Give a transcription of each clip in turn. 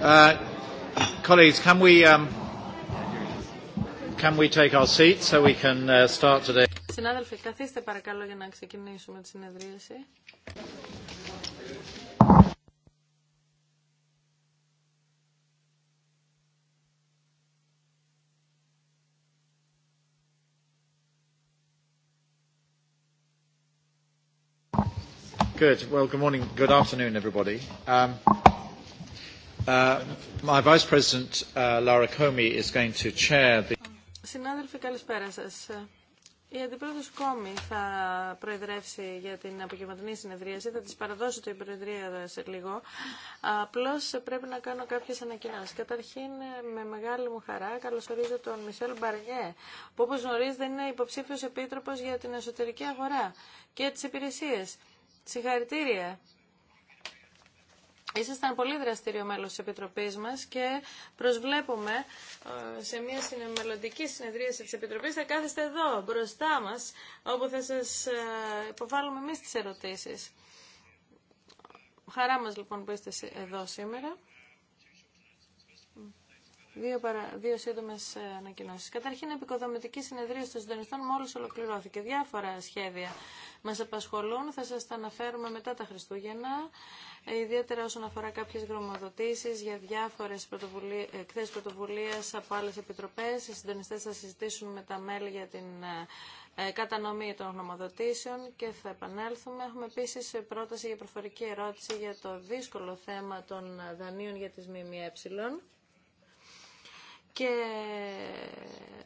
colleagues, can we, um, can we take our seats so we can uh, start today? Συνάδελφοι, καθίστε παρακαλώ για να ξεκινήσουμε τη συνεδρίαση. Good. Well, good morning. Good afternoon, everybody. Um, Συνάδελφοι, καλησπέρα σα. Η αντιπρόεδρο Κόμη θα προεδρεύσει για την απογευματινή συνεδρίαση. Θα της παραδώσω την προεδρία σε λίγο. Απλώ πρέπει να κάνω κάποιε ανακοινώσει. Καταρχήν, με μεγάλη μου χαρά, καλωσορίζω τον Μισελ Μπαριέ, που όπω γνωρίζετε είναι υποψήφιο επίτροπο για την εσωτερική αγορά και τις υπηρεσίε. Συγχαρητήρια Ήσασταν πολύ δραστήριο μέλος της Επιτροπής μας και προσβλέπουμε ε, σε μια μελλοντική συνεδρίαση της Επιτροπής θα κάθεστε εδώ μπροστά μας όπου θα σας ε, υποβάλουμε εμείς τις ερωτήσεις. Χαρά μας λοιπόν που είστε εδώ σήμερα. Δύο, παρα... δύο σύντομε ανακοινώσει. Καταρχήν, η επικοδομητική συνεδρία των συντονιστών μόλι ολοκληρώθηκε. Διάφορα σχέδια μα απασχολούν. Θα σα τα αναφέρουμε μετά τα Χριστούγεννα. Ε, ιδιαίτερα όσον αφορά κάποιε γνωμοδοτήσει για διάφορε εκθέσει πρωτοβουλία από άλλε επιτροπέ. Οι συντονιστέ θα συζητήσουν με τα μέλη για την ε, ε, κατανομή των γνωμοδοτήσεων και θα επανέλθουμε. Έχουμε επίση πρόταση για προφορική ερώτηση για το δύσκολο θέμα των δανείων για τι ΜΜΕ και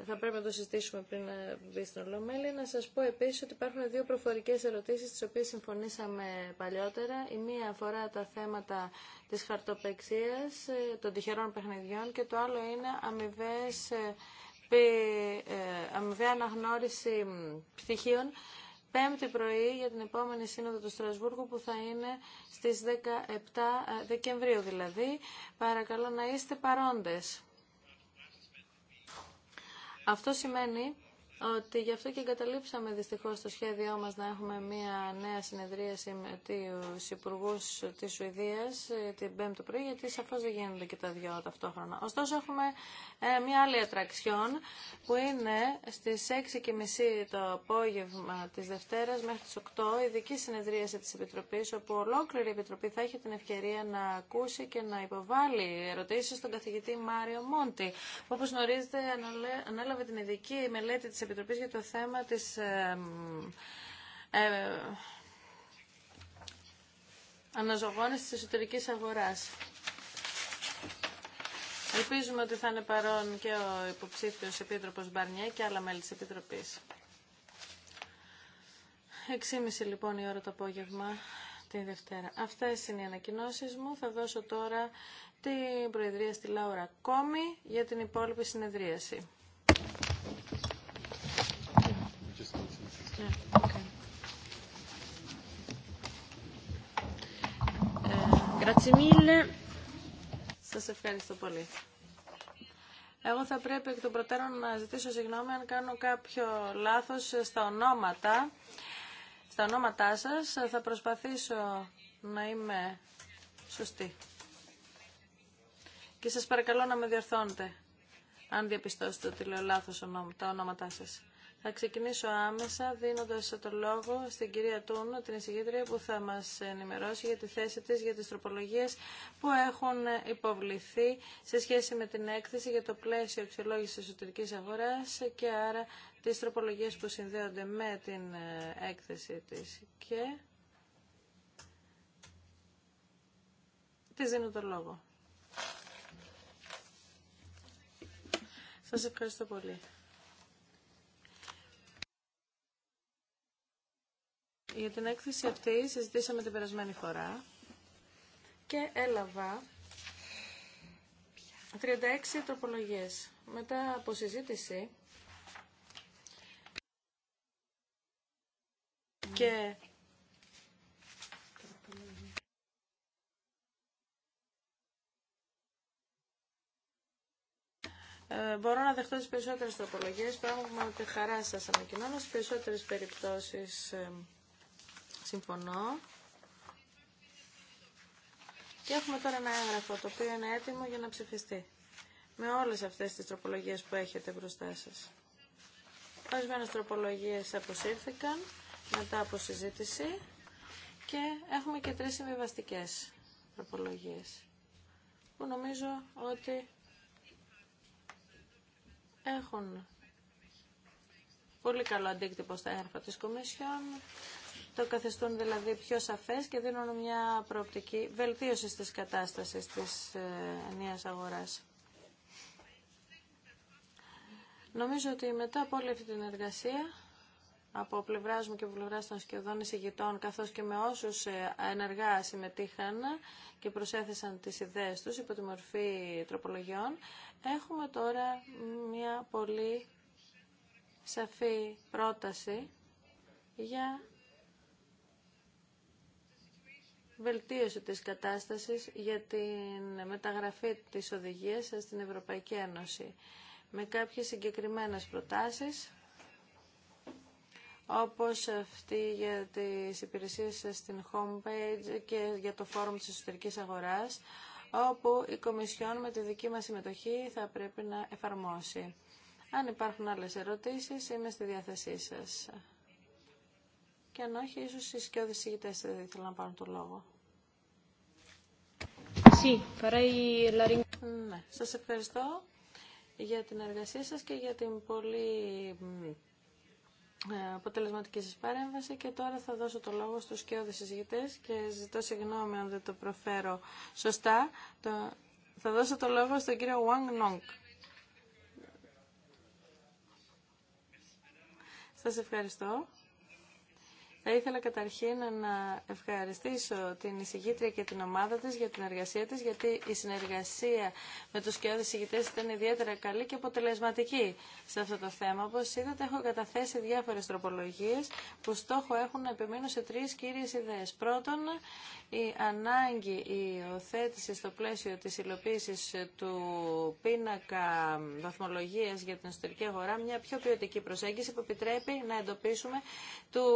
θα πρέπει να το συζητήσουμε πριν να μπει στην Ολομέλη. Να σας πω επίσης ότι υπάρχουν δύο προφορικές ερωτήσεις τις οποίες συμφωνήσαμε παλιότερα. Η μία αφορά τα θέματα της χαρτοπεξίας, ε, των τυχερών παιχνιδιών και το άλλο είναι αμοιβές, ε, ε, αμοιβαία αναγνώριση πτυχίων. Πέμπτη πρωί για την επόμενη σύνοδο του Στρασβούργου που θα είναι στις 17 Δεκεμβρίου δηλαδή. Παρακαλώ να είστε παρόντες. Αυτό σημαίνει ότι γι' αυτό και εγκαταλείψαμε δυστυχώς το σχέδιό μας να έχουμε μια νέα συνεδρίαση με τους υπουργού της Σουηδίας ε, την Πέμπτη πρωί, γιατί σαφώς δεν γίνονται και τα δυο ταυτόχρονα. Ωστόσο έχουμε ε, μια άλλη ατραξιόν που είναι στις 6.30 το απόγευμα της Δευτέρας μέχρι τις 8 ειδική συνεδρίαση της Επιτροπής, όπου ολόκληρη η Επιτροπή θα έχει την ευκαιρία να ακούσει και να υποβάλει ερωτήσεις στον καθηγητή Μάριο Μόντι, που όπως γνωρίζετε ανέλαβε την ειδική μελέτη της Επιτροπής για το θέμα της ε, ε, της εσωτερικής αγοράς. Ελπίζουμε ότι θα είναι παρόν και ο υποψήφιος Επίτροπος Μπαρνιέ και άλλα μέλη της Επιτροπής. 6.30 λοιπόν η ώρα το απόγευμα την Δευτέρα. Αυτές είναι οι ανακοινώσεις μου. Θα δώσω τώρα την Προεδρία στη Λάουρα Κόμη για την υπόλοιπη συνεδρίαση. Ναι, ε, grazie ευχαριστώ πολύ. Εγώ θα πρέπει εκ των προτέρων να ζητήσω συγγνώμη αν κάνω κάποιο λάθος στα ονόματα. Στα ονόματά σας θα προσπαθήσω να είμαι σωστή. Και σας παρακαλώ να με διορθώνετε αν διαπιστώσετε ότι λέω λάθος τα ονόματά σας. Θα ξεκινήσω άμεσα δίνοντας το λόγο στην κυρία Τούνο, την εισηγήτρια που θα μας ενημερώσει για τη θέση της, για τις τροπολογίες που έχουν υποβληθεί σε σχέση με την έκθεση για το πλαίσιο αξιολόγηση εσωτερική αγοράς και άρα τις τροπολογίες που συνδέονται με την ε, έκθεση της. Και της δίνω το λόγο. Σας ευχαριστώ πολύ. Για την έκθεση αυτή συζητήσαμε την περασμένη φορά και έλαβα 36 τροπολογίες. Μετά από συζήτηση και ε, μπορώ να δεχτώ τι περισσότερες τροπολογίες, πράγμα που με χαρά σας ανακοινώνω. Στις περισσότερες περιπτώσεις ε, συμφωνώ. Και έχουμε τώρα ένα έγγραφο το οποίο είναι έτοιμο για να ψηφιστεί. Με όλες αυτές τις τροπολογίες που έχετε μπροστά σας. Ορισμένε τροπολογίες αποσύρθηκαν μετά από συζήτηση και έχουμε και τρεις συμβιβαστικέ τροπολογίες που νομίζω ότι έχουν πολύ καλό αντίκτυπο στα έγγραφα της Κομισιόν το καθεστούν δηλαδή πιο σαφές και δίνουν μια προοπτική βελτίωση της κατάστασης της ε, ενίας αγοράς. Νομίζω ότι μετά από όλη αυτή την εργασία από πλευρά μου και από πλευρά των σχεδόν εισηγητών, καθώ και με όσου ε, ενεργά συμμετείχαν και προσέθεσαν τι ιδέες τους υπό τη μορφή τροπολογιών, έχουμε τώρα μια πολύ σαφή πρόταση για βελτίωση της κατάστασης για την μεταγραφή της οδηγίας στην Ευρωπαϊκή Ένωση με κάποιες συγκεκριμένες προτάσεις όπως αυτή για τις υπηρεσίες στην homepage και για το φόρουμ της εσωτερικής αγοράς, όπου η Κομισιόν με τη δική μας συμμετοχή θα πρέπει να εφαρμόσει. Αν υπάρχουν άλλες ερωτήσεις, είμαι στη διάθεσή σας. Και αν όχι, ίσως οι σκιώδεις ηγητές δεν να πάρουν το λόγο. Ναι, σας ευχαριστώ για την εργασία σας και για την πολύ ε, αποτελεσματική σας παρέμβαση και τώρα θα δώσω το λόγο στους σκιώδες συζητητές και ζητώ συγγνώμη αν δεν το προφέρω σωστά. Θα δώσω το λόγο στον κύριο Wang Nong. Σας ευχαριστώ. Θα ήθελα καταρχήν να ευχαριστήσω την εισηγήτρια και την ομάδα της για την εργασία της, γιατί η συνεργασία με τους κοιόδες εισηγητές ήταν ιδιαίτερα καλή και αποτελεσματική σε αυτό το θέμα. Όπως είδατε, έχω καταθέσει διάφορες τροπολογίες που στόχο έχουν να επιμείνω σε τρεις κύριες ιδέες. Πρώτον, η ανάγκη η οθέτηση στο πλαίσιο της υλοποίηση του πίνακα βαθμολογίας για την εσωτερική αγορά, μια πιο ποιοτική προσέγγιση που επιτρέπει να εντοπίσουμε του,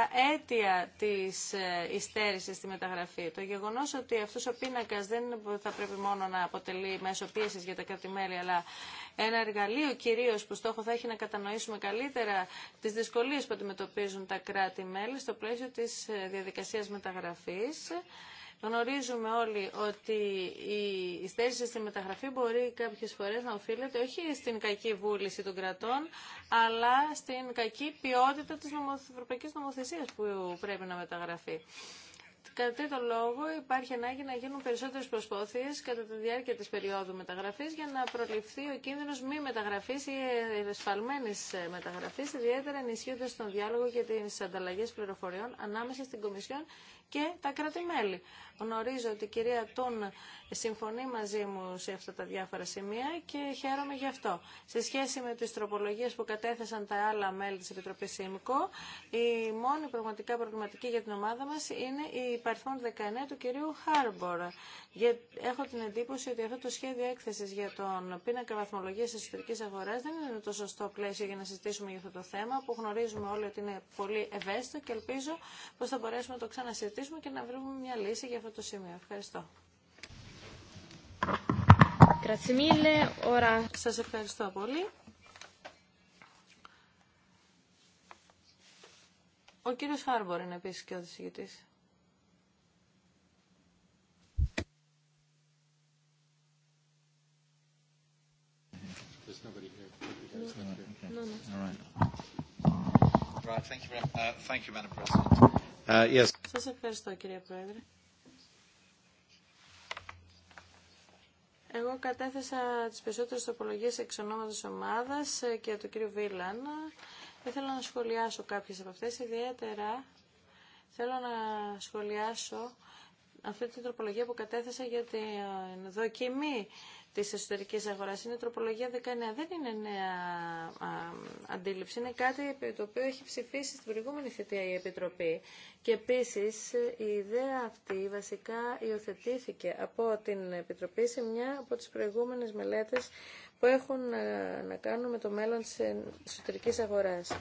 τα αίτια της ε, υστέρησης στη μεταγραφή. Το γεγονός ότι αυτός ο πίνακας δεν θα πρέπει μόνο να αποτελεί μέσο πίεσης για τα κράτη-μέλη αλλά ένα εργαλείο κυρίως που στόχο θα έχει να κατανοήσουμε καλύτερα τις δυσκολίες που αντιμετωπίζουν τα κράτη-μέλη στο πλαίσιο της ε, διαδικασίας μεταγραφής Γνωρίζουμε όλοι ότι η στέρηση στη μεταγραφή μπορεί κάποιες φορές να οφείλεται όχι στην κακή βούληση των κρατών, αλλά στην κακή ποιότητα της ευρωπαϊκής νομοθεσίας που πρέπει να μεταγραφεί. Κατά τρίτο λόγο, υπάρχει ανάγκη να γίνουν περισσότερε προσπάθειε κατά τη διάρκεια τη περίοδου μεταγραφή για να προληφθεί ο κίνδυνο μη μεταγραφή ή εσφαλμένη μεταγραφή, ιδιαίτερα ενισχύοντα τον διάλογο και τι ανταλλαγέ πληροφοριών ανάμεσα στην Κομισιόν και τα κράτη-μέλη. Γνωρίζω ότι η κυρία Τούν συμφωνεί μαζί μου σε αυτά τα διάφορα σημεία και χαίρομαι γι' αυτό. Σε σχέση με τις τροπολογίες που κατέθεσαν τα άλλα μέλη της Επιτροπής ΣΥΜΚΟ, η μόνη πραγματικά προβληματική για την ομάδα μας είναι η παρθόν 19 του κυρίου Χάρμπορ έχω την εντύπωση ότι αυτό το σχέδιο έκθεση για τον πίνακα βαθμολογία τη εσωτερική αγορά δεν είναι το σωστό πλαίσιο για να συζητήσουμε για αυτό το θέμα που γνωρίζουμε όλοι ότι είναι πολύ ευαίσθητο και ελπίζω πω θα μπορέσουμε να το ξανασυζητήσουμε και να βρούμε μια λύση για αυτό το σημείο. Ευχαριστώ. Σας ευχαριστώ πολύ. Ο κύριος Χάρμπορ είναι επίσης και ο δισηγητής. Σας ευχαριστώ κύριε Πρόεδρε. Εγώ κατέθεσα τις περισσότερες τοπολογίες εξ ονόματος ομάδας ε, και του κύριου Βίλαν. Θέλω να σχολιάσω κάποιες από αυτές, ιδιαίτερα θέλω να σχολιάσω αυτή την τροπολογία που κατέθεσα για την δοκιμή της εσωτερικής αγοράς. Είναι τροπολογία 19. Δεν είναι νέα αντίληψη. Είναι κάτι το οποίο έχει ψηφίσει στην προηγούμενη θητεία η Επιτροπή. Και επίσης η ιδέα αυτή βασικά υιοθετήθηκε από την Επιτροπή σε μια από τις προηγούμενες μελέτες που έχουν ε, να κάνουν με το μέλλον της εσωτερικής αγοράς.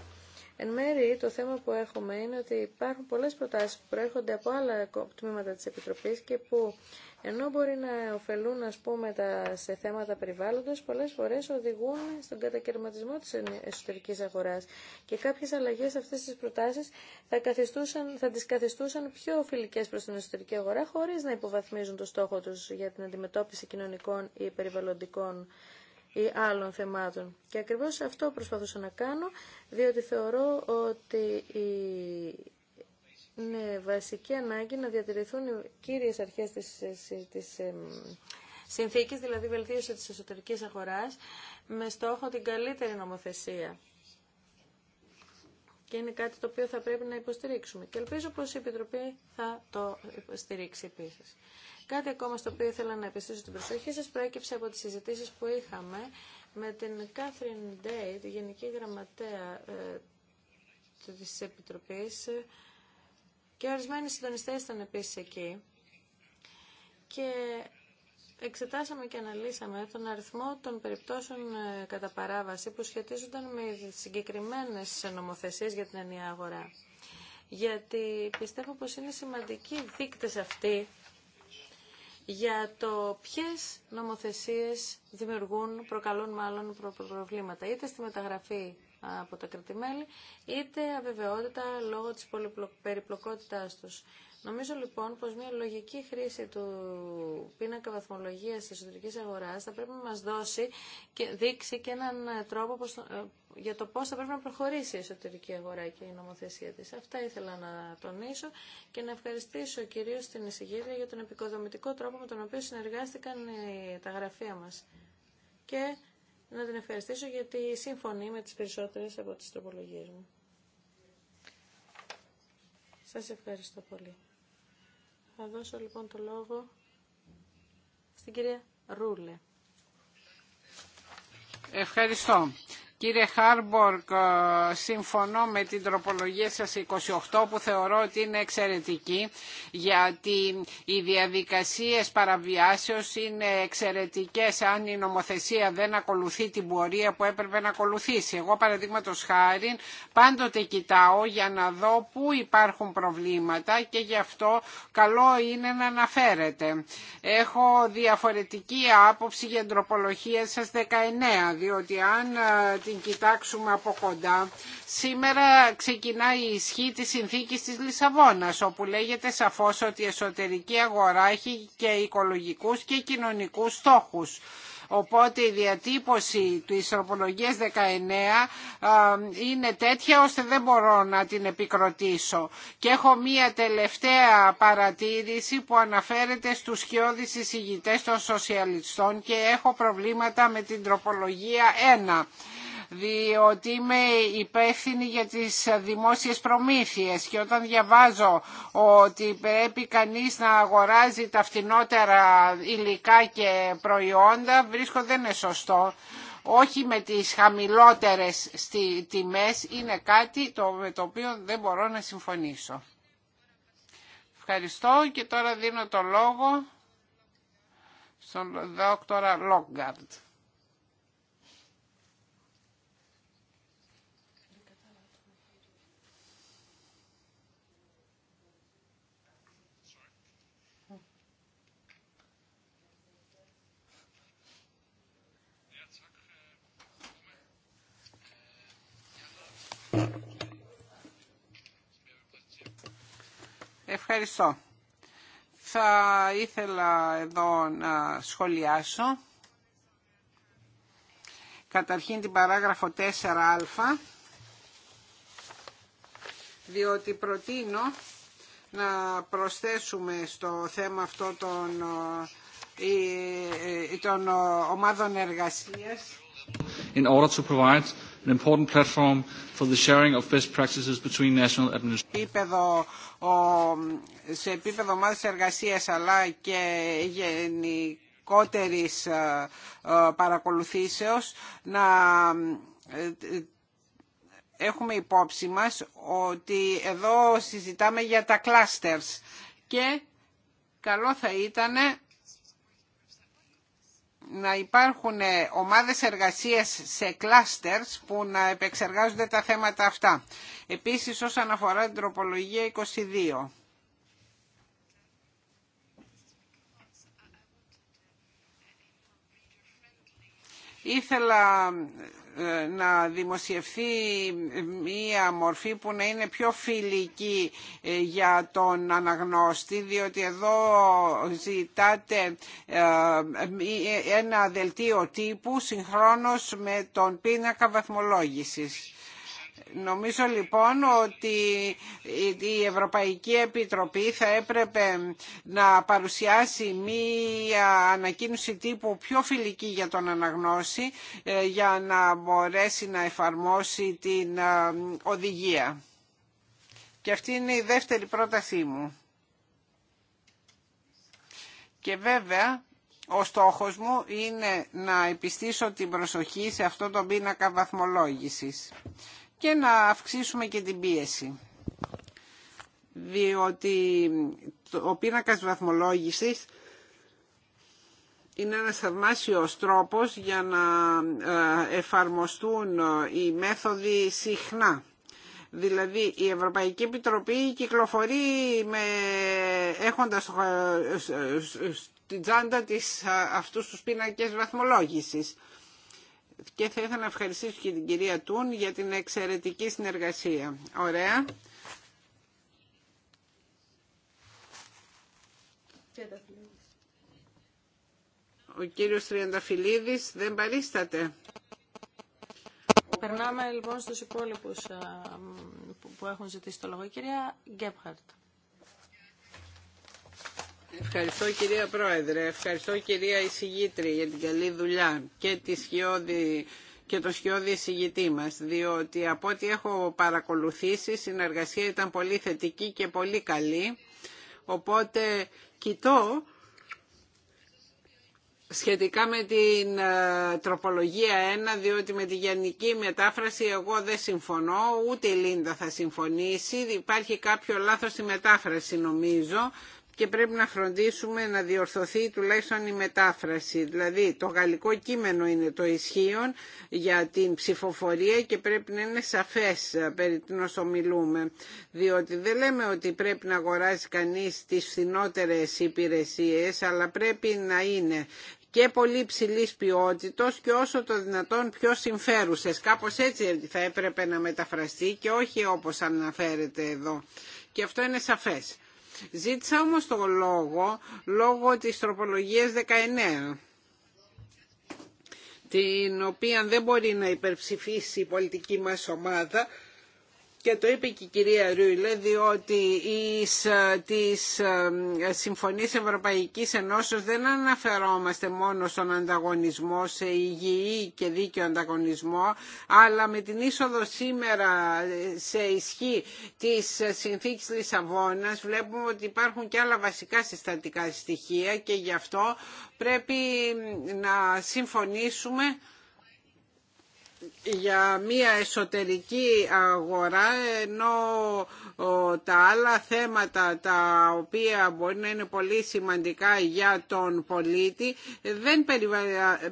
Εν μέρη, το θέμα που έχουμε είναι ότι υπάρχουν πολλές προτάσεις που προέρχονται από άλλα τμήματα της Επιτροπής και που ενώ μπορεί να ωφελούν ας πούμε, τα, σε θέματα περιβάλλοντος, πολλές φορές οδηγούν στον κατακαιρματισμό της εσωτερικής αγοράς. Και κάποιες αλλαγές σε αυτές τις προτάσεις θα, καθιστούσαν, θα τις καθιστούσαν πιο φιλικές προς την εσωτερική αγορά, χωρίς να υποβαθμίζουν το στόχο τους για την αντιμετώπιση κοινωνικών ή περιβαλλοντικών ή άλλων θεμάτων. Και ακριβώς αυτό προσπαθούσα να κάνω, διότι θεωρώ ότι η είναι βασική ανάγκη να διατηρηθούν οι κύριες αρχές της, της συνθήκης, δηλαδή βελτίωση της εσωτερικής αγοράς, με στόχο την καλύτερη νομοθεσία. Και είναι κάτι το οποίο θα πρέπει να υποστηρίξουμε. Και ελπίζω πως η Επιτροπή θα το υποστηρίξει επίσης. Κάτι ακόμα στο οποίο ήθελα να επιστήσω την προσοχή σας προέκυψε από τις συζητήσεις που είχαμε με την Κάθριν Ντέι, τη Γενική Γραμματέα ε, της Επιτροπής, και ορισμένοι συντονιστέ ήταν επίσης εκεί. Και Εξετάσαμε και αναλύσαμε τον αριθμό των περιπτώσεων ε, κατά παράβαση που σχετίζονταν με συγκεκριμένες νομοθεσίες για την ενιαία αγορά. Γιατί πιστεύω πως είναι σημαντικοί δείκτες αυτοί για το ποιες νομοθεσίες δημιουργούν, προκαλούν μάλλον προβλήματα, είτε στη μεταγραφή από τα κρατημέλη, είτε αβεβαιότητα λόγω της περιπλοκότητάς τους. Νομίζω λοιπόν πως μια λογική χρήση του πίνακα βαθμολογίας της εσωτερικής αγοράς θα πρέπει να μας δώσει και δείξει και έναν ε, τρόπο ε, για το πώς θα πρέπει να προχωρήσει η εσωτερική αγορά και η νομοθεσία της. Αυτά ήθελα να τονίσω και να ευχαριστήσω κυρίως την εισηγήτρια για τον επικοδομητικό τρόπο με τον οποίο συνεργάστηκαν ε, τα γραφεία μας. Και να την ευχαριστήσω γιατί συμφωνεί με τις περισσότερες από τις τροπολογίες μου. Σας ευχαριστώ πολύ. Θα δώσω λοιπόν το λόγο στην κυρία Ρούλε. Ευχαριστώ. Κύριε Χάρμπορκ, ε, συμφωνώ με την τροπολογία σας 28 που θεωρώ ότι είναι εξαιρετική γιατί οι διαδικασίες παραβιάσεως είναι εξαιρετικές αν η νομοθεσία δεν ακολουθεί την πορεία που έπρεπε να ακολουθήσει. Εγώ παραδείγματο χάρη πάντοτε κοιτάω για να δω πού υπάρχουν προβλήματα και γι' αυτό καλό είναι να αναφέρετε. Έχω διαφορετική άποψη για την τροπολογία σας 19 διότι αν ε, την κοιτάξουμε από κοντά, σήμερα ξεκινάει η ισχύ της συνθήκης της Λισαβόνας, όπου λέγεται σαφώς ότι η εσωτερική αγορά έχει και οικολογικούς και κοινωνικούς στόχους. Οπότε η διατύπωση του ισορροπολογίας 19 ε, είναι τέτοια ώστε δεν μπορώ να την επικροτήσω. Και έχω μία τελευταία παρατήρηση που αναφέρεται στους χιώδεις εισηγητές των σοσιαλιστών και έχω προβλήματα με την τροπολογία 1 διότι είμαι υπεύθυνη για τις δημόσιες προμήθειες και όταν διαβάζω ότι πρέπει κανείς να αγοράζει τα φθηνότερα υλικά και προϊόντα βρίσκω δεν είναι σωστό όχι με τις χαμηλότερες τιμές είναι κάτι το, με το οποίο δεν μπορώ να συμφωνήσω. Ευχαριστώ και τώρα δίνω το λόγο στον Δόκτωρα Λόγκαρντ. Ευχαριστώ. Θα ήθελα εδώ να σχολιάσω καταρχήν την παράγραφο 4α διότι προτείνω να προσθέσουμε στο θέμα αυτό των, ε, ε, ομάδων εργασίας In order to σε επίπεδο ομάδα εργασίας αλλά και γενικότερης ε, ε, παρακολουθήσεως να ε, έχουμε υπόψη μας ότι εδώ συζητάμε για τα clusters και καλό θα ήτανε να υπάρχουν ε, ομάδες εργασίας σε κλάστερς που να επεξεργάζονται τα θέματα αυτά. Επίσης όσον αφορά την τροπολογία 22. Ήθελα ε, να δημοσιευθεί μία μορφή που να είναι πιο φιλική ε, για τον αναγνώστη διότι εδώ ζητάτε ε, ένα δελτίο τύπου συγχρόνως με τον πίνακα βαθμολόγησης. Νομίζω λοιπόν ότι η Ευρωπαϊκή Επιτροπή θα έπρεπε να παρουσιάσει μία ανακοίνωση τύπου πιο φιλική για τον αναγνώση ε, για να μπορέσει να εφαρμόσει την ε, οδηγία. Και αυτή είναι η δεύτερη πρότασή μου. Και βέβαια ο στόχος μου είναι να επιστήσω την προσοχή σε αυτό το πίνακα βαθμολόγησης και να αυξήσουμε και την πίεση. Διότι ο πίνακας βαθμολόγησης είναι ένας θαυμάσιος τρόπος για να ε, εφαρμοστούν ε, οι μέθοδοι συχνά. Δηλαδή η Ευρωπαϊκή Επιτροπή κυκλοφορεί με, έχοντας ε, στην τσάντα της αυτούς τους πίνακες βαθμολόγησης και θα ήθελα να ευχαριστήσω και την κυρία Τούν για την εξαιρετική συνεργασία. Ωραία. Ο κύριος Τριανταφυλλίδης δεν παρίσταται. Περνάμε λοιπόν στους υπόλοιπους που έχουν ζητήσει το λόγο. Η κυρία Γκέπχαρτ. Ευχαριστώ κυρία Πρόεδρε, ευχαριστώ κυρία Εισηγήτρη για την καλή δουλειά και τη και το σκιώδη εισηγητή μας, διότι από ό,τι έχω παρακολουθήσει η συνεργασία ήταν πολύ θετική και πολύ καλή, οπότε κοιτώ σχετικά με την ε, τροπολογία 1, διότι με τη γενική μετάφραση εγώ δεν συμφωνώ, ούτε η Λίντα θα συμφωνήσει, υπάρχει κάποιο λάθος στη μετάφραση νομίζω, και πρέπει να φροντίσουμε να διορθωθεί τουλάχιστον η μετάφραση. Δηλαδή το γαλλικό κείμενο είναι το ισχύον για την ψηφοφορία και πρέπει να είναι σαφές ε, περί την ομιλούμε. Διότι δεν λέμε ότι πρέπει να αγοράζει κανείς τις φθηνότερες υπηρεσίες αλλά πρέπει να είναι και πολύ ψηλή ποιότητα και όσο το δυνατόν πιο συμφέρουσε. Κάπω έτσι θα έπρεπε να μεταφραστεί και όχι όπω αναφέρεται εδώ. Και αυτό είναι σαφές. Ζήτησα όμως το λόγο, λόγω της τροπολογίας 19 την οποία δεν μπορεί να υπερψηφίσει η πολιτική μας ομάδα και το είπε και η κυρία Ρούιλε διότι εις ε, της Ευρωπαϊκή Ευρωπαϊκής Ενώσεως δεν αναφερόμαστε μόνο στον ανταγωνισμό σε υγιή και δίκαιο ανταγωνισμό αλλά με την είσοδο σήμερα ε, σε ισχύ της ε, Συνθήκης Λισαβόνας βλέπουμε ότι υπάρχουν και άλλα βασικά συστατικά στοιχεία και γι' αυτό πρέπει να συμφωνήσουμε για μια εσωτερική αγορά ενώ τα άλλα θέματα τα οποία μπορεί να είναι πολύ σημαντικά για τον πολίτη δεν,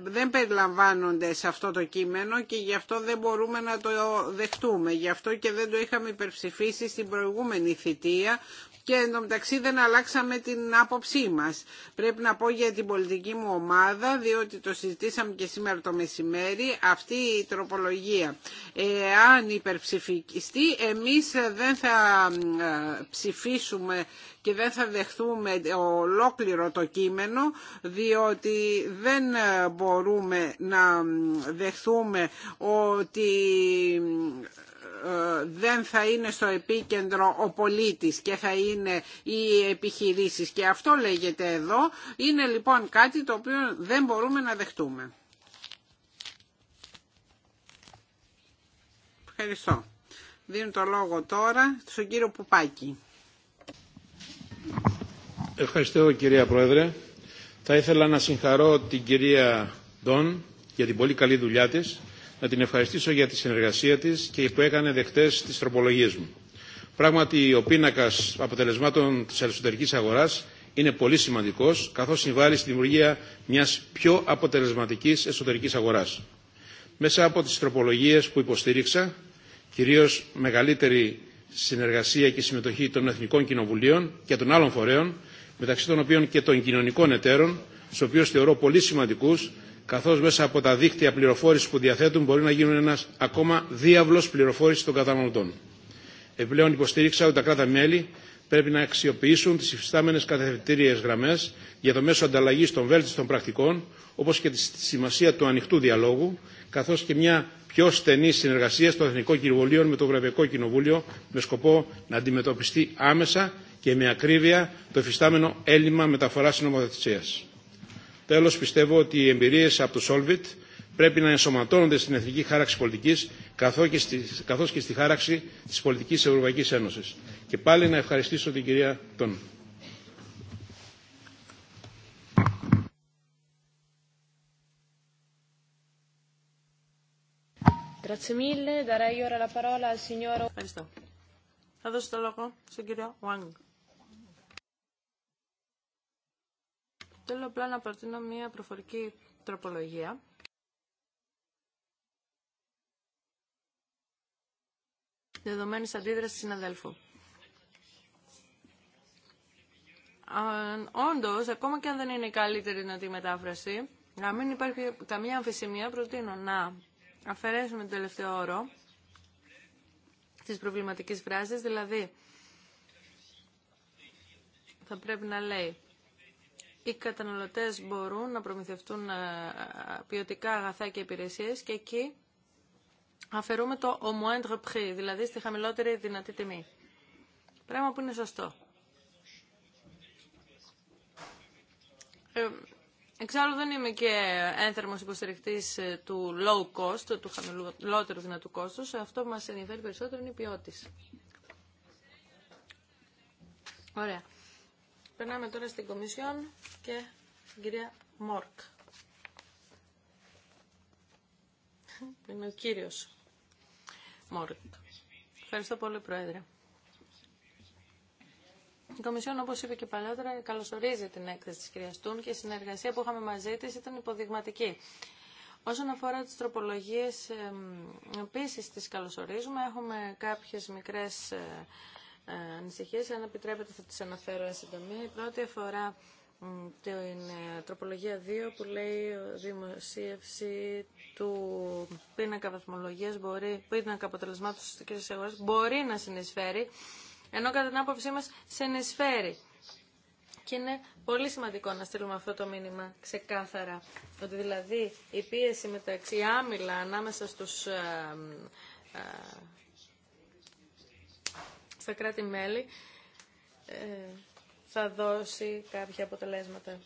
δεν περιλαμβάνονται σε αυτό το κείμενο και γι' αυτό δεν μπορούμε να το δεχτούμε. Γι' αυτό και δεν το είχαμε υπερψηφίσει στην προηγούμενη θητεία και μεταξύ δεν αλλάξαμε την άποψή μας. Πρέπει να πω για την πολιτική μου ομάδα, διότι το συζητήσαμε και σήμερα το μεσημέρι, αυτή η τροπολογία. Εάν υπερψηφιστεί, εμείς δεν θα ε, ψηφίσουμε και δεν θα δεχθούμε ολόκληρο το κείμενο διότι δεν μπορούμε να δεχθούμε ότι ε, δεν θα είναι στο επίκεντρο ο πολίτης και θα είναι οι επιχειρήσεις και αυτό λέγεται εδώ είναι λοιπόν κάτι το οποίο δεν μπορούμε να δεχτούμε. Ευχαριστώ. Δίνω το λόγο τώρα στον κύριο Πουπάκη. Ευχαριστώ κυρία Πρόεδρε. Θα ήθελα να συγχαρώ την κυρία Ντόν για την πολύ καλή δουλειά της να την ευχαριστήσω για τη συνεργασία της και που έκανε δεχτές τις τροπολογίες μου. Πράγματι, ο πίνακας αποτελεσμάτων της εσωτερικής αγοράς είναι πολύ σημαντικός, καθώς συμβάλλει στη δημιουργία μιας πιο αποτελεσματικής εσωτερικής αγοράς. Μέσα από τις τροπολογίες που υποστήριξα, κυρίως μεγαλύτερη συνεργασία και συμμετοχή των Εθνικών Κοινοβουλίων και των άλλων φορέων, μεταξύ των οποίων και των κοινωνικών εταίρων, στους οποίους θεωρώ πολύ σημαντικού καθώς μέσα από τα δίκτυα πληροφόρησης που διαθέτουν μπορεί να γίνουν ένας ακόμα διάβλος πληροφόρησης των καταναλωτών. Επιπλέον υποστήριξα ότι τα κράτα-μέλη πρέπει να αξιοποιήσουν τις υφιστάμενες κατευθυντήριες γραμμές για το μέσο ανταλλαγής των βέλτιστων πρακτικών, όπως και τη σημασία του ανοιχτού διαλόγου, καθώς και μια πιο στενή συνεργασία στο Εθνικό Κοινοβούλιο με το Ευρωπαϊκό Κοινοβούλιο, με σκοπό να αντιμετωπιστεί άμεσα και με ακρίβεια το υφιστάμενο έλλειμμα μεταφοράς νομοθεσίας. Τέλος, πιστεύω ότι οι εμπειρίες από το Solvit πρέπει να ενσωματώνονται στην εθνική χάραξη πολιτικής καθώς και στη χάραξη της πολιτικής Ευρωπαϊκής Ένωσης. Και πάλι να ευχαριστήσω την κυρία Τον. Ευχαριστώ. Θα δώσω το λόγο στον κύριο Wang. Θέλω απλά να προτείνω μια προφορική τροπολογία. Δεδομένης αντίδρασης συναδέλφου. Όντως, ακόμα και αν δεν είναι η καλύτερη τη μετάφραση, να μην υπάρχει καμία αμφισημία, προτείνω να αφαιρέσουμε το τελευταίο όρο της προβληματικής φράσης, δηλαδή θα πρέπει να λέει οι καταναλωτές μπορούν να προμηθευτούν ε, ποιοτικά αγαθά και υπηρεσίες και εκεί αφαιρούμε το au moindre prix, δηλαδή στη χαμηλότερη δυνατή τιμή. Πράγμα που είναι σωστό. Ε, εξάλλου δεν είμαι και ένθερμος υποστηρικτής ε, του low cost, του χαμηλότερου δυνατού κόστους. Αυτό που μας ενδιαφέρει περισσότερο είναι η ποιότητα. Ωραία. Περνάμε τώρα στην Κομισιόν και την κυρία Μόρκ. Είναι ο κύριος Μόρκ. Ευχαριστώ πολύ, Πρόεδρε. Η Κομισιόν, όπω είπε και παλιότερα καλωσορίζει την έκθεση τη κυρία Τούν και η συνεργασία που είχαμε μαζί τη ήταν υποδειγματική. Όσον αφορά τις τροπολογίες, επίση τις καλωσορίζουμε. Έχουμε κάποιες μικρές ε, ανησυχίες. Αν επιτρέπετε θα τις αναφέρω εν συντομία. Η πρώτη αφορά την ε, τροπολογία 2 που λέει δημοσίευση του πίνακα βαθμολογίας, μπορεί, πίνακα αποτελεσμάτων στις τοκές αγορά μπορεί να συνεισφέρει, ενώ κατά την άποψή μας συνεισφέρει. Και είναι πολύ σημαντικό να στείλουμε αυτό το μήνυμα ξεκάθαρα, ότι δηλαδή η πίεση μεταξύ άμυλα ανάμεσα στους ε, ε, στα κράτη-μέλη ε, θα δώσει κάποια αποτελέσματα.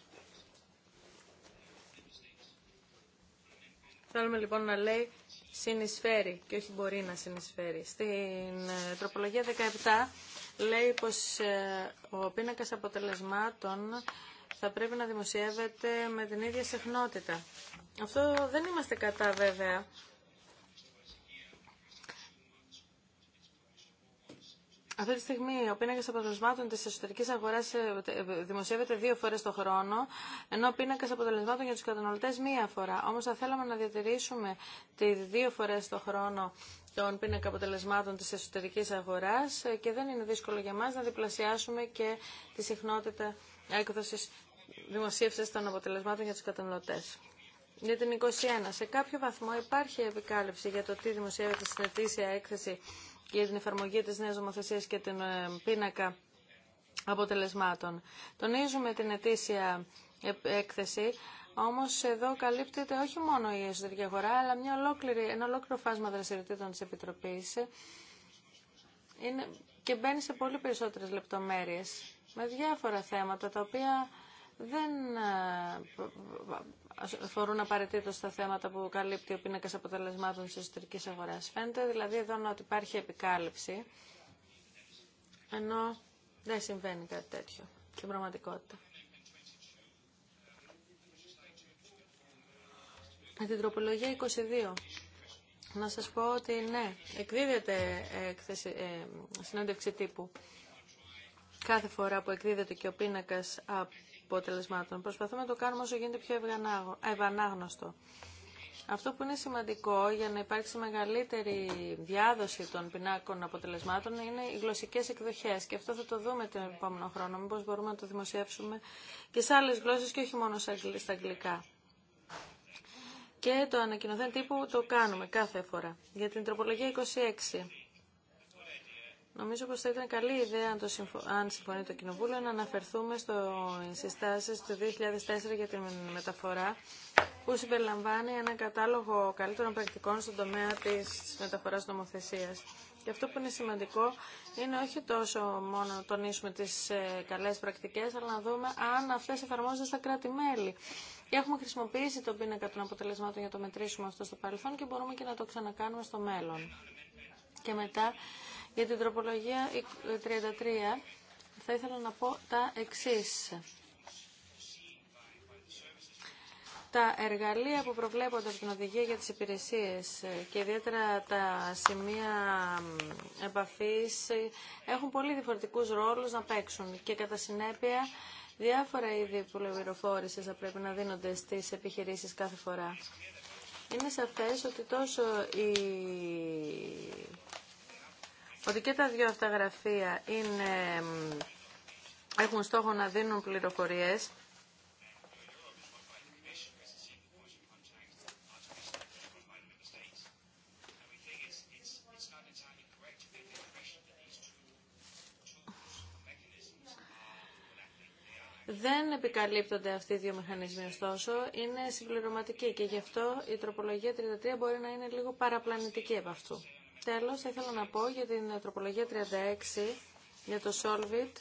Θέλουμε λοιπόν να λέει συνεισφέρει και όχι μπορεί να συνεισφέρει. Στην ε, τροπολογία 17 λέει πως ε, ο πίνακας αποτελεσμάτων θα πρέπει να δημοσιεύεται με την ίδια συχνότητα. Αυτό δεν είμαστε κατά βέβαια. Αυτή τη στιγμή ο πίνακα αποτελεσμάτων τη εσωτερική αγορά ε, ε, δημοσιεύεται δύο φορέ το χρόνο, ενώ ο πίνακα αποτελεσμάτων για του καταναλωτέ μία φορά. Όμω θα θέλαμε να διατηρήσουμε τη δύο φορέ το χρόνο τον πίνακα αποτελεσμάτων τη εσωτερική αγορά ε, και δεν είναι δύσκολο για μα να διπλασιάσουμε και τη συχνότητα έκδοση δημοσίευση των αποτελεσμάτων για του καταναλωτέ. Για την 21. Σε κάποιο βαθμό υπάρχει επικάλυψη για το τι δημοσιεύεται στην ετήσια έκθεση για την εφαρμογή της νέας νομοθεσίας και την ε, πίνακα αποτελεσμάτων. Τονίζουμε την ετήσια έκθεση, όμως εδώ καλύπτεται όχι μόνο η εσωτερική αγορά, αλλά μια ολόκληρη, ένα ολόκληρο φάσμα δραστηριοτήτων της Επιτροπής Είναι, και μπαίνει σε πολύ περισσότερες λεπτομέρειες με διάφορα θέματα τα οποία δεν ε, αφορούν απαραίτητο στα θέματα που καλύπτει ο πίνακα αποτελεσμάτων τη εσωτερική αγορά. Φαίνεται δηλαδή εδώ ότι υπάρχει επικάλυψη, ενώ δεν συμβαίνει κάτι τέτοιο στην πραγματικότητα. Με την τροπολογία 22. Να σας πω ότι ναι, εκδίδεται ε, ε, συνέντευξη τύπου κάθε φορά που εκδίδεται και ο πίνακας αποτελεσμάτων. Προσπαθούμε να το κάνουμε όσο γίνεται πιο ευανάγνωστο. Αυτό που είναι σημαντικό για να υπάρξει μεγαλύτερη διάδοση των πινάκων αποτελεσμάτων είναι οι γλωσσικές εκδοχές και αυτό θα το δούμε τον επόμενο χρόνο. Μήπως μπορούμε να το δημοσιεύσουμε και σε άλλες γλώσσες και όχι μόνο στα αγγλικά. Και το ανακοινωθέν τύπου το κάνουμε κάθε φορά. Για την τροπολογία 26. Νομίζω πως θα ήταν καλή ιδέα, αν, το αν συμφωνεί το Κοινοβούλιο, να αναφερθούμε στο συστάσεις του 2004 για την μεταφορά, που συμπεριλαμβάνει ένα κατάλογο καλύτερων πρακτικών στον τομέα της μεταφοράς νομοθεσίας. Και αυτό που είναι σημαντικό είναι όχι τόσο μόνο να τονίσουμε τις ε, καλές πρακτικές, αλλά να δούμε αν αυτές εφαρμόζονται στα κράτη-μέλη. Και έχουμε χρησιμοποιήσει τον πίνακα των αποτελεσμάτων για το μετρήσουμε αυτό στο παρελθόν και μπορούμε και να το ξανακάνουμε στο μέλλον. Και μετά για την τροπολογία 33 θα ήθελα να πω τα εξής. Τα εργαλεία που προβλέπονται από την οδηγία για τις υπηρεσίες και ιδιαίτερα τα σημεία επαφής έχουν πολύ διαφορετικούς ρόλους να παίξουν και κατά συνέπεια διάφορα είδη πληροφόρηση θα πρέπει να δίνονται στις επιχειρήσεις κάθε φορά. Είναι σαφές ότι τόσο η ότι και τα δύο αυτά γραφεία είναι, έχουν στόχο να δίνουν πληροφορίες Δεν επικαλύπτονται αυτοί οι δύο μηχανισμοί, ωστόσο, είναι συμπληρωματικοί και γι' αυτό η τροπολογία 33 μπορεί να είναι λίγο παραπλανητική από αυτού. Τέλος, θα ήθελα να πω για την τροπολογία 36, για το Solvit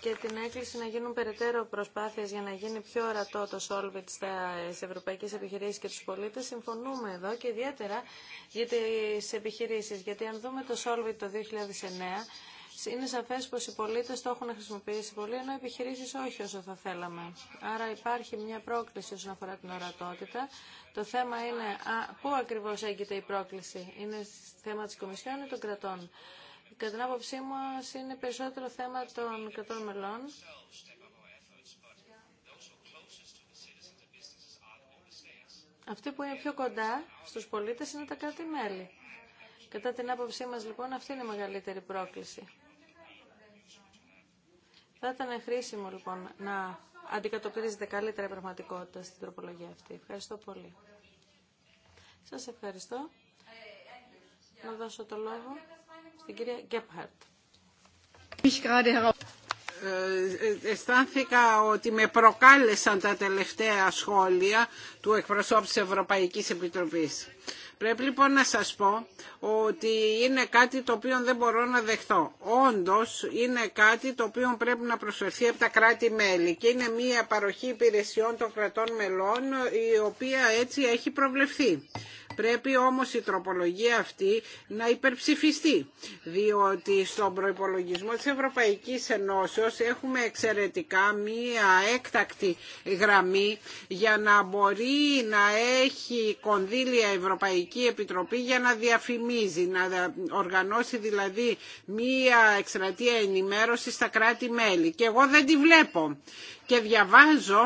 και την έκκληση να γίνουν περαιτέρω προσπάθειες για να γίνει πιο ορατό το Solvit στις ευρωπαϊκές επιχειρήσεις και τους πολίτες. Συμφωνούμε εδώ και ιδιαίτερα για τις επιχειρήσεις, γιατί αν δούμε το Solvit το 2009, είναι σαφέ πω οι πολίτε το έχουν χρησιμοποιήσει πολύ, ενώ οι επιχειρήσεις όχι όσο θα θέλαμε. Άρα υπάρχει μια πρόκληση όσον αφορά την ορατότητα. Το θέμα είναι α, πού ακριβώς έγκυται η πρόκληση. Είναι θέμα της Κομισιόν ή των κρατών. Κατά την άποψή μας είναι περισσότερο θέμα των κρατών μελών. Αυτοί που ακριβώ κράτη-μέλη. Κατά την άποψή μας λοιπόν αυτή είναι η προκληση ειναι θεμα τη κομισιον η των κρατων κατα την αποψη μα ειναι περισσοτερο θεμα των κρατων μελων αυτοι που πρόκληση. Θα ήταν χρήσιμο λοιπόν να αντικατοπτρίζετε καλύτερα η πραγματικότητα στην τροπολογία αυτή. Ευχαριστώ πολύ. Σας ευχαριστώ. Να δώσω το λόγο στην κυρία Γκέπχαρτ. Ε, αισθάνθηκα ότι με προκάλεσαν τα τελευταία σχόλια του εκπροσώπου της Ευρωπαϊκής Επιτροπής. Πρέπει λοιπόν να σας πω ότι είναι κάτι το οποίο δεν μπορώ να δεχτώ. Όντως είναι κάτι το οποίο πρέπει να προσφερθεί από τα κράτη-μέλη και είναι μια παροχή υπηρεσιών των κρατών μελών η οποία έτσι έχει προβλεφθεί. Πρέπει όμως η τροπολογία αυτή να υπερψηφιστεί, διότι στον προϋπολογισμό της Ευρωπαϊκής Ενώσεως έχουμε εξαιρετικά μία έκτακτη γραμμή για να μπορεί να έχει κονδύλια Ευρωπαϊκή Επιτροπή για να διαφημίζει, να οργανώσει δηλαδή μία εκστρατεία ενημέρωση στα κράτη-μέλη. Και εγώ δεν τη βλέπω. Και διαβάζω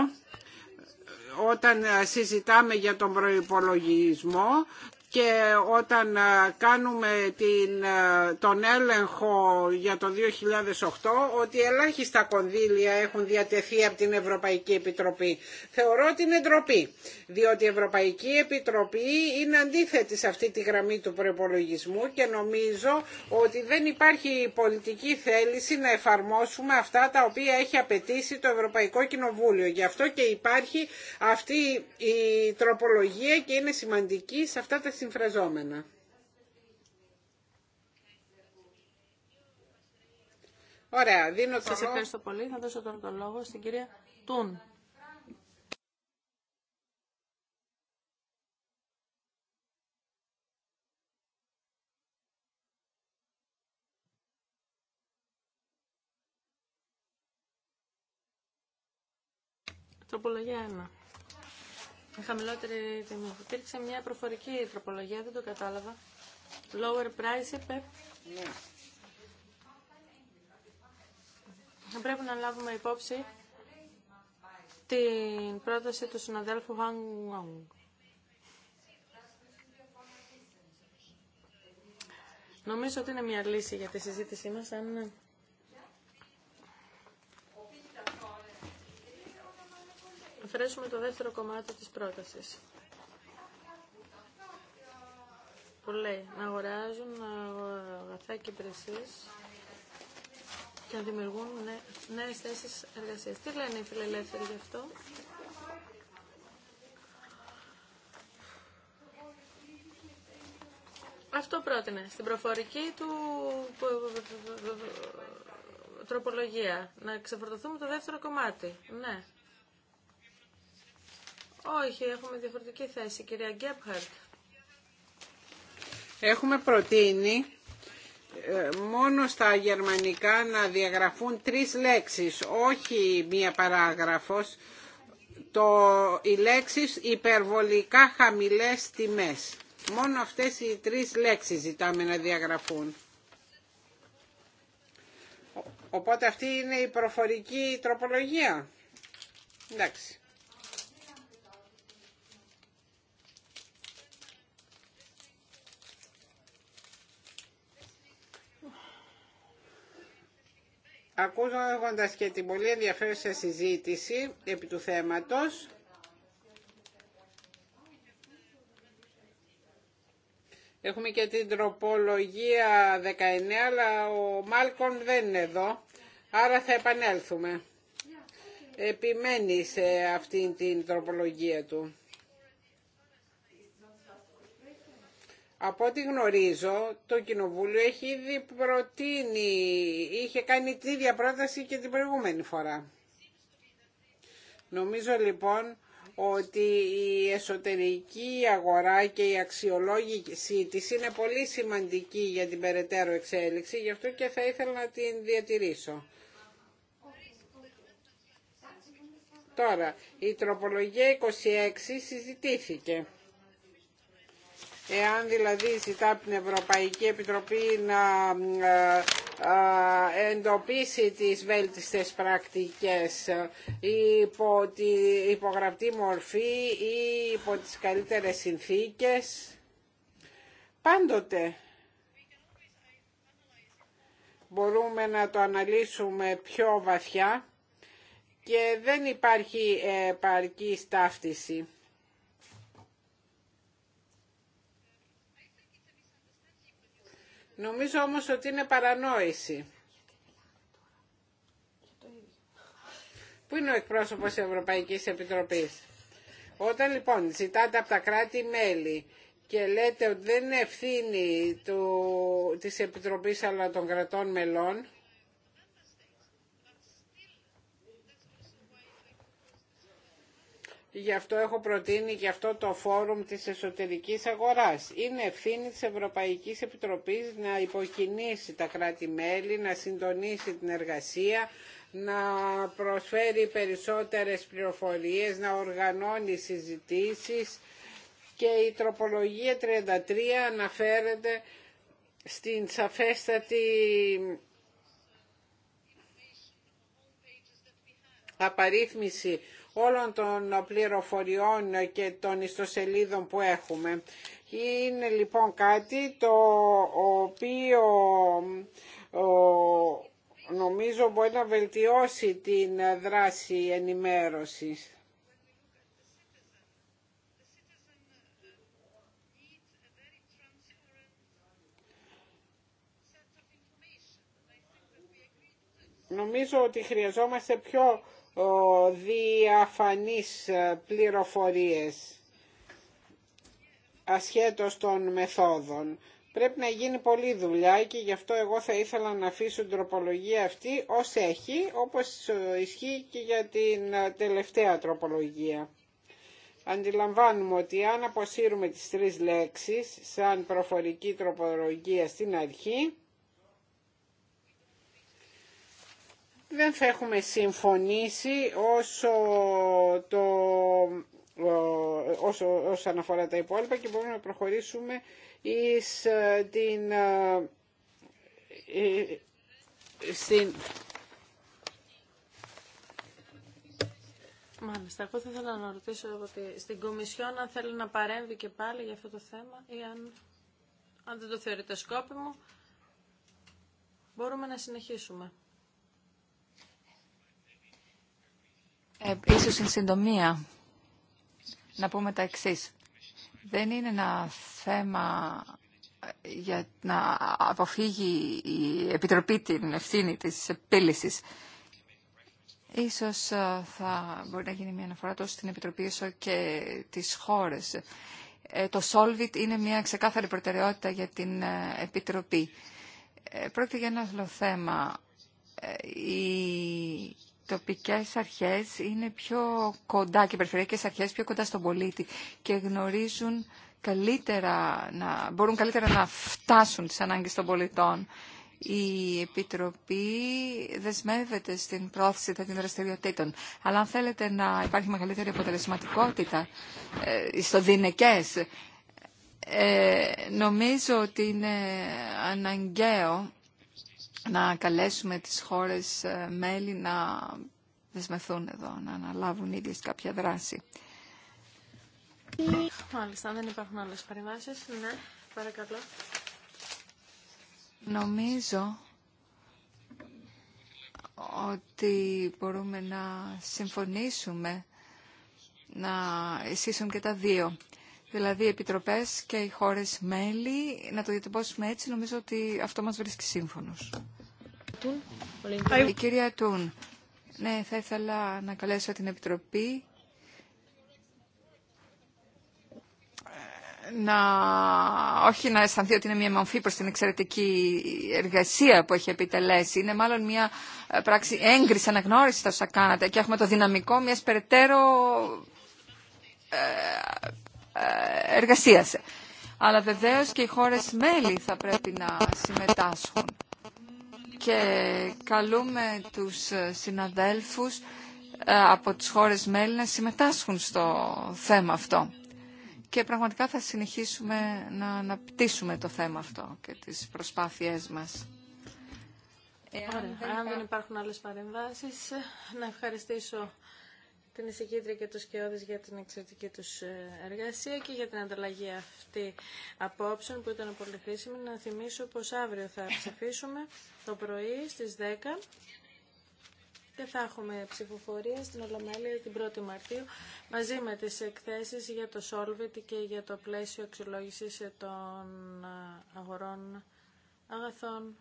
όταν ε, συζητάμε για τον προϋπολογισμό και όταν ε, κάνουμε την, ε, τον έλεγχο για το 2008 ότι ελάχιστα κονδύλια έχουν διατεθεί από την Ευρωπαϊκή Επιτροπή. Θεωρώ είναι ντροπή, διότι η Ευρωπαϊκή Επιτροπή είναι αντίθετη σε αυτή τη γραμμή του προπολογισμού και νομίζω ότι δεν υπάρχει πολιτική θέληση να εφαρμόσουμε αυτά τα οποία έχει απαιτήσει το Ευρωπαϊκό Κοινοβούλιο. Γι' αυτό και υπάρχει αυτή η τροπολογία και είναι σημαντική σε αυτά τα συμφραζόμενα. Ωραία, δίνω το Σας ευχαριστώ πολύ. Θα δώσω τώρα το λόγο στην κυρία Τούν. Τροπολογία 1 χαμηλότερη τιμή. Υπήρξε μια προφορική τροπολογία, δεν το κατάλαβα. Lower price είπε. Ναι. Πρέπει να λάβουμε υπόψη την πρόταση του συναδέλφου Hang Νομίζω ότι είναι μια λύση για τη συζήτησή μας, αν εξεφράσουμε το δεύτερο κομμάτι της πρότασης που λέει να αγοράζουν αγαθά και και να δημιουργούν νέες θέσεις εργασίας. Τι λένε οι φιλελεύθεροι γι' αυτό. Αυτό πρότεινε στην προφορική του τροπολογία. Να ξεφορτωθούμε το δεύτερο κομμάτι. Ναι. Όχι, έχουμε διαφορετική θέση, κυρία Γκέπχαρτ. Έχουμε προτείνει ε, μόνο στα γερμανικά να διαγραφούν τρεις λέξεις, όχι μία παράγραφος, το, οι λέξεις υπερβολικά χαμηλές τιμές. Μόνο αυτές οι τρεις λέξεις ζητάμε να διαγραφούν. Οπότε αυτή είναι η προφορική τροπολογία. Εντάξει. ακούγοντας και την πολύ ενδιαφέρουσα συζήτηση επί του θέματος, Έχουμε και την τροπολογία 19, αλλά ο Μάλκον δεν είναι εδώ, άρα θα επανέλθουμε. Επιμένει σε αυτήν την τροπολογία του. Από ό,τι γνωρίζω, το Κοινοβούλιο έχει ήδη προτείνει, είχε κάνει την ίδια πρόταση και την προηγούμενη φορά. Νομίζω λοιπόν ότι η εσωτερική αγορά και η αξιολόγηση της είναι πολύ σημαντική για την περαιτέρω εξέλιξη, γι' αυτό και θα ήθελα να την διατηρήσω. Τώρα, η τροπολογία 26 συζητήθηκε. Εάν δηλαδή ζητά από την Ευρωπαϊκή Επιτροπή να ε, ε, εντοπίσει τις βέλτιστες πρακτικές υπό τη υπογραπτή μορφή ή υπό τις καλύτερες συνθήκες. Πάντοτε μπορούμε να το αναλύσουμε πιο βαθιά και δεν υπάρχει επαρκή στάφτιση. Νομίζω όμως ότι είναι παρανόηση. Πού είναι ο εκπρόσωπος της Ευρωπαϊκής Επιτροπής. Όταν λοιπόν ζητάτε από τα κράτη-μέλη και λέτε ότι δεν είναι ευθύνη του, της Επιτροπής αλλά των κρατών μελών, Γι' αυτό έχω προτείνει και αυτό το φόρουμ της εσωτερικής αγοράς. Είναι ευθύνη της Ευρωπαϊκής Επιτροπής να υποκινήσει τα κράτη-μέλη, να συντονίσει την εργασία, να προσφέρει περισσότερες πληροφορίες, να οργανώνει συζητήσεις και η τροπολογία 33 αναφέρεται στην σαφέστατη απαρίθμηση όλων των πληροφοριών και των ιστοσελίδων που έχουμε. Είναι λοιπόν κάτι το οποίο νομίζω μπορεί να βελτιώσει την δράση ενημέρωσης. Νομίζω ότι χρειαζόμαστε πιο ο διαφανείς ε, πληροφορίες ασχέτως των μεθόδων. Πρέπει να γίνει πολλή δουλειά και γι' αυτό εγώ θα ήθελα να αφήσω την τροπολογία αυτή ως έχει, όπως ε, ισχύει και για την ε, τελευταία τροπολογία. Αντιλαμβάνουμε ότι αν αποσύρουμε τις τρεις λέξεις σαν προφορική τροπολογία στην αρχή, δεν θα έχουμε συμφωνήσει όσο το όσο, όσον αναφορά τα υπόλοιπα και μπορούμε να προχωρήσουμε εις ε, την ε, ε, στην Μάλιστα, εγώ θα ήθελα να ρωτήσω ότι στην Κομισιόν αν θέλει να παρέμβει και πάλι για αυτό το θέμα ή αν, αν δεν το θεωρείτε σκόπιμο μπορούμε να συνεχίσουμε. Ε, ίσως εν συντομία να πούμε τα εξής. Δεν είναι ένα θέμα ε, για να αποφύγει η Επιτροπή την ευθύνη της επίλυσης. Ίσως ε, θα μπορεί να γίνει μια αναφορά τόσο στην Επιτροπή όσο και τις χώρες. Ε, το Solvit είναι μια ξεκάθαρη προτεραιότητα για την Επιτροπή. Πρόκειται για ένα άλλο θέμα. Η τοπικές αρχές είναι πιο κοντά και οι περιφερειακές αρχές πιο κοντά στον πολίτη και γνωρίζουν καλύτερα, να, μπορούν καλύτερα να φτάσουν τις ανάγκες των πολιτών. Η Επιτροπή δεσμεύεται στην πρόθεση των δραστηριοτήτων. Αλλά αν θέλετε να υπάρχει μεγαλύτερη αποτελεσματικότητα ε, στο δινεκές, ε, νομίζω ότι είναι αναγκαίο να καλέσουμε τις χώρες ε, μέλη να δεσμευθούν εδώ, να αναλάβουν ίδιες κάποια δράση. Μάλιστα, δεν υπάρχουν άλλες παρεμβάσεις. Ναι, παρακαλώ. Νομίζω ότι μπορούμε να συμφωνήσουμε να εισήσουν και τα δύο. Δηλαδή οι επιτροπές και οι χώρες μέλη, να το διατυπώσουμε έτσι, νομίζω ότι αυτό μας βρίσκει σύμφωνος. Η κυρία Τούν. Ναι, θα ήθελα να καλέσω την Επιτροπή ε, να, όχι να αισθανθεί ότι είναι μια μορφή προς την εξαιρετική εργασία που έχει επιτελέσει. Είναι μάλλον μια ε, πράξη έγκριση, αναγνώριση τα όσα κάνατε και έχουμε το δυναμικό μιας περαιτέρω ε, εργασίας. Αλλά βεβαίως και οι χώρες μέλη θα πρέπει να συμμετάσχουν και καλούμε τους ε, συναδέλφους ε, από τις χώρες μέλη να συμμετάσχουν στο θέμα αυτό. Και πραγματικά θα συνεχίσουμε να αναπτύσσουμε το θέμα αυτό και τις προσπάθειές μας. Αν δεν υπάρχουν άλλες παρεμβάσεις, να ευχαριστήσω την εισηγήτρια και τους Κεώδης για την εξαιρετική τους ε, εργασία και για την ανταλλαγή αυτή απόψεων που ήταν πολύ χρήσιμη. Να θυμίσω πως αύριο θα ψηφίσουμε το πρωί στις 10 και θα έχουμε ψηφοφορία στην Ολομέλεια την 1η Μαρτίου μαζί με τις εκθέσεις για το Solvit και για το πλαίσιο αξιολόγησης των ε, αγορών αγαθών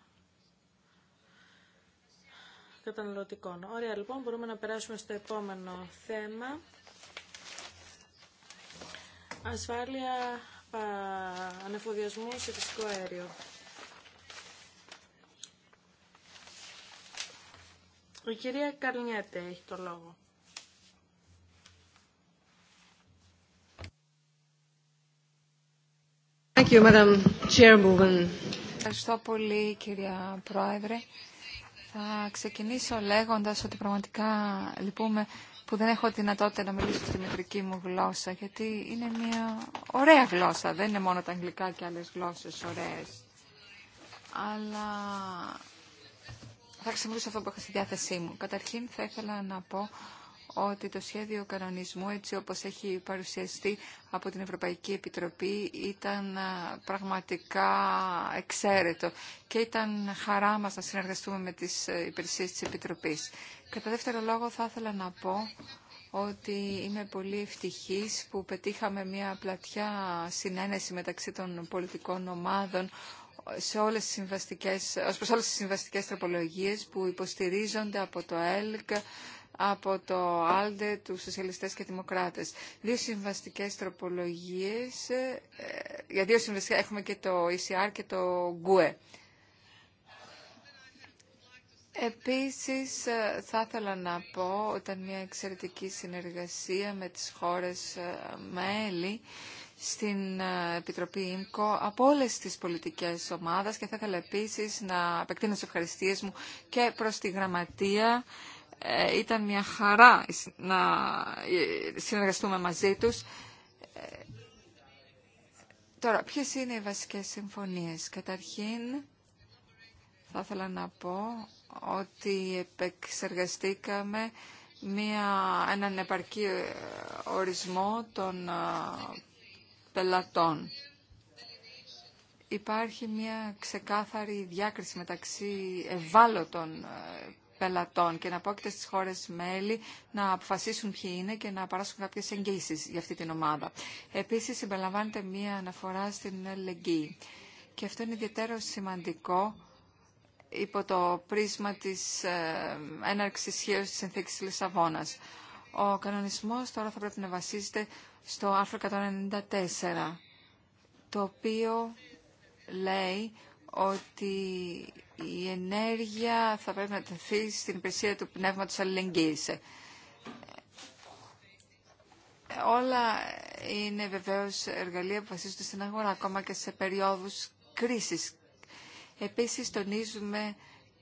καταναλωτικών. Ωραία, λοιπόν, μπορούμε να περάσουμε στο επόμενο θέμα. Ασφάλεια ανεφοδιασμού σε φυσικό αέριο. Η κυρία Καρνιέτε έχει το λόγο. Thank you, Madam Chairwoman. Ευχαριστώ πολύ, κυρία Πρόεδρε. Θα ξεκινήσω λέγοντας ότι πραγματικά λυπούμε που δεν έχω δυνατότητα να μιλήσω στη μητρική μου γλώσσα, γιατί είναι μια ωραία γλώσσα, δεν είναι μόνο τα αγγλικά και άλλες γλώσσες ωραίες. Αλλά θα ξεκινήσω αυτό που έχω στη διάθεσή μου. Καταρχήν θα ήθελα να πω ότι το σχέδιο κανονισμού έτσι όπως έχει παρουσιαστεί από την Ευρωπαϊκή Επιτροπή ήταν πραγματικά εξαίρετο και ήταν χαρά μας να συνεργαστούμε με τις ε, υπηρεσίες της Επιτροπής. Κατά δεύτερο λόγο θα ήθελα να πω ότι είμαι πολύ ευτυχής που πετύχαμε μια πλατιά συνένεση μεταξύ των πολιτικών ομάδων ε, σε όλες τις συμβαστικές, ως προς που υποστηρίζονται από το ΕΛΚ, από το ΑΛΔΕ, του Σοσιαλιστές και Δημοκράτες. Δύο συμβαστικές τροπολογίες, ε, για δύο συμβαστικές έχουμε και το ECR και το ΓΚΟΕ. E. Επίσης, ε, θα ήθελα να πω ότι ήταν μια εξαιρετική συνεργασία με τις χώρες ε, μέλη στην Επιτροπή ΙΜΚΟ από όλες τις πολιτικές ομάδες και θα ήθελα επίσης να επεκτείνω τις ευχαριστίες μου και προς τη Γραμματεία ε, ήταν μια χαρά να ε, συνεργαστούμε μαζί τους. Ε, τώρα, ποιες είναι οι βασικές συμφωνίες. Καταρχήν, θα ήθελα να πω ότι επεξεργαστήκαμε μια, έναν επαρκή ορισμό των πελατών. Υπάρχει μια ξεκάθαρη διάκριση μεταξύ ευάλωτων πελατών και να και στις χώρες μέλη να αποφασίσουν ποιοι είναι και να παράσουν κάποιες εγγύσει για αυτή την ομάδα. Επίσης, συμπεριλαμβάνεται μία αναφορά στην ελεγγύη. Και αυτό είναι ιδιαίτερο σημαντικό υπό το πρίσμα της ε, έναρξης ισχύω της συνθήκη της Λισαβόνας. Ο κανονισμός τώρα θα πρέπει να βασίζεται στο άρθρο 194, το οποίο λέει ότι η ενέργεια θα πρέπει να τεθεί στην υπηρεσία του πνεύματος αλληλεγγύης. Ε, όλα είναι βεβαίως εργαλεία που βασίζονται στην αγορά, ακόμα και σε περιόδους κρίσης. Επίσης τονίζουμε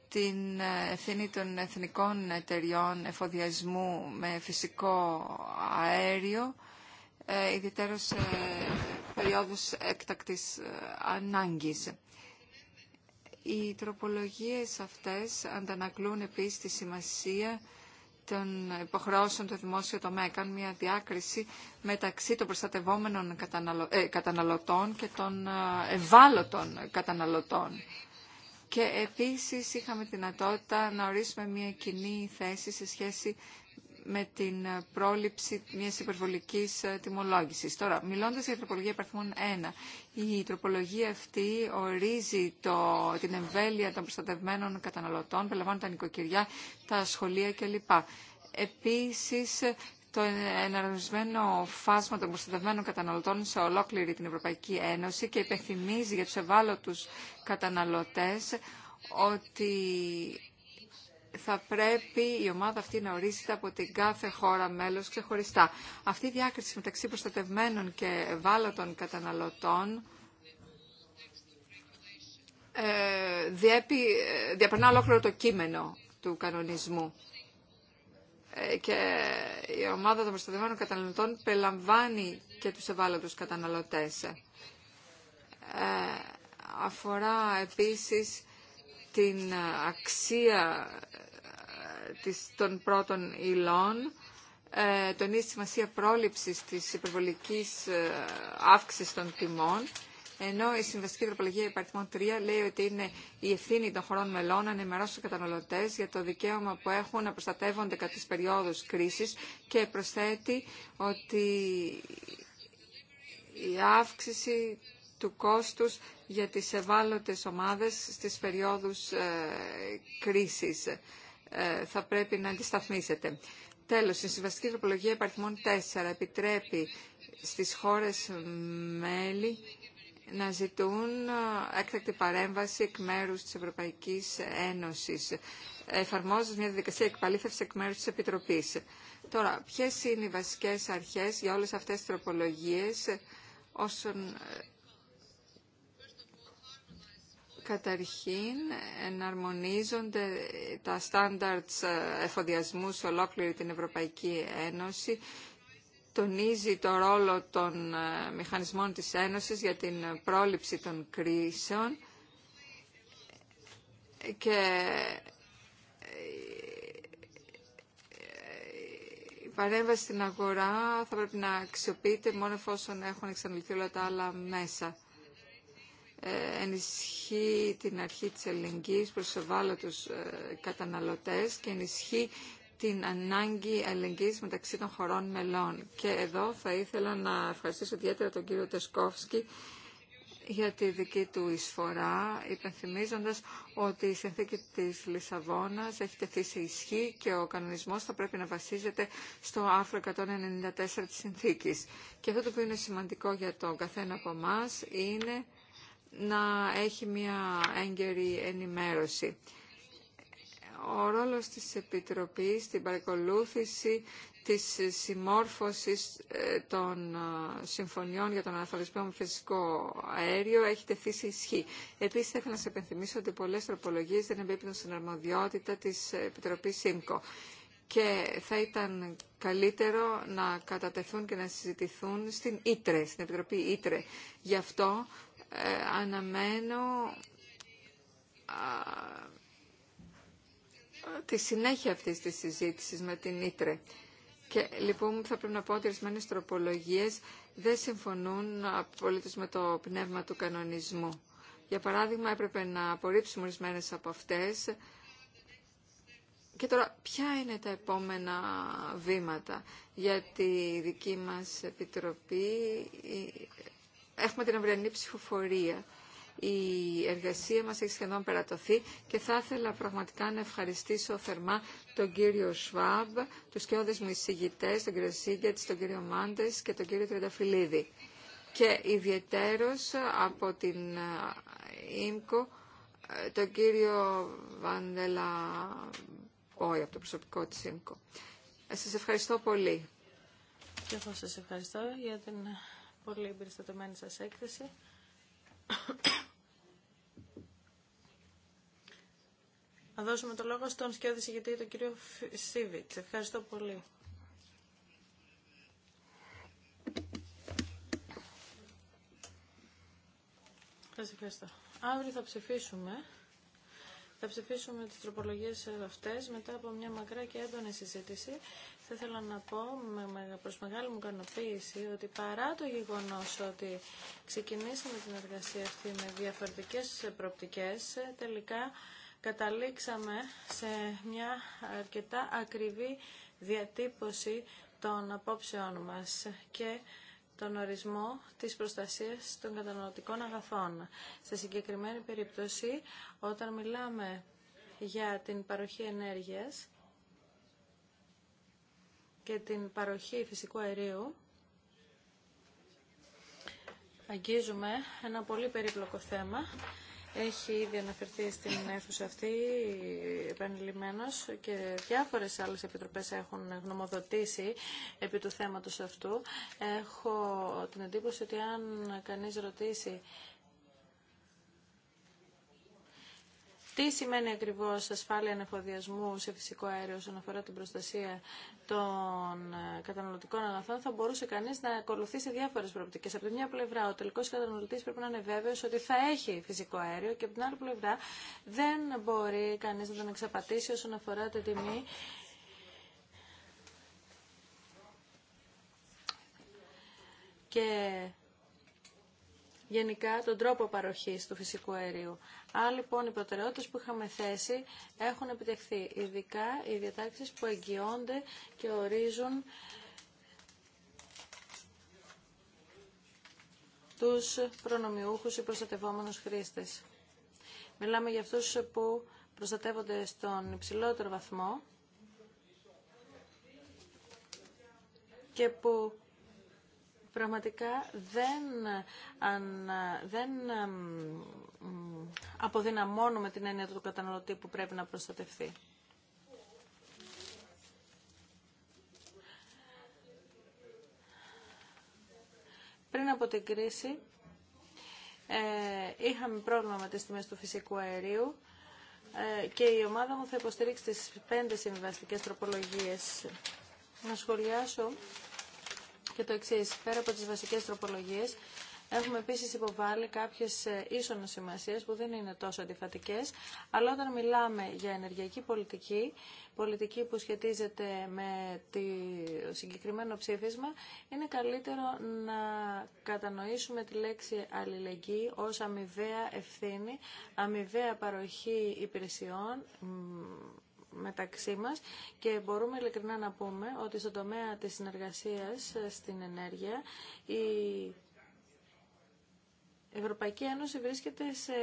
την ευθύνη των εθνικών εταιριών εφοδιασμού με φυσικό αέριο, ε, ιδιαίτερα σε ε, περιόδους έκτακτης ανάγκης. Οι τροπολογίες αυτές αντανακλούν επίσης τη σημασία των υποχρεώσεων του δημόσιου τομέα. Κάνουν μια διάκριση μεταξύ των προστατευόμενων ε, καταναλωτών και των ε, ευάλωτων καταναλωτών. Και επίσης είχαμε τη δυνατότητα να ορίσουμε μια κοινή θέση σε σχέση με την ε, πρόληψη μιας υπερβολικής ε, τιμολόγησης. Τώρα, μιλώντας για τροπολογία υπαρθμών 1, η τροπολογία αυτή ορίζει το, την εμβέλεια των προστατευμένων καταναλωτών, περιλαμβάνουν τα νοικοκυριά, τα σχολεία κλπ. Επίσης, το εναρμονισμένο φάσμα των προστατευμένων καταναλωτών σε ολόκληρη την Ευρωπαϊκή Ένωση και υπενθυμίζει για τους ευάλωτους καταναλωτές ότι θα πρέπει η ομάδα αυτή να ορίζεται από την κάθε χώρα μέλος ξεχωριστά. Αυτή η διάκριση μεταξύ προστατευμένων και ευάλωτων καταναλωτών ε, διέπει, ε, διαπερνά ολόκληρο το κείμενο του κανονισμού ε, και η ομάδα των προστατευμένων καταναλωτών περιλαμβάνει και τους ευάλωτους καταναλωτές. αφορά επίσης την αξία της, των πρώτων υλών, ε, τονίζει τη σημασία πρόληψης της υπερβολικής ε, αύξησης των τιμών, ενώ η Συμβαστική Τροπολογία Υπαριθμών 3 λέει ότι είναι η ευθύνη των χωρών μελών να ενημερώσουν του καταναλωτέ για το δικαίωμα που έχουν να προστατεύονται κατά τι περιόδου κρίση και προσθέτει ότι η αύξηση του κόστους για τις ευάλωτες ομάδες στις περιόδους ε, κρίσης. Ε, θα πρέπει να αντισταθμίσετε. Τέλος, η συμβαστική τροπολογία υπαριθμών 4 επιτρέπει στις χώρες μέλη να ζητούν ε, έκτακτη παρέμβαση εκ μέρους της Ευρωπαϊκής Ένωσης, εφαρμόζοντας μια διαδικασία εκπαλήθευσης εκ μέρους της Επιτροπής. Τώρα, ποιες είναι οι βασικές αρχές για όλες αυτές τις τροπολογίες όσον Καταρχήν, εναρμονίζονται τα στάνταρτς ε, εφοδιασμού σε ολόκληρη την Ευρωπαϊκή Ένωση. Τονίζει το ρόλο των ε, μηχανισμών της Ένωσης για την πρόληψη των κρίσεων και ε, η παρέμβαση στην αγορά θα πρέπει να αξιοποιείται μόνο εφόσον έχουν εξαντληθεί όλα τα άλλα μέσα. Ε, ενισχύει την αρχή της ελεγγύης προς ευάλωτους ε, καταναλωτές και ενισχύει την ανάγκη ελεγγύης μεταξύ των χωρών μελών. Και εδώ θα ήθελα να ευχαριστήσω ιδιαίτερα τον κύριο Τεσκόφσκι για τη δική του εισφορά, υπενθυμίζοντας ότι η συνθήκη της Λισαβόνας έχει τεθεί σε ισχύ και ο κανονισμός θα πρέπει να βασίζεται στο άρθρο 194 της συνθήκης. Και αυτό το οποίο είναι σημαντικό για τον καθένα από εμά είναι να έχει μια έγκαιρη ενημέρωση. Ο ρόλος της Επιτροπής στην παρακολούθηση της συμμόρφωσης ε, των ε, συμφωνιών για τον αναθωρισμό με φυσικό αέριο έχει τεθεί σε ισχύ. Επίσης, θέλω να σε επενθυμίσω ότι πολλές τροπολογίες δεν εμπίπτουν στην αρμοδιότητα της Επιτροπής ΣΥΜΚΟ και θα ήταν καλύτερο να κατατεθούν και να συζητηθούν στην στην Επιτροπή Ήτρε. Γι' αυτό ε, αναμένω τη συνέχεια αυτής της συζήτησης με την Ήτρε. Και λοιπόν θα πρέπει να πω ότι ορισμένε τροπολογίες δεν συμφωνούν απολύτως με το πνεύμα του κανονισμού. Για παράδειγμα έπρεπε να απορρίψουμε ορισμένε από αυτές. Και τώρα ποια είναι τα επόμενα βήματα. για τη δική μας Επιτροπή έχουμε την αυριανή ψηφοφορία. Η εργασία μας έχει σχεδόν περατωθεί και θα ήθελα πραγματικά να ευχαριστήσω θερμά τον κύριο Σβάμπ, τους κοιόδες μου εισηγητές, τον κύριο Σίγκετς, τον κύριο Μάντες και τον κύριο Τρενταφυλλίδη. Και ιδιαιτέρως από την ε, ΙΜΚΟ, ε, τον κύριο Βαντελα από το προσωπικό της ΙΜΚΟ. Ε, σας ευχαριστώ πολύ. σας ευχαριστώ για την πολύ εμπεριστατωμένη σας έκθεση. Να δώσουμε το λόγο στον σκιώδη συγγετή, τον κύριο Σίβιτς. Ευχαριστώ πολύ. Σας ευχαριστώ. Αύριο θα ψηφίσουμε. Θα ψηφίσουμε τις τροπολογίες αυτές μετά από μια μακρά και έντονη συζήτηση θα ήθελα να πω με, προς μεγάλη μου κανοποίηση ότι παρά το γεγονός ότι ξεκινήσαμε την εργασία αυτή με διαφορετικές προπτικές, τελικά καταλήξαμε σε μια αρκετά ακριβή διατύπωση των απόψεών μας και τον ορισμό της προστασίας των καταναλωτικών αγαθών. Σε συγκεκριμένη περίπτωση, όταν μιλάμε για την παροχή ενέργειας, και την παροχή φυσικού αερίου αγγίζουμε ένα πολύ περίπλοκο θέμα. Έχει ήδη αναφερθεί στην αίθουσα αυτή επανειλημμένος και διάφορες άλλες επιτροπές έχουν γνωμοδοτήσει επί του θέματος αυτού. Έχω την εντύπωση ότι αν κανείς ρωτήσει Τι σημαίνει ακριβώς ασφάλεια ανεφοδιασμού σε φυσικό αέριο όσον αφορά την προστασία των ε, καταναλωτικών αγαθών θα μπορούσε κανείς να ακολουθήσει διάφορες προοπτικές. Από τη μια πλευρά ο τελικός καταναλωτής πρέπει να είναι βέβαιος ότι θα έχει φυσικό αέριο και από την άλλη πλευρά δεν μπορεί κανείς να τον εξαπατήσει όσον αφορά την τιμή και γενικά τον τρόπο παροχής του φυσικού αερίου. Άλλοι, λοιπόν οι προτεραιότητες που είχαμε θέσει έχουν επιτευχθεί, ειδικά οι διατάξεις που εγγυώνται και ορίζουν τους προνομιούχους ή προστατευόμενους χρήστες. Μιλάμε για αυτούς που προστατεύονται στον υψηλότερο βαθμό και που πραγματικά δεν, αν, δεν αποδυναμώνουμε την έννοια του καταναλωτή που πρέπει να προστατευτεί. Πριν από την κρίση ε, είχαμε πρόβλημα με τις τιμές του φυσικού αερίου ε, και η ομάδα μου θα υποστηρίξει τις πέντε συμβιβαστικές τροπολογίες. Να σχολιάσω και το εξή. Πέρα από τι βασικέ τροπολογίε, έχουμε επίση υποβάλει κάποιε ίσονε σημασίε που δεν είναι τόσο αντιφατικέ, αλλά όταν μιλάμε για ενεργειακή πολιτική, πολιτική που σχετίζεται με το συγκεκριμένο ψήφισμα, είναι καλύτερο να κατανοήσουμε τη λέξη αλληλεγγύη ως αμοιβαία ευθύνη, αμοιβαία παροχή υπηρεσιών, μεταξύ μας και μπορούμε ειλικρινά να πούμε ότι στο τομέα της συνεργασίας ε, στην ενέργεια η Ευρωπαϊκή Ένωση βρίσκεται σε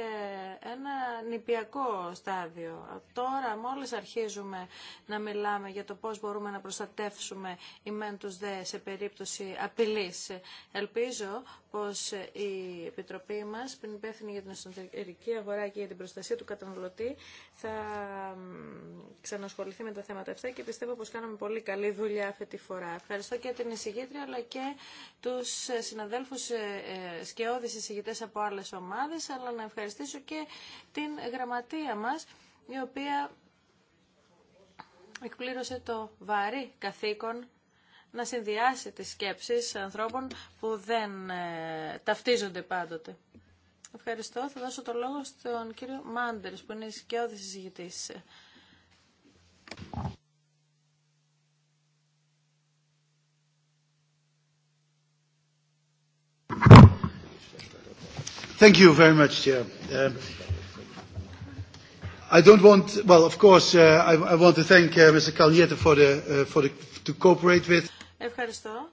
ένα νηπιακό στάδιο. Τώρα μόλις αρχίζουμε να μιλάμε για το πώς μπορούμε να προστατεύσουμε οι μεν τους δε σε περίπτωση απειλής. Ελπίζω πως ε, η Επιτροπή μας, που είναι υπεύθυνη για την εσωτερική αγορά και για την προστασία του καταναλωτή, θα ξανασχοληθεί με τα θέματα αυτά και πιστεύω πως κάναμε πολύ καλή δουλειά αυτή τη φορά. Ευχαριστώ και την εισηγήτρια, αλλά και τους ε, συναδέλφους ε, σκεώδης εισηγητές από άλλες ομάδες, αλλά να ευχαριστήσω και την γραμματεία μας, η οποία εκπλήρωσε το βαρύ καθήκον να συνδυάσει τις σκέψεις ανθρώπων που δεν ε, ταυτίζονται πάντοτε. Ευχαριστώ. Θα δώσω το λόγο στον κύριο Μάντερς που είναι σκιώδης συζητής. Thank you very much, Chair. Um, I don't want, well, of course, uh, I, want to thank uh, Mr. Calniete for the, uh, for the, to cooperate with. Ευχαριστώ.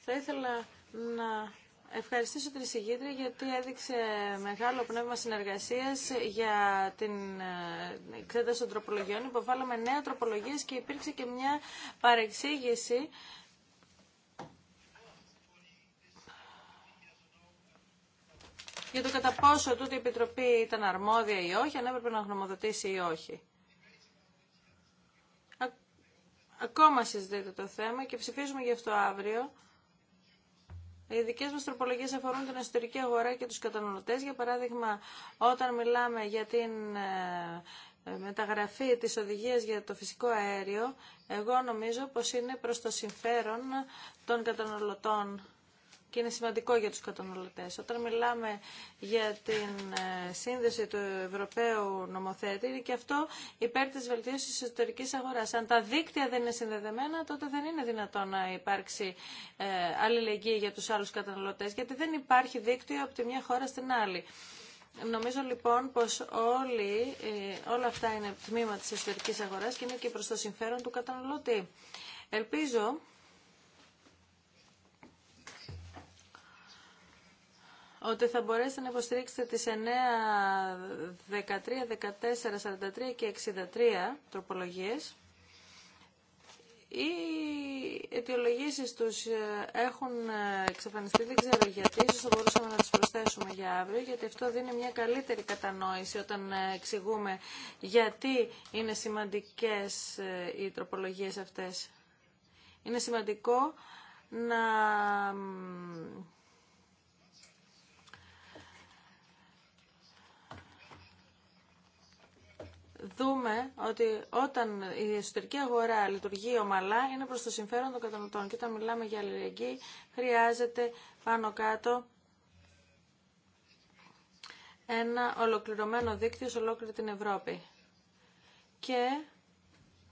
Θα ήθελα να ευχαριστήσω την εισηγήτρια γιατί έδειξε μεγάλο πνεύμα συνεργασίας για την ε, εξέταση των τροπολογιών. Υποβάλαμε νέα τροπολογίες και υπήρξε και μια παρεξήγηση για το κατά πόσο τούτη η Επιτροπή ήταν αρμόδια ή όχι, αν έπρεπε να γνωμοδοτήσει ή όχι. Ακόμα συζητείτε το θέμα και ψηφίζουμε γι' αυτό αύριο. Οι δικέ μα τροπολογίε αφορούν την εσωτερική αγορά και του καταναλωτέ. Για παράδειγμα, όταν μιλάμε για την ε, μεταγραφή της οδηγίας για το φυσικό αέριο, εγώ νομίζω πως είναι προς το συμφέρον των καταναλωτών και είναι σημαντικό για τους καταναλωτές. Όταν μιλάμε για την ε, σύνδεση του Ευρωπαίου νομοθέτη, είναι και αυτό υπέρ της βελτίωσης της εσωτερικής αγοράς. Αν τα δίκτυα δεν είναι συνδεδεμένα, τότε δεν είναι δυνατόν να υπάρξει ε, αλληλεγγύη για τους άλλους καταναλωτές, γιατί δεν υπάρχει δίκτυο από τη μια χώρα στην άλλη. Νομίζω λοιπόν πως ε, όλα αυτά είναι τμήμα της εσωτερικής αγοράς και είναι και προς το συμφέρον του καταναλωτή. Ελπίζω ότι θα μπορέσετε να υποστηρίξετε τις 9, 13, 14, 43 και 63 τροπολογίες. Οι αιτιολογήσει τους ε, έχουν ε, εξαφανιστεί, δεν ξέρω γιατί, ίσως θα μπορούσαμε να τις προσθέσουμε για αύριο, γιατί αυτό δίνει μια καλύτερη κατανόηση όταν ε, εξηγούμε γιατί είναι σημαντικές οι τροπολογίες αυτές. Είναι σημαντικό να δούμε ότι όταν η εσωτερική αγορά λειτουργεί ομαλά είναι προς το συμφέρον των καταναλωτών. Και όταν μιλάμε για αλληλεγγύη χρειάζεται πάνω κάτω ένα ολοκληρωμένο δίκτυο σε ολόκληρη την Ευρώπη. Και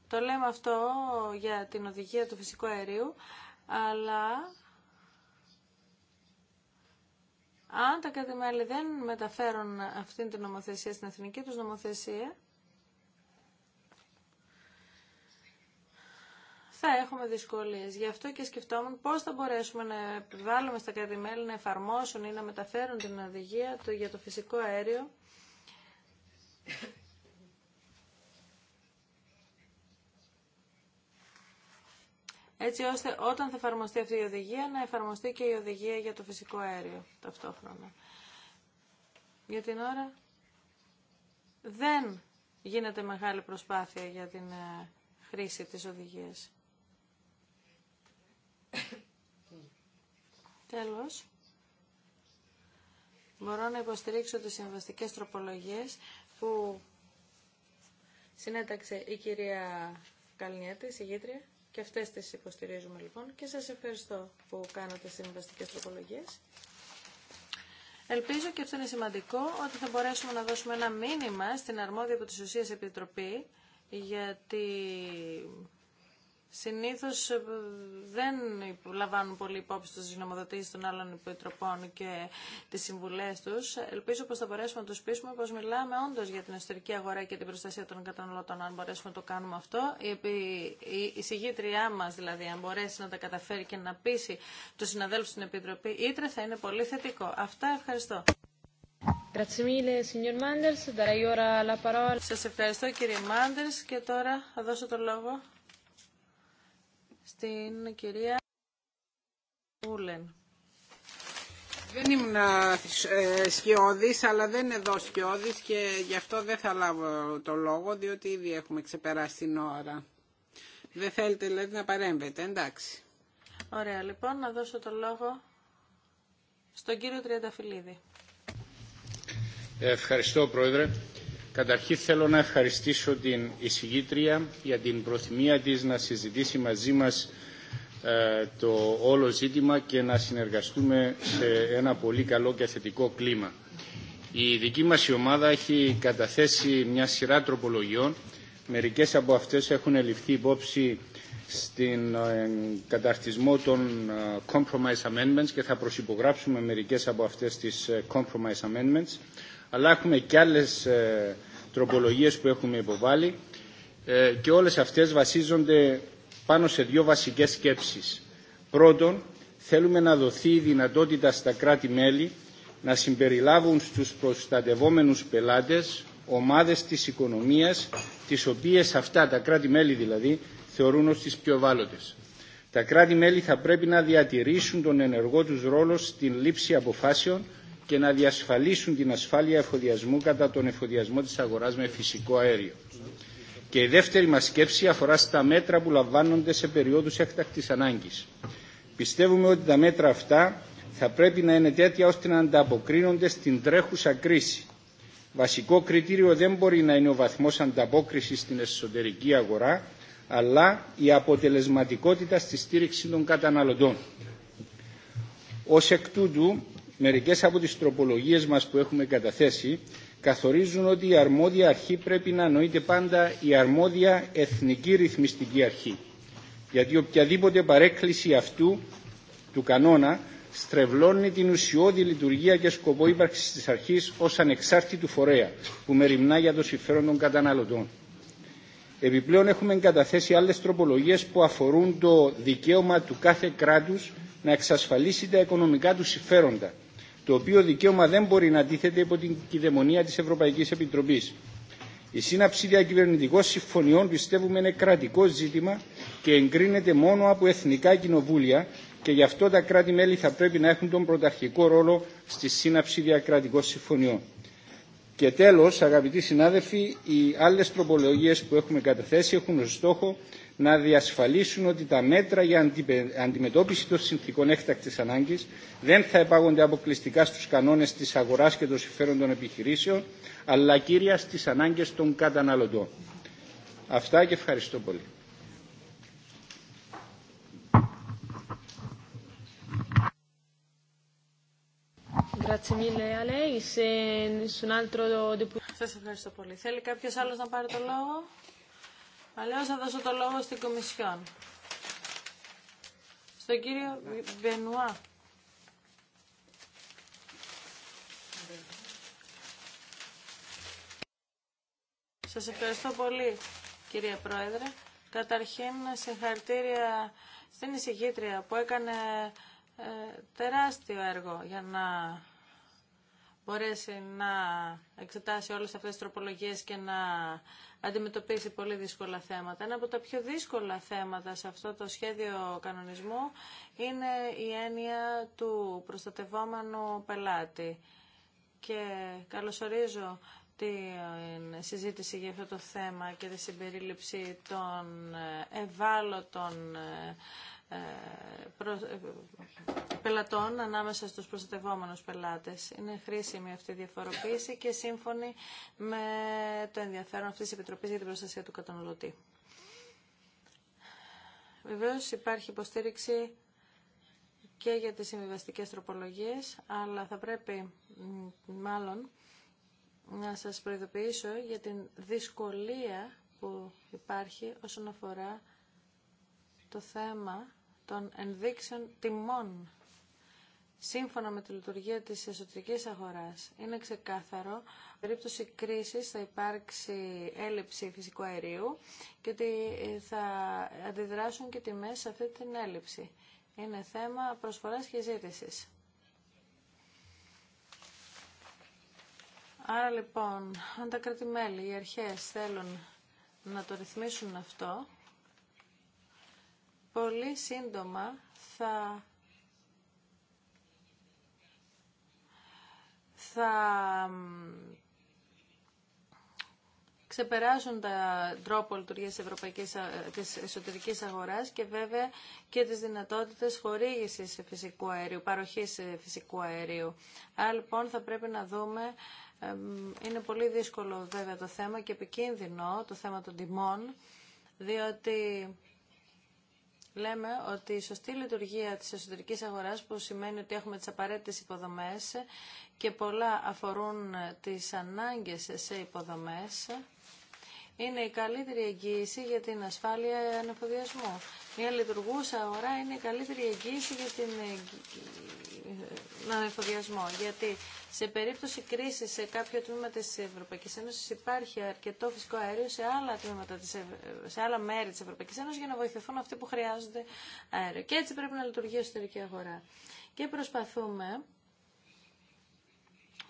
το λέμε αυτό για την οδηγία του φυσικού αερίου, αλλά αν τα κατημέλη δεν μεταφέρουν αυτήν την νομοθεσία στην εθνική τους νομοθεσία, έχουμε δυσκολίες. Γι' αυτό και σκεφτόμουν πώς θα μπορέσουμε να επιβάλλουμε στα κρατη να εφαρμόσουν ή να μεταφέρουν την οδηγία για το φυσικό αέριο έτσι ώστε όταν θα εφαρμοστεί αυτή η οδηγία να εφαρμοστεί και η οδηγία για το φυσικό αέριο ταυτόχρονα. Για την ώρα δεν γίνεται μεγάλη προσπάθεια για την ε, χρήση της οδηγίας. Τέλος, μπορώ να υποστηρίξω τις συμβαστικές τροπολογίες που συνέταξε η κυρία Καλνιέτη, η γήτρια, και αυτές τις υποστηρίζουμε λοιπόν και σας ευχαριστώ που κάνατε συμβαστικές τροπολογίες. Ελπίζω και αυτό είναι σημαντικό ότι θα μπορέσουμε να δώσουμε ένα μήνυμα στην αρμόδια από τις επιτροπή γιατί Συνήθω ε, δεν λαμβάνουν πολύ υπόψη του νομοδοτήσεις των άλλων επιτροπών και τι συμβουλέ του. Ελπίζω πω θα μπορέσουμε να του πείσουμε πω μιλάμε όντω για την εσωτερική αγορά και την προστασία των καταναλωτών, αν μπορέσουμε να το κάνουμε αυτό. Η, η συγγήτριά μας δηλαδή, αν μπορέσει να τα καταφέρει και να πείσει του συναδέλφου στην Επιτροπή Ήτρε, θα είναι πολύ θετικό. Αυτά ευχαριστώ. Σα ευχαριστώ κύριε Μάντερς και τώρα θα δώσω το λόγο στην κυρία Βούλεν. Δεν ήμουν ε, ε, σκιώδης, αλλά δεν είναι εδώ σκιώδης και γι' αυτό δεν θα λάβω το λόγο, διότι ήδη έχουμε ξεπεράσει την ώρα. Δεν θέλετε δηλαδή να παρέμβετε, εντάξει. Ωραία, λοιπόν, να δώσω το λόγο στον κύριο Τριανταφυλλίδη. Ευχαριστώ, Πρόεδρε. Καταρχήν θέλω να ευχαριστήσω την εισηγήτρια για την προθυμία της να συζητήσει μαζί μας ε, το όλο ζήτημα και να συνεργαστούμε σε ένα πολύ καλό και θετικό κλίμα. Η δική μας η ομάδα έχει καταθέσει μια σειρά τροπολογιών. Μερικές από αυτές έχουν ληφθεί υπόψη στην ε, καταρτισμό των ε, compromise amendments και θα προσυπογράψουμε μερικές από αυτές τις compromise amendments αλλά έχουμε και άλλες ε, τροπολογίες που έχουμε υποβάλει ε, και όλες αυτές βασίζονται πάνω σε δύο βασικές σκέψεις. Πρώτον, θέλουμε να δοθεί η δυνατότητα στα κράτη-μέλη να συμπεριλάβουν στους προστατευόμενους πελάτες ομάδες της οικονομίας, τις οποίες αυτά τα κράτη-μέλη δηλαδή θεωρούν ως τις πιο ευάλωτες. Τα κράτη-μέλη θα πρέπει να διατηρήσουν τον ενεργό τους ρόλο στην λήψη αποφάσεων και να διασφαλίσουν την ασφάλεια εφοδιασμού κατά τον εφοδιασμό της αγοράς με φυσικό αέριο. Και η δεύτερη μας σκέψη αφορά στα μέτρα που λαμβάνονται σε περιόδους έκτακτης ανάγκης. Πιστεύουμε ότι τα μέτρα αυτά θα πρέπει να είναι τέτοια ώστε να ανταποκρίνονται στην τρέχουσα κρίση. Βασικό κριτήριο δεν μπορεί να είναι ο βαθμός ανταπόκρισης στην εσωτερική αγορά, αλλά η αποτελεσματικότητα στη στήριξη των καταναλωτών. Ως εκ τούτου, μερικές από τις τροπολογίες μας που έχουμε καταθέσει καθορίζουν ότι η αρμόδια αρχή πρέπει να εννοείται πάντα η αρμόδια εθνική ρυθμιστική αρχή. Γιατί οποιαδήποτε παρέκκληση αυτού του κανόνα στρεβλώνει την ουσιώδη λειτουργία και σκοπό ύπαρξη τη αρχή ω ανεξάρτητου φορέα που μεριμνά για το συμφέρον των καταναλωτών. Επιπλέον έχουμε καταθέσει άλλε τροπολογίε που αφορούν το δικαίωμα του κάθε κράτου να εξασφαλίσει τα οικονομικά του συμφέροντα το οποίο δικαίωμα δεν μπορεί να τίθεται υπό την κυδαιμονία της Ευρωπαϊκής Επιτροπής. Η σύναψη διακυβερνητικών συμφωνιών πιστεύουμε είναι κρατικό ζήτημα και εγκρίνεται μόνο από εθνικά κοινοβούλια και γι' αυτό τα κράτη-μέλη θα πρέπει να έχουν τον πρωταρχικό ρόλο στη σύναψη διακρατικών συμφωνιών. Και τέλος, αγαπητοί συνάδελφοι, οι άλλες προπολογίες που έχουμε καταθέσει έχουν ως στόχο να διασφαλίσουν ότι τα μέτρα για αντιμετώπιση των συνθήκων έκτακτη ανάγκη δεν θα επάγονται αποκλειστικά στου κανόνε τη αγορά και των συμφέρων των επιχειρήσεων, αλλά κύρια στι ανάγκε των καταναλωτών. Αυτά και ευχαριστώ πολύ. ευχαριστώ πολύ. Θέλει κάποιος άλλος να πάρει το λόγο. Αλλιώς θα δώσω το λόγο στην Κομισιόν. Στον κύριο Μπενουά. Σας ευχαριστώ πολύ, κυρία Πρόεδρε. Καταρχήν, συγχαρητήρια στην εισηγήτρια που έκανε ε, τεράστιο έργο για να μπορέσει να εξετάσει όλες αυτές τις τροπολογίες και να αντιμετωπίσει πολύ δύσκολα θέματα. Ένα από τα πιο δύσκολα θέματα σε αυτό το σχέδιο κανονισμού είναι η έννοια του προστατευόμενου πελάτη. Και καλωσορίζω την συζήτηση για αυτό το θέμα και τη συμπερίληψη των ευάλωτων ε, πελατών ανάμεσα στους προστατευόμενους πελάτες. Είναι χρήσιμη αυτή η διαφοροποίηση και σύμφωνη με το ενδιαφέρον αυτής της Επιτροπής για την προστασία του καταναλωτή. Βεβαίως υπάρχει υποστήριξη και για τις συμβιβαστικέ τροπολογίες, αλλά θα πρέπει μάλλον να σας προειδοποιήσω για την δυσκολία που υπάρχει όσον αφορά το θέμα των ενδείξεων τιμών. Σύμφωνα με τη λειτουργία της εσωτερικής αγοράς, είναι ξεκάθαρο ότι περίπτωση κρίσης θα υπάρξει έλλειψη φυσικού αερίου και ότι ε, θα αντιδράσουν και τιμές σε αυτή την έλλειψη. Είναι θέμα προσφοράς και ζήτησης. Άρα λοιπόν, αν τα κρατημέλη, οι αρχές θέλουν να το ρυθμίσουν αυτό, πολύ σύντομα θα θα ξεπεράσουν τα τρόπο λειτουργία της, ευρωπαϊκής, της εσωτερικής αγοράς και βέβαια και τις δυνατότητες χορήγησης φυσικού αερίου, παροχής φυσικού αερίου. Άρα λοιπόν θα πρέπει να δούμε, είναι πολύ δύσκολο βέβαια το θέμα και επικίνδυνο το θέμα των τιμών, διότι λέμε ότι η σωστή λειτουργία της εσωτερικής αγοράς που σημαίνει ότι έχουμε τις απαραίτητες υποδομές και πολλά αφορούν τις ανάγκες σε υποδομές είναι η καλύτερη εγγύηση για την ασφάλεια ανεφοδιασμού. Μια λειτουργούσα αγορά είναι η καλύτερη εγγύηση για την ε, ανεφοδιασμό. Γιατί σε περίπτωση κρίσης σε κάποιο τμήμα της Ευρωπαϊκή Ένωση υπάρχει αρκετό φυσικό αέριο σε άλλα, τμήματα της... Ε, σε άλλα μέρη της Ευρωπαϊκή Ένωση για να βοηθηθούν αυτοί που χρειάζονται αέριο. Και έτσι πρέπει να λειτουργεί η εσωτερική αγορά. Και προσπαθούμε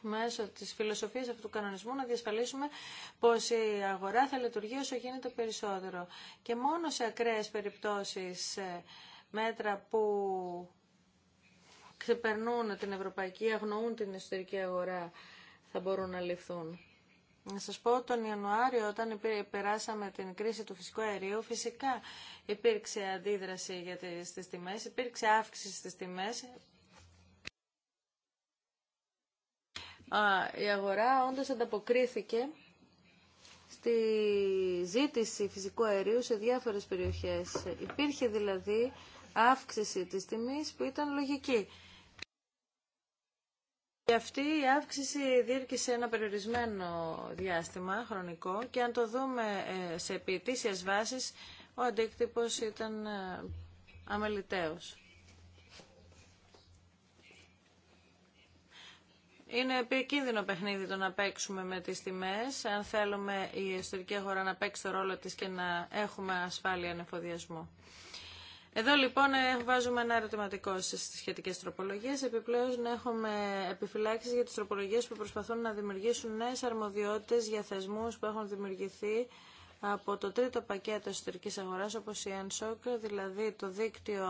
μέσω της φιλοσοφίας αυτού του κανονισμού να διασφαλίσουμε πως η αγορά θα λειτουργεί όσο γίνεται περισσότερο. Και μόνο σε ακραίε περιπτώσεις μέτρα που ξεπερνούν την ευρωπαϊκή, αγνοούν την εσωτερική αγορά θα μπορούν να ληφθούν. Να σας πω, τον Ιανουάριο όταν περάσαμε την κρίση του φυσικού αερίου, φυσικά υπήρξε αντίδραση για τις, τιμές, υπήρξε αύξηση στις τιμές, η αγορά όντως ανταποκρίθηκε στη ζήτηση φυσικού αερίου σε διάφορες περιοχές. Υπήρχε δηλαδή αύξηση της τιμής που ήταν λογική. Και αυτή η αύξηση διήρκησε ένα περιορισμένο διάστημα χρονικό και αν το δούμε ε, σε επιτήσιας βάσεις, ο αντίκτυπος ήταν ε, αμεληταίος. Είναι επικίνδυνο παιχνίδι το να παίξουμε με τις τιμές, αν θέλουμε η εσωτερική αγορά να παίξει το ρόλο της και να έχουμε ασφάλεια ανεφοδιασμού. Εδώ λοιπόν ε, βάζουμε ένα ερωτηματικό στις σχετικές τροπολογίες, επιπλέον έχουμε επιφυλάξεις για τις τροπολογίες που προσπαθούν να δημιουργήσουν νέες αρμοδιότητες για θεσμούς που έχουν δημιουργηθεί από το τρίτο πακέτο εσωτερικής αγοράς όπως η ENSOC, δηλαδή το δίκτυο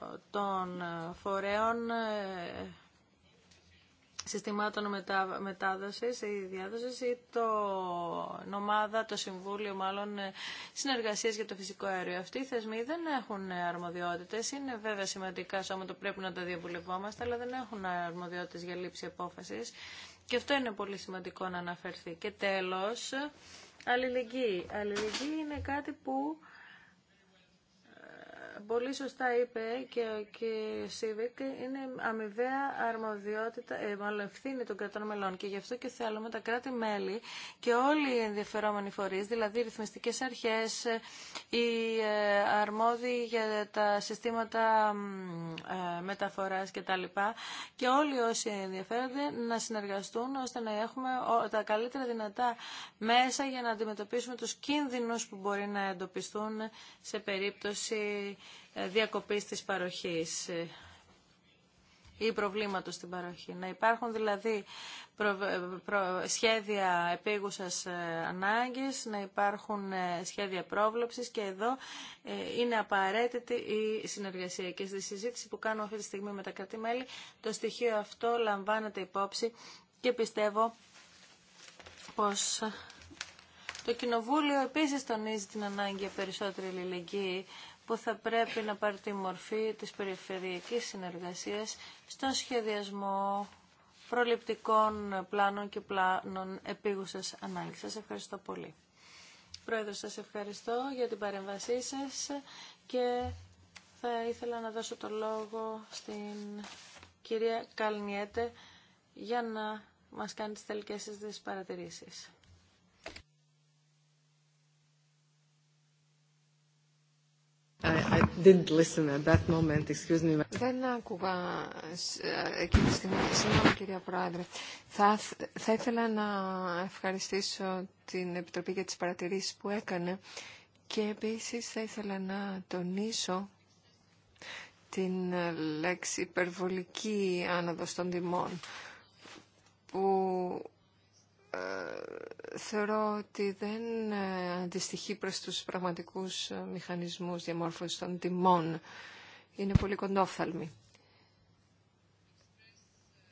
ε, των ε, φορέων συστημάτων μετά, μετάδοσης ή διάδοσης ή το νομάδα, το Συμβούλιο μάλλον ε, συνεργασίες για το φυσικό αέριο. Αυτοί οι θεσμοί δεν έχουν αρμοδιότητες, είναι βέβαια σημαντικά σώμα το πρέπει να τα διαβουλευόμαστε, αλλά δεν έχουν αρμοδιότητες για λήψη απόφασης και αυτό είναι πολύ σημαντικό να αναφερθεί. Και τέλος, αλληλεγγύη. Αλληλεγγύη είναι κάτι που πολύ σωστά είπε και ο κ. Σίβικ, είναι αμοιβαία αρμοδιότητα, ε, μάλλον ευθύνη των κρατών μελών και γι' αυτό και θέλουμε τα κράτη-μέλη και όλοι οι ενδιαφερόμενοι φορεί, δηλαδή οι ρυθμιστικές αρχές, οι ε, αρμόδιοι για τα συστήματα ε, μεταφορά κτλ. Και όλοι όσοι ενδιαφέρονται να συνεργαστούν ώστε να έχουμε τα καλύτερα δυνατά μέσα για να αντιμετωπίσουμε του κίνδυνου που μπορεί να εντοπιστούν σε περίπτωση διακοπής της παροχής ε, ή προβλήματος στην παροχή. Να υπάρχουν δηλαδή σχέδια επίγουσας ε, ανάγκης, να υπάρχουν ε, σχέδια πρόβλεψης και εδώ είναι απαραίτητη η συνεργασία. Και στη συζήτηση που κάνω αυτή τη στιγμή με τα κρατημέλη, το στοιχείο αυτό λαμβάνεται υπόψη και πιστεύω πως το Κοινοβούλιο επίσης τονίζει την ανάγκη περισσότερη ελληνική που θα πρέπει να πάρει τη μορφή της περιφερειακής συνεργασίας στον σχεδιασμό προληπτικών πλάνων και πλάνων επίγουσας ανάγκης. Σας ευχαριστώ πολύ. Πρόεδρο, σας ευχαριστώ για την παρέμβασή σας και θα ήθελα να δώσω το λόγο στην κυρία Καλνιέτε για να μας κάνει τις τελικές της παρατηρήσεις. Δεν άκουγα ε, εκείνη τη στιγμή. Συγγνώμη, κυρία Πρόεδρε. Θα, θα ήθελα να ευχαριστήσω την Επιτροπή για τις παρατηρήσεις που έκανε και επίσης θα ήθελα να τονίσω την λέξη υπερβολική άνοδος των τιμών που θεωρώ ότι δεν ε, αντιστοιχεί προς τους πραγματικούς ε, μηχανισμούς διαμόρφωσης των τιμών. Είναι πολύ κοντόφθαλμη.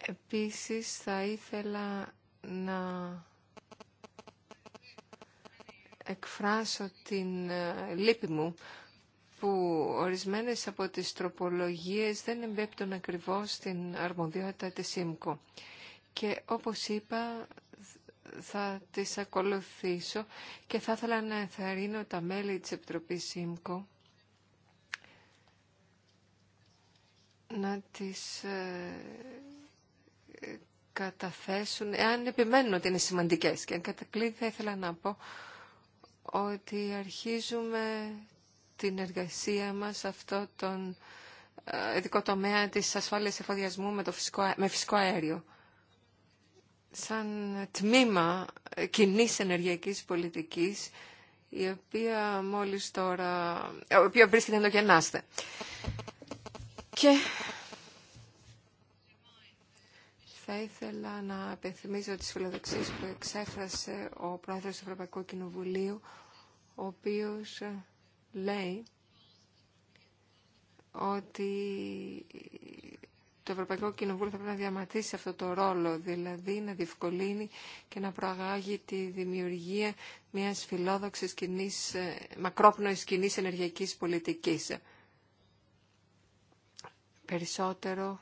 Επίσης θα ήθελα να εκφράσω την ε, λύπη μου που ορισμένες από τις τροπολογίες δεν εμπέπτουν ακριβώς στην αρμοδιότητα της ΣΥΜΚΟ. Και όπως είπα θα τις ακολουθήσω και θα ήθελα να ενθαρρύνω τα μέλη της Επιτροπής ΣΥΜΚΟ να τις ε, καταθέσουν, εάν επιμένουν ότι είναι σημαντικές. Και αν κατακλείδη θα ήθελα να πω ότι αρχίζουμε την εργασία μας αυτό τον ε, ειδικό τομέα της ασφάλειας εφοδιασμού με, το με φυσικό αέριο σαν τμήμα κοινή ενεργειακής πολιτικής η οποία μόλις τώρα, ε, η οποία βρίσκεται εδώ και Και θα ήθελα να επενθυμίζω τις φιλοδοξίες που εξέφρασε ο Πρόεδρος του Ευρωπαϊκού Κοινοβουλίου, ο οποίος ε, λέει ότι το Ευρωπαϊκό Κοινοβούλιο θα πρέπει να διαματήσει αυτό το ρόλο, δηλαδή να διευκολύνει και να προαγάγει τη δημιουργία μιας φιλόδοξης κοινής, ε, μακρόπνοης κοινή ενεργειακής πολιτικής. Περισσότερο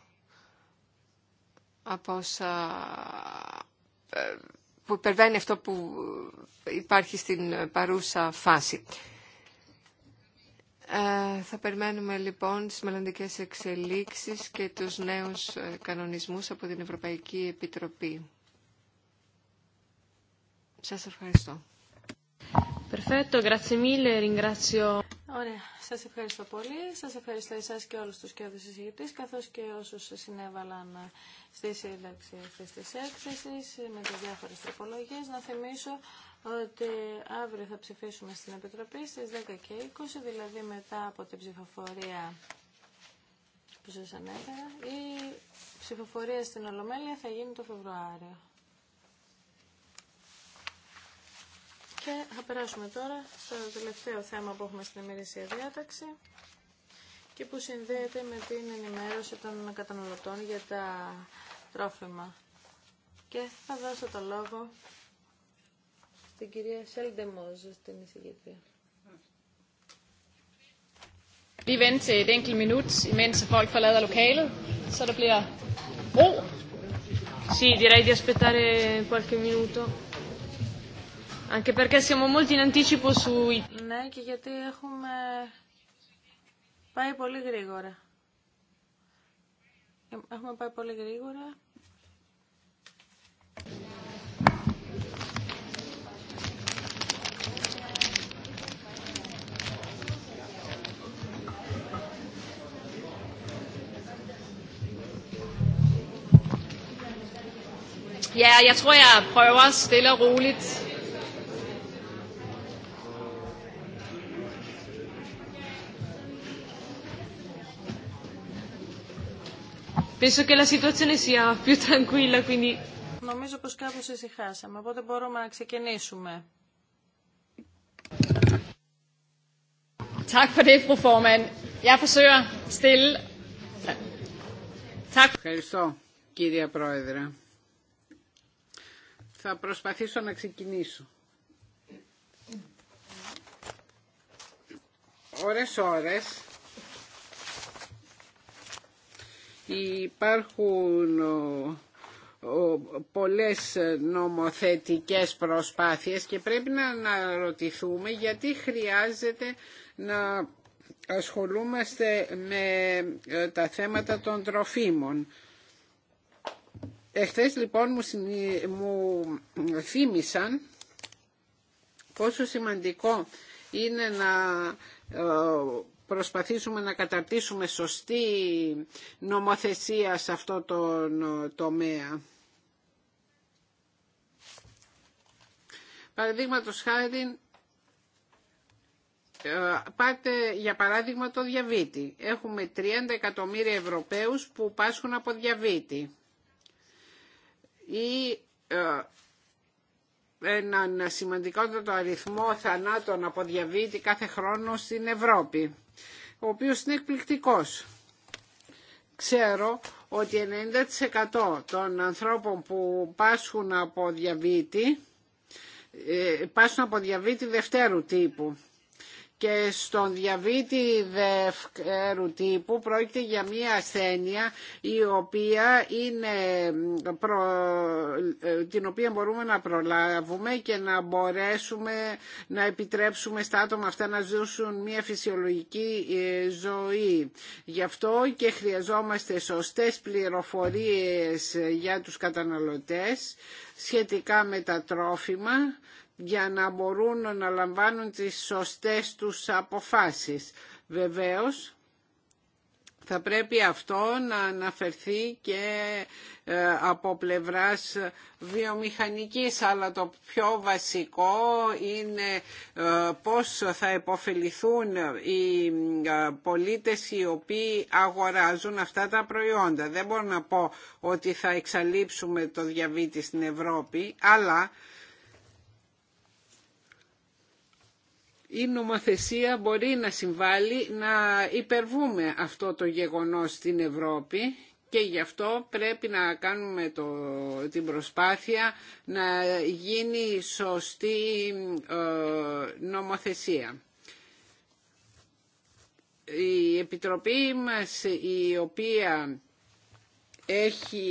από όσα ε, που υπερβαίνει αυτό που υπάρχει στην παρούσα φάση. Ε, θα περιμένουμε λοιπόν τις μελλοντικές εξελίξεις και τους νέους ε, κανονισμούς από την Ευρωπαϊκή Επιτροπή. Σας ευχαριστώ. Perfetto, grazie mille, ringrazio. Ωραία, σας ευχαριστώ πολύ. Σας ευχαριστώ εσάς και όλους τους κέντρους συζητητές, καθώς και όσους συνέβαλαν ε, στη σύνταξη αυτής της έκθεσης με τις διάφορες τροπολογίες. Να θυμίσω ότι αύριο θα ψηφίσουμε στην Επιτροπή στις 10 και 20, δηλαδή μετά από την ψηφοφορία που σας ανέφερα. Η ψηφοφορία στην Ολομέλεια θα γίνει το Φεβρουάριο. Και θα περάσουμε τώρα στο τελευταίο θέμα που έχουμε στην ημερήσια διάταξη και που συνδέεται με την ενημέρωση των καταναλωτών για τα τρόφιμα. Και θα δώσω το λόγο την κυρία Σέλντε Μόζε, την εισηγήτρια. Vi venter til et enkelt minut, imens folk forlader lokalet, så der bliver ro. Sì, direi di aspettare qualche minuto. Anche perché siamo molto in anticipo sui... Ναι, και γιατί έχουμε... πάει πολύ γρήγορα. Έχουμε πάει πολύ γρήγορα. Ja, jeg tror, jeg prøver stille og roligt. Penso che la situazione sia più tranquilla, quindi... Νομίζω πως κάπως ησυχάσαμε, οπότε μπορούμε να ξεκινήσουμε. Tak for det, fru formand. Jeg forsøger stille. Tak. Ευχαριστώ, κύριε Πρόεδρε. Θα προσπαθήσω να ξεκινήσω. Ωρες ώρες υπάρχουν πολλές νομοθετικές προσπάθειες και πρέπει να αναρωτηθούμε γιατί χρειάζεται να ασχολούμαστε με ε, τα θέματα των τροφίμων Εχθές λοιπόν μου, μου θύμισαν πόσο σημαντικό είναι να ε, προσπαθήσουμε να καταρτήσουμε σωστή νομοθεσία σε αυτό το τομέα. Παραδείγματος χάρη, ε, πάτε για παράδειγμα το διαβήτη. Έχουμε 30 εκατομμύρια Ευρωπαίους που πάσχουν από διαβήτη ή ε, έναν σημαντικότατο αριθμό θανάτων από διαβήτη κάθε χρόνο στην Ευρώπη, ο οποίος είναι εκπληκτικός. Ξέρω ότι 90% των ανθρώπων που πάσχουν από διαβήτη ε, πάσχουν από διαβήτη δευτέρου τύπου και στον διαβήτη δευκέρου τύπου πρόκειται για μια ασθένεια η οποία είναι ε, την οποία μπορούμε να προλάβουμε και να μπορέσουμε να επιτρέψουμε στα άτομα αυτά να ζήσουν μια φυσιολογική ε, ζωή. Γι' αυτό και χρειαζόμαστε σωστές πληροφορίες για τους καταναλωτές σχετικά με τα τρόφιμα για να μπορούν να λαμβάνουν τις σωστές τους αποφάσεις. Βεβαίως, θα πρέπει αυτό να αναφερθεί και ε, από πλευράς βιομηχανικής, αλλά το πιο βασικό είναι ε, πώς θα υποφεληθούν οι ε, πολίτες οι οποίοι αγοράζουν αυτά τα προϊόντα. Δεν μπορώ να πω ότι θα εξαλείψουμε το διαβήτη στην Ευρώπη, αλλά η νομοθεσία μπορεί να συμβάλλει να υπερβούμε αυτό το γεγονός στην Ευρώπη και γι' αυτό πρέπει να κάνουμε το, την προσπάθεια να γίνει σωστή ε, νομοθεσία. Η Επιτροπή μας η οποία έχει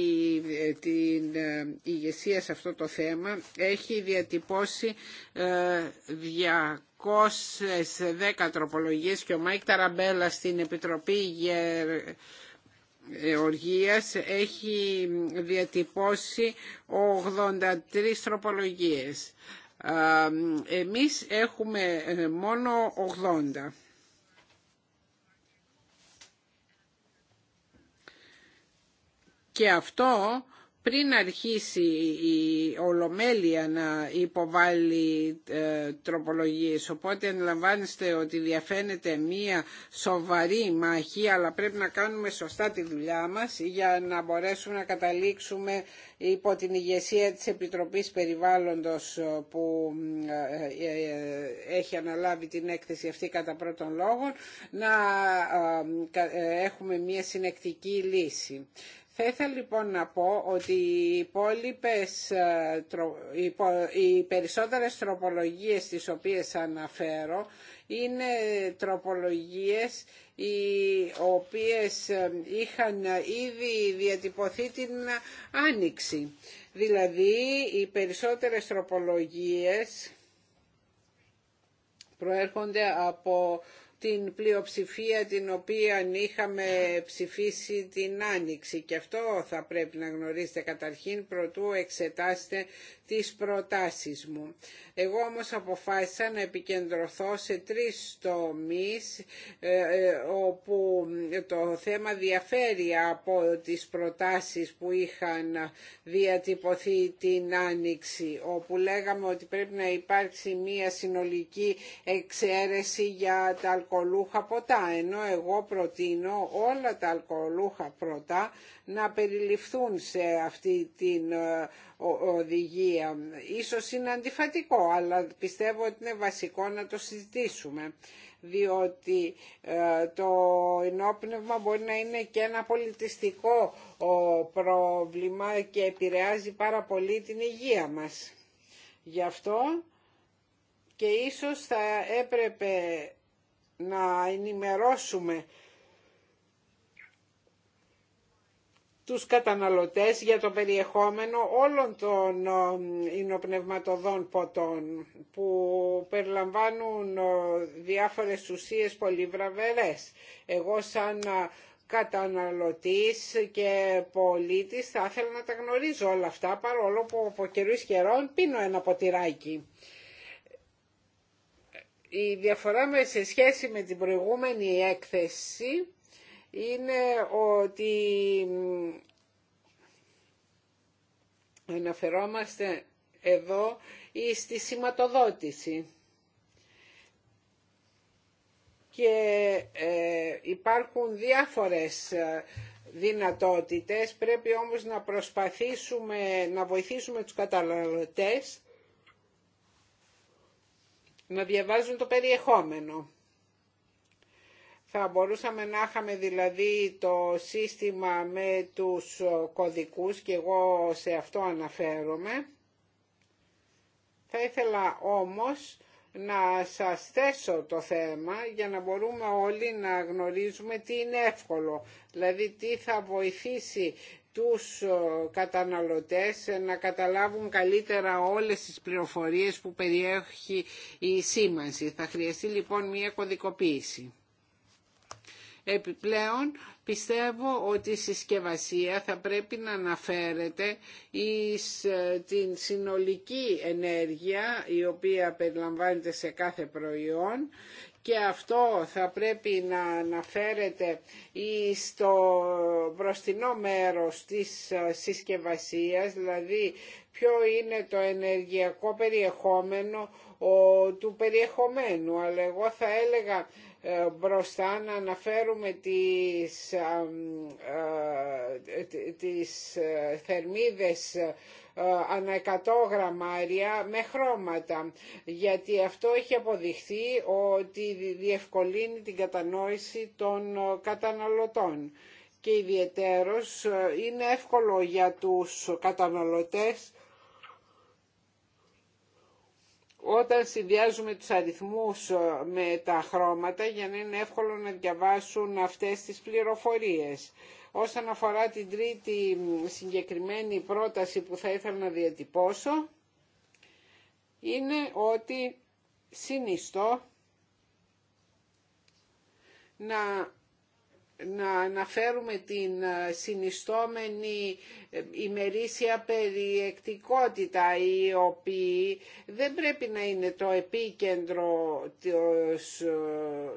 ε, την ε, ηγεσία σε αυτό το θέμα έχει διατυπώσει 210 τροπολογίες και ο Μάικ Ταραμπέλα στην Επιτροπή Γεωργίας έχει διατυπώσει 83 τροπολογίες. Εμείς έχουμε ε, μόνο 80. Και αυτό πριν αρχίσει η Ολομέλεια να υποβάλει ε, τροπολογίες. Οπότε αντιλαμβάνεστε ότι διαφαίνεται μία σοβαρή μάχη, αλλά πρέπει να κάνουμε σωστά τη δουλειά μας για να μπορέσουμε να καταλήξουμε υπό την ηγεσία της Επιτροπής Περιβάλλοντος ε, που ε, ε, έχει αναλάβει την έκθεση αυτή κατά πρώτον λόγων, να έχουμε μία συνεκτική λύση. Θα ήθελα λοιπόν να πω ότι οι, υπόλοιπες, ε, οι περισσότερες τροπολογίες τις οποίες αναφέρω είναι τροπολογίες οι οποίες ε, είχαν ήδη διατυπωθεί την άνοιξη. Δηλαδή οι περισσότερες τροπολογίες προέρχονται από την πλειοψηφία την οποία είχαμε ψηφίσει την Άνοιξη. Και αυτό θα πρέπει να γνωρίζετε καταρχήν προτού εξετάσετε τις προτάσεις μου. Εγώ όμως αποφάσισα να επικεντρωθώ σε τρεις τομείς ε, ε, όπου το θέμα διαφέρει από τις προτάσεις που είχαν διατυπωθεί την Άνοιξη όπου λέγαμε ότι πρέπει να υπάρξει μία συνολική εξαίρεση για τα αλκοολούχα ποτά ενώ εγώ προτείνω όλα τα αλκοολούχα πρώτα να περιληφθούν σε αυτή την ε, οδηγία. Ίσως είναι αντιφατικό, αλλά πιστεύω ότι είναι βασικό να το συζητήσουμε διότι ε, το ενόπνευμα μπορεί να είναι και ένα πολιτιστικό πρόβλημα και επηρεάζει πάρα πολύ την υγεία μας. Γι' αυτό και ίσως θα έπρεπε να ενημερώσουμε τους καταναλωτές για το περιεχόμενο όλων των υνοπνευματοδών ε, ποτών που περιλαμβάνουν ε, διάφορες ουσίες πολυβραβερές. Εγώ σαν ε, καταναλωτής και πολίτης θα ήθελα να τα γνωρίζω όλα αυτά παρόλο που από καιρού καιρών πίνω ένα ποτηράκι. Η διαφορά με σε σχέση με την προηγούμενη έκθεση είναι ότι αναφερόμαστε εδώ ή στη σηματοδότηση. Και ε, υπάρχουν διάφορες ε, δυνατότητες, πρέπει όμως να προσπαθήσουμε να βοηθήσουμε τους καταναλωτές να διαβάζουν το περιεχόμενο. Θα μπορούσαμε να είχαμε δηλαδή το σύστημα με τους κωδικούς και εγώ σε αυτό αναφέρομαι. Θα ήθελα όμως να σας θέσω το θέμα για να μπορούμε όλοι να γνωρίζουμε τι είναι εύκολο. Δηλαδή τι θα βοηθήσει τους καταναλωτές να καταλάβουν καλύτερα όλες τις πληροφορίες που περιέχει η σήμανση. Θα χρειαστεί λοιπόν μια κωδικοποίηση. Επιπλέον πιστεύω ότι η συσκευασία θα πρέπει να αναφέρεται εις ε, την συνολική ενέργεια η οποία περιλαμβάνεται σε κάθε προϊόν και αυτό θα πρέπει να αναφέρεται στο μπροστινό μέρος της ε, συσκευασίας, δηλαδή ποιο είναι το ενεργειακό περιεχόμενο του περιεχομένου, αλλά εγώ θα έλεγα ε, μπροστά να αναφέρουμε τις, ε, τις ε, θερμίδες ανά 100 γραμμάρια με χρώματα γιατί αυτό έχει αποδειχθεί ότι διευκολύνει την κατανόηση των καταναλωτών και ιδιαιτέρως είναι εύκολο για τους καταναλωτές όταν συνδυάζουμε τους αριθμούς ε, με τα χρώματα για να είναι εύκολο να διαβάσουν αυτές τις πληροφορίες. Όσον αφορά την τρίτη συγκεκριμένη πρόταση που θα ήθελα να διατυπώσω, είναι ότι συνιστώ να να αναφέρουμε την ε, συνιστόμενη ε, ημερήσια περιεκτικότητα η οποία δεν πρέπει να είναι το επίκεντρο ε,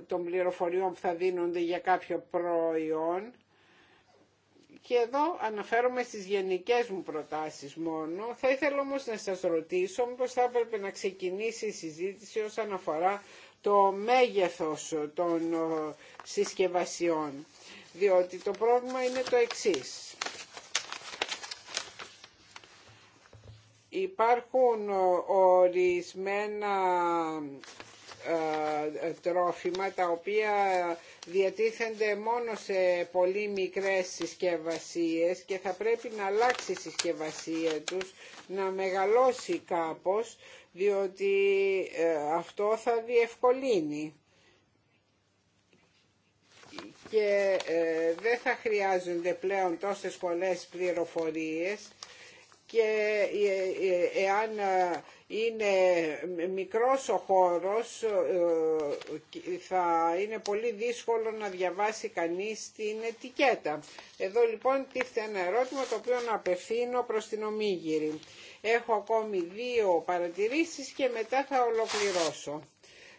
των πληροφοριών που θα δίνονται για κάποιο προϊόν και εδώ αναφέρομαι στις γενικές μου προτάσεις μόνο. Θα ήθελα όμως να σας ρωτήσω πώς θα έπρεπε να ξεκινήσει η συζήτηση όσον αφορά το μέγεθος των συσκευασιών διότι το πρόβλημα είναι το εξής. Υπάρχουν ορισμένα ε, τρόφιμα τα οποία διατίθενται μόνο σε πολύ μικρές συσκευασίες και θα πρέπει να αλλάξει η συσκευασία τους, να μεγαλώσει κάπως, διότι ε, αυτό θα διευκολύνει και ε, δεν θα χρειάζονται πλέον τόσες πολλές πληροφορίες και ε, ε, εάν είναι μικρός ο χώρος θα είναι πολύ δύσκολο να διαβάσει κανείς την ετικέτα. Εδώ λοιπόν τίθεται ένα ερώτημα το οποίο να απευθύνω προς την Ομίγυρη. Έχω ακόμη δύο παρατηρήσεις και μετά θα ολοκληρώσω.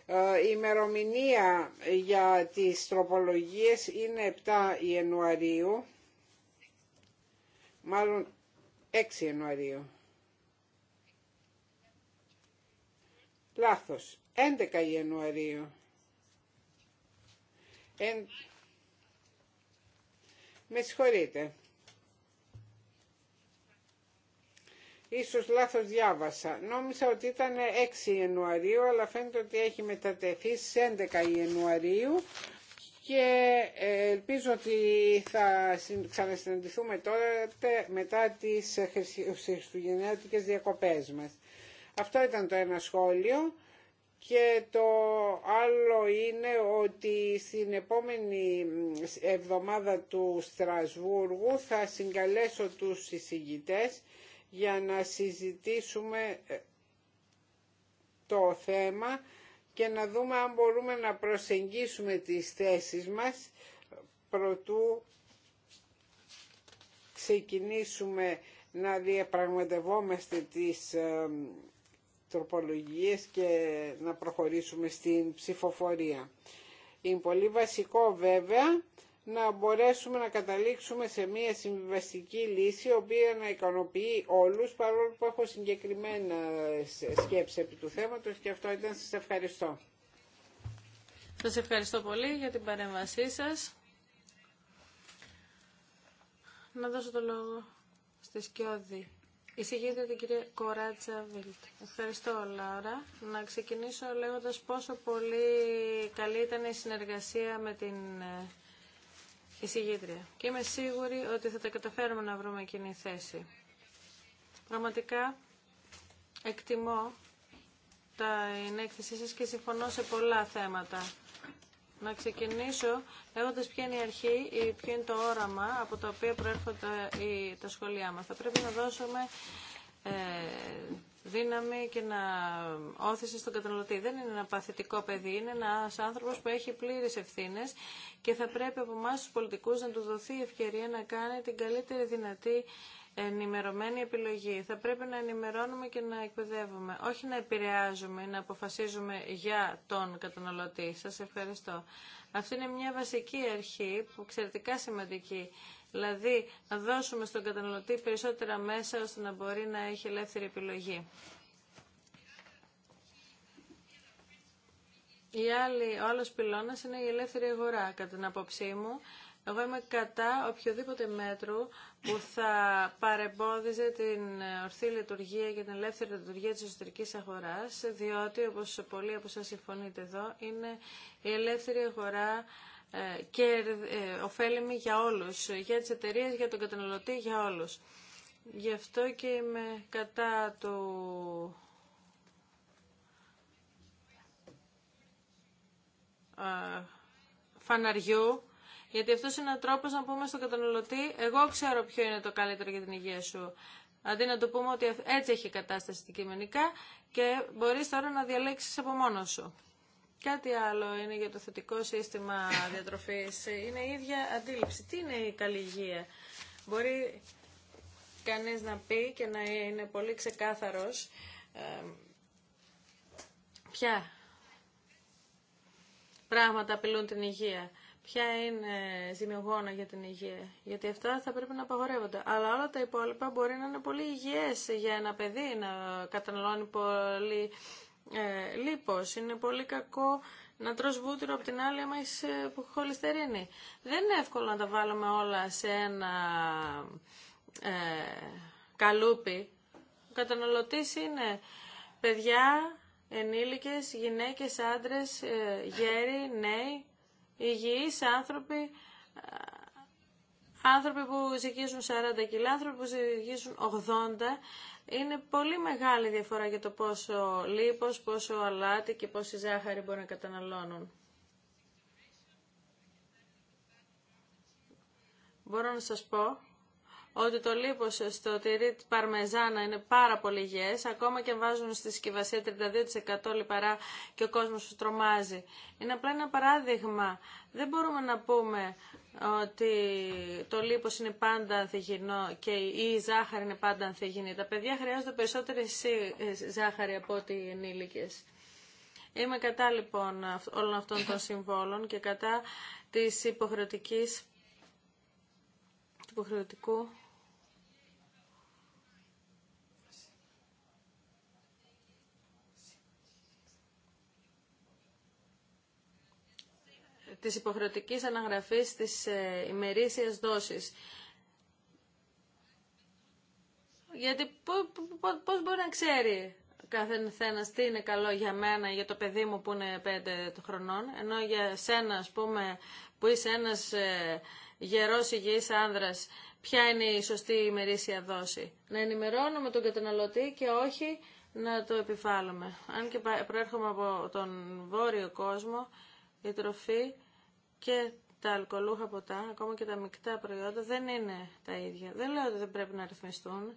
Ε, η ημερομηνία για τις τροπολογίες είναι 7 Ιανουαρίου, μάλλον 6 Ιανουαρίου. Λάθος, 11 Ιανουαρίου. Εν... Με συγχωρείτε. Ίσως λάθος διάβασα. Νόμιζα ότι ήταν 6 Ιανουαρίου, αλλά φαίνεται ότι έχει μετατεθεί στις 11 Ιανουαρίου και ε, ελπίζω ότι θα ξανασυναντηθούμε τώρα μετά τις χριστουγεννιάτικες διακοπές μας. Αυτό ήταν το ένα σχόλιο και το άλλο είναι ότι στην επόμενη εβδομάδα του Στρασβούργου θα συγκαλέσω τους συζητητές για να συζητήσουμε ε, το θέμα και να δούμε αν μπορούμε να προσεγγίσουμε τις θέσεις μας προτού ξεκινήσουμε να διαπραγματευόμαστε τις ε, τροπολογίες και να προχωρήσουμε στην ψηφοφορία. Είναι πολύ βασικό βέβαια να μπορέσουμε να καταλήξουμε σε μια συμβιβαστική λύση η οποία να ικανοποιεί όλους παρόλο που έχω συγκεκριμένα σκέψη επί του θέματος και αυτό ήταν σας ευχαριστώ. Σας ευχαριστώ πολύ για την παρέμβασή σας. Να δώσω το λόγο στη Σκιώδη. Εισηγείται την κυρία Κοράτσα Βίλτ. Ευχαριστώ, Λάρα. Να ξεκινήσω λέγοντας πόσο πολύ καλή ήταν η συνεργασία με την ε, εισηγήτρια. Και είμαι σίγουρη ότι θα τα καταφέρουμε να βρούμε η θέση. Πραγματικά εκτιμώ τα ενέκθεσή σας και συμφωνώ σε πολλά θέματα. Να ξεκινήσω λέγοντα ποια είναι η αρχή ή ποιο είναι το όραμα από το οποίο προέρχονται τα σχολεία μας. Θα πρέπει να δώσουμε ε, δύναμη και να όθησε στον καταναλωτή. Δεν είναι ένα παθητικό παιδί, είναι ένα άνθρωπο που έχει πλήρε ευθύνε και θα πρέπει από εμά του πολιτικού να του δοθεί η ευκαιρία να κάνει την καλύτερη δυνατή ενημερωμένη επιλογή. Θα πρέπει να ενημερώνουμε και να εκπαιδεύουμε, όχι να επηρεάζουμε, να αποφασίζουμε για τον καταναλωτή. Σας ευχαριστώ. Αυτή είναι μια βασική αρχή που εξαιρετικά σημαντική Δηλαδή να δώσουμε στον καταναλωτή περισσότερα μέσα ώστε να μπορεί να έχει ελεύθερη επιλογή. Η άλλη, ο άλλος πυλώνας είναι η ελεύθερη αγορά, κατά την απόψή μου. Εγώ είμαι κατά οποιοδήποτε μέτρου που θα παρεμπόδιζε την ορθή λειτουργία και την ελεύθερη λειτουργία της εσωτερικής αγοράς, διότι, όπως πολλοί από σας συμφωνείτε εδώ, είναι η ελεύθερη αγορά ε, και ε, ωφέλιμη για όλους, για τις εταιρείε, για τον καταναλωτή, για όλους. Γι' αυτό και είμαι κατά του φαναριού, γιατί αυτό είναι ο τρόπο να πούμε στον καταναλωτή: Εγώ ξέρω ποιο είναι το καλύτερο για την υγεία σου. Αντί να του πούμε ότι έτσι έχει κατάσταση αντικειμενικά και μπορεί τώρα να διαλέξει από μόνο σου. Κάτι άλλο είναι για το θετικό σύστημα διατροφής. Είναι η ίδια αντίληψη. Τι είναι η καλή υγεία. Μπορεί κανείς να πει και να είναι πολύ ξεκάθαρος ποια πράγματα απειλούν την υγεία, ποια είναι ζημιογόνα για την υγεία, γιατί αυτά θα πρέπει να απαγορεύονται. Αλλά όλα τα υπόλοιπα μπορεί να είναι πολύ υγιές για ένα παιδί, να καταναλώνει πολύ ε, λίπος. Είναι πολύ κακό να τρως βούτυρο από την άλλη άμα είσαι χολυστερίνη. Δεν είναι εύκολο να τα βάλουμε όλα σε ένα ε, καλούπι. Ο καταναλωτής είναι παιδιά, ενήλικες, γυναίκες, άντρες, ε, γέροι, νέοι, υγιείς άνθρωποι, άνθρωποι που ζυγίζουν 40 κιλά, άνθρωποι που ζυγίζουν 80 είναι πολύ μεγάλη διαφορά για το πόσο λίπος, πόσο αλάτι και πόση ζάχαρη μπορεί να καταναλώνουν. Μπορώ να σας πω ότι το λίπος στο τυρί παρμεζάνα είναι πάρα πολύ υγιές, ακόμα και βάζουν στη συσκευασία 32% λιπαρά και ο κόσμος τρομάζει. Είναι απλά ένα παράδειγμα. Δεν μπορούμε να πούμε ότι το λίπος είναι πάντα ανθυγινό και η ζάχαρη είναι πάντα ανθυγινή. Τα παιδιά χρειάζονται περισσότερη ε, ζάχαρη από ότι οι ενήλικες. Είμαι κατά λοιπόν όλων αυτών των συμβόλων και κατά της υποχρεωτικής υποχρεωτικού της υποχρεωτικής αναγραφής της ε, ημερήσιας δόσης. Γιατί πώς μπορεί να ξέρει κάθε τι είναι καλό για μένα, για το παιδί μου που είναι πέντε χρονών, ενώ για σένα, ας πούμε, που είσαι ένας ε, γερός υγιής άνδρας, ποια είναι η σωστή ημερήσια δόση. Να ενημερώνουμε τον καταναλωτή και όχι να το επιβάλλουμε. Αν και προέρχομαι από τον βόρειο κόσμο, η τροφή και τα αλκοολούχα ποτά, ακόμα και τα μεικτά προϊόντα, δεν είναι τα ίδια. Δεν λέω ότι δεν πρέπει να ρυθμιστούν.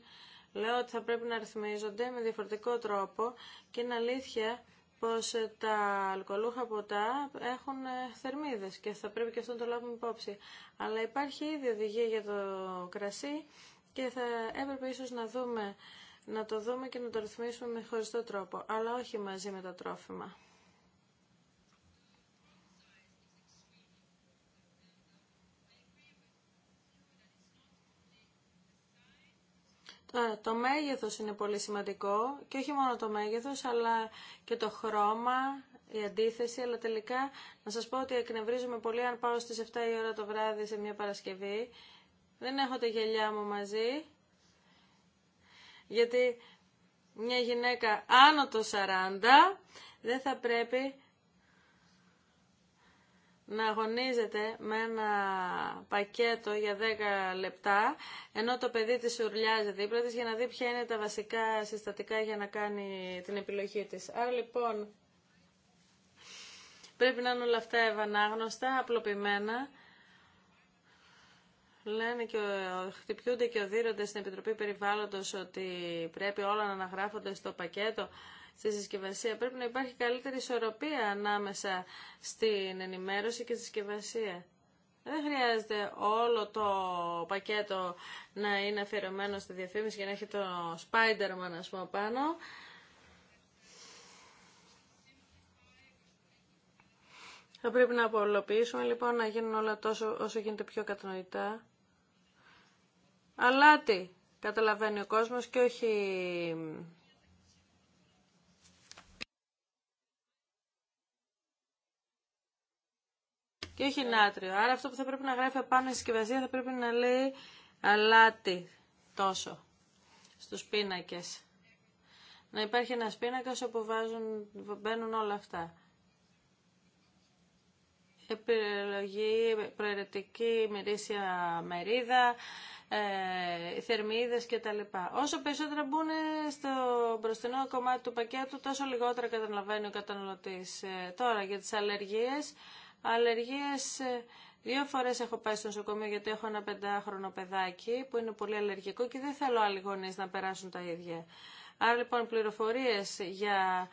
Λέω ότι θα πρέπει να ρυθμίζονται με διαφορετικό τρόπο και είναι αλήθεια πως ε, τα αλκοολούχα ποτά έχουν ε, θερμίδες και θα πρέπει και αυτό να το λάβουμε υπόψη. Αλλά υπάρχει ήδη οδηγία για το κρασί και θα έπρεπε ίσως να δούμε να το δούμε και να το ρυθμίσουμε με χωριστό τρόπο, αλλά όχι μαζί με τα τρόφιμα. το μέγεθος είναι πολύ σημαντικό και όχι μόνο το μέγεθος, αλλά και το χρώμα, η αντίθεση, αλλά τελικά να σας πω ότι εκνευρίζομαι πολύ αν πάω στις 7 η ώρα το βράδυ σε μια Παρασκευή. Δεν έχω τα γελιά μου μαζί, γιατί μια γυναίκα άνω το 40 δεν θα πρέπει να αγωνίζεται με ένα πακέτο για 10 λεπτά, ενώ το παιδί της ουρλιάζει δίπλα της για να δει ποια είναι τα βασικά συστατικά για να κάνει την επιλογή της. Άρα λοιπόν πρέπει να είναι όλα αυτά ευανάγνωστα, απλοποιημένα. Λένε και χτυπιούνται και οδύρονται στην Επιτροπή Περιβάλλοντος ότι πρέπει όλα να αναγράφονται στο πακέτο στη συσκευασία. Πρέπει να υπάρχει καλύτερη ισορροπία ανάμεσα στην ενημέρωση και στη συσκευασία. Δεν χρειάζεται όλο το πακέτο να είναι αφιερωμένο στη διαφήμιση για να έχει το Spider-Man, ας πούμε, πάνω. Θα πρέπει να απολοποιήσουμε, λοιπόν, να γίνουν όλα τόσο όσο γίνεται πιο κατανοητά. Αλλά τι καταλαβαίνει ο κόσμος και όχι και όχι νάτριο. Άρα αυτό που θα πρέπει να γράφει απάνω στη συσκευασία θα πρέπει να λέει αλάτι τόσο στους πίνακες. Να υπάρχει ένα πίνακα όπου βάζουν, μπαίνουν όλα αυτά. Επιλογή, προαιρετική, μυρίσια μερίδα, ε, θερμίδες κτλ. Όσο περισσότερα μπουν στο μπροστινό κομμάτι του πακέτου, τόσο λιγότερα καταλαβαίνει ο καταναλωτής. Ε, τώρα, για τις αλλεργίες, Αλλεργίες ε, Δύο φορέ έχω πάει στο νοσοκομείο γιατί έχω ένα πεντάχρονο παιδάκι που είναι πολύ αλλεργικό και δεν θέλω άλλοι γονεί να περάσουν τα ίδια. Άρα λοιπόν πληροφορίε για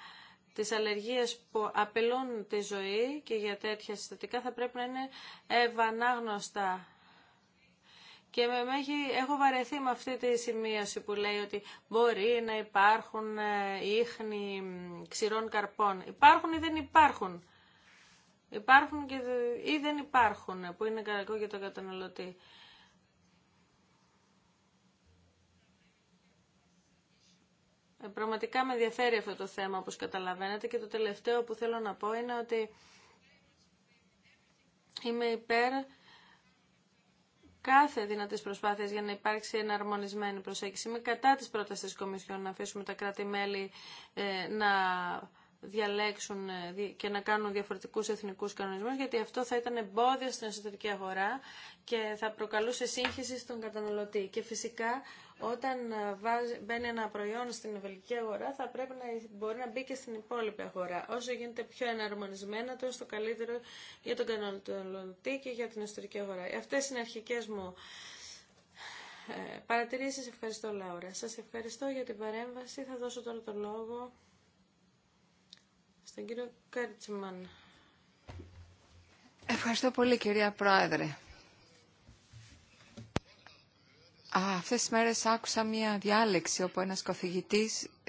τις αλλεργίες που απελούν τη ζωή και για τέτοια συστατικά θα πρέπει να είναι ευανάγνωστα. Και με έχω βαρεθεί με αυτή τη σημείωση που λέει ότι μπορεί να υπάρχουν ε, ίχνη ξηρών καρπών. Υπάρχουν ή δεν υπάρχουν υπάρχουν και, ή δεν υπάρχουν, που είναι κακό για τον καταναλωτή. Ε, πραγματικά με ενδιαφέρει αυτό το θέμα, όπως καταλαβαίνετε, και το τελευταίο που θέλω να πω είναι ότι είμαι υπέρ κάθε δυνατής προσπάθειας για να υπάρξει εναρμονισμένη προσέγγιση. Είμαι κατά της πρότασης της Κομισιόν να αφήσουμε τα κράτη-μέλη ε, να διαλέξουν ε, και να κάνουν διαφορετικούς εθνικούς κανονισμούς, γιατί αυτό θα ήταν εμπόδιο στην εσωτερική αγορά και θα προκαλούσε σύγχυση στον καταναλωτή. Και φυσικά όταν ε, μπαίνει ένα προϊόν στην ευελική αγορά θα πρέπει να μπορεί να μπει και στην υπόλοιπη αγορά. Όσο γίνεται πιο εναρμονισμένα, τόσο το καλύτερο για τον καταναλωτή και για την εσωτερική αγορά. Αυτές είναι αρχικές μου ε, παρατηρήσεις. Ευχαριστώ Λάουρα. Σας ευχαριστώ για την παρέμβαση. Θα δώσω τώρα το λόγο στον Ευχαριστώ πολύ κυρία Πρόεδρε. Α, αυτές τις μέρες άκουσα μια διάλεξη όπου ένας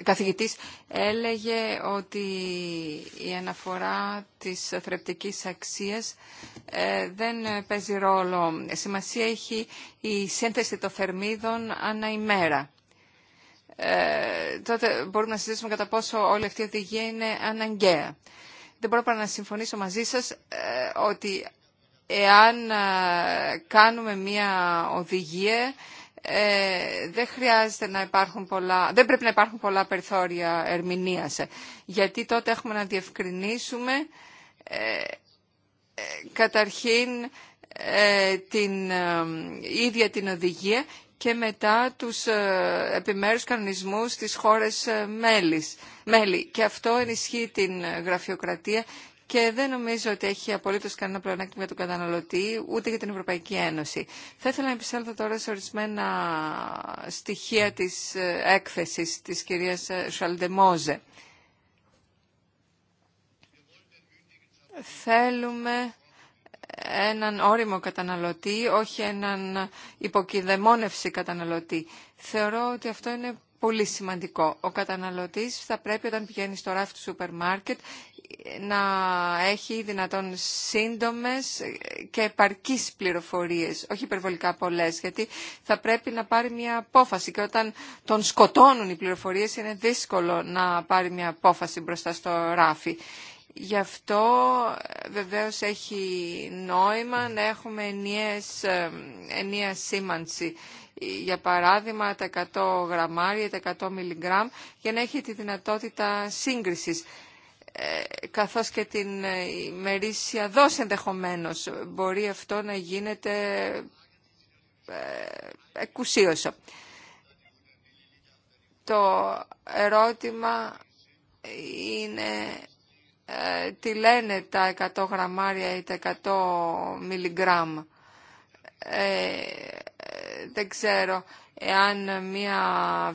καθηγητής, έλεγε ότι η αναφορά της θρεπτικής αξίας ε, δεν παίζει ρόλο. Σημασία έχει η σύνθεση των θερμίδων ανά ημέρα. Ε, τότε μπορούμε να συζητήσουμε κατά πόσο όλη αυτή η οδηγία είναι αναγκαία. Δεν μπορώ παρά να συμφωνήσω μαζί σας ε, ότι εάν ε, κάνουμε μία οδηγία δεν χρειάζεται να υπάρχουν πολλά, δεν πρέπει να υπάρχουν πολλά περιθώρια ερμηνείας, γιατί τότε έχουμε να διευκρινίσουμε καταρχήν την ίδια την οδηγία και μετά τους ε, επιμέρους κανονισμούς της χώρες ε, μέλης, μέλη. Και αυτό ενισχύει την ε, γραφειοκρατία και δεν νομίζω ότι έχει απολύτως κανένα πλεονέκτημα για τον καταναλωτή, ούτε για την Ευρωπαϊκή Ένωση. Θα ήθελα να επισέλθω τώρα σε ορισμένα στοιχεία της έκθεσης της κυρίας Σαλντεμόζε. Θέλουμε έναν όριμο καταναλωτή, όχι έναν υποκειδεμόνευση καταναλωτή. Θεωρώ ότι αυτό είναι πολύ σημαντικό. Ο καταναλωτής θα πρέπει όταν πηγαίνει στο ράφι του σούπερ μάρκετ να έχει δυνατόν σύντομες και επαρκείς πληροφορίες, όχι υπερβολικά πολλές, γιατί θα πρέπει να πάρει μια απόφαση και όταν τον σκοτώνουν οι πληροφορίες είναι δύσκολο να πάρει μια απόφαση μπροστά στο ράφι. Γι' αυτό ε, βεβαίως έχει νόημα να έχουμε ενίες ε, ενιαία σήμανση. Ε, για παράδειγμα τα 100 γραμμάρια, τα 100 μιλιγκράμμ για να έχει τη δυνατότητα σύγκρισης καθώς και την μερίσια δόση ενδεχομένω Μπορεί αυτό να γίνεται εκουσίωσο. Το ερώτημα είναι ε, τι λένε τα 100 γραμμάρια ή τα 100 μιλιγκράμμ. Ε, δεν ξέρω εάν μια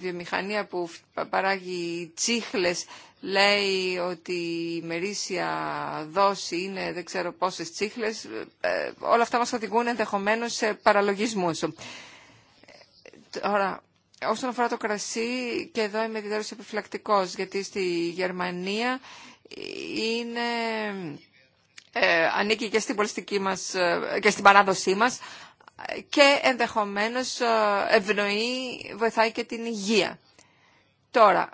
βιομηχανία που παράγει τσίχλες λέει ότι η μερίσια δόση είναι δεν ξέρω πόσες τσίχλες, ε, όλα αυτά μας οδηγούν ενδεχομένω σε παραλογισμούς. Τώρα, όσον αφορά το κρασί, και εδώ είμαι ιδιαίτερως επιφυλακτικός, γιατί στη Γερμανία είναι, ε, ανήκει και στην πολιτική μας ε, και στην παράδοσή μας και ενδεχομένως ε, ευνοεί, βοηθάει και την υγεία. Τώρα,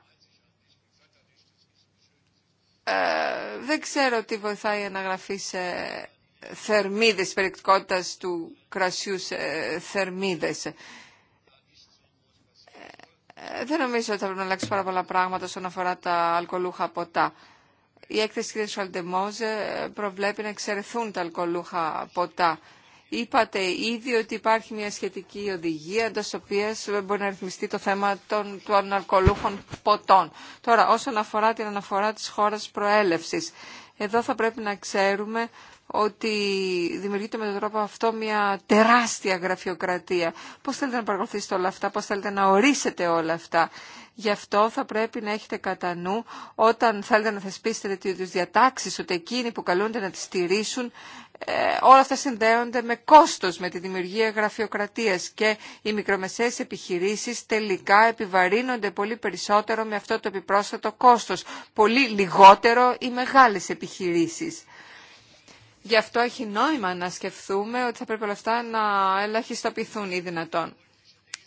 ε, δεν ξέρω τι βοηθάει η αναγραφή σε θερμίδες, περιεκτικότητας του κρασιού σε θερμίδες. δεν νομίζω ότι θα πρέπει να αλλάξει πάρα πολλά πράγματα όσον αφορά τα αλκοολούχα ποτά. Η έκθεση κ. Φαλτεμόζε ε, προβλέπει να εξαιρεθούν τα αλκοολούχα ποτά. Είπατε ήδη ότι υπάρχει μια σχετική οδηγία εντό οποία μπορεί να ρυθμιστεί το θέμα των, των αλκοολούχων ποτών. Τώρα, όσον αφορά την αναφορά της χώρας προέλευσης, εδώ θα πρέπει να ξέρουμε ότι δημιουργείται με τον τρόπο αυτό μια τεράστια γραφειοκρατία. Πώς θέλετε να παρακολουθήσετε όλα αυτά, πώς θέλετε να ορίσετε όλα αυτά. Γι' αυτό θα πρέπει να έχετε κατά νου όταν θέλετε να θεσπίσετε τις διατάξεις, ότι εκείνοι που καλούνται να τις στηρίσουν, ε, όλα αυτά συνδέονται με κόστος, με τη δημιουργία γραφειοκρατίας και οι μικρομεσαίες επιχειρήσεις τελικά επιβαρύνονται πολύ περισσότερο με αυτό το επιπρόσθετο κόστος, πολύ λιγότερο οι μεγάλες επιχειρήσεις. Γι' αυτό έχει νόημα να σκεφτούμε ότι θα πρέπει όλα αυτά να ελαχιστοποιηθούν ή δυνατόν.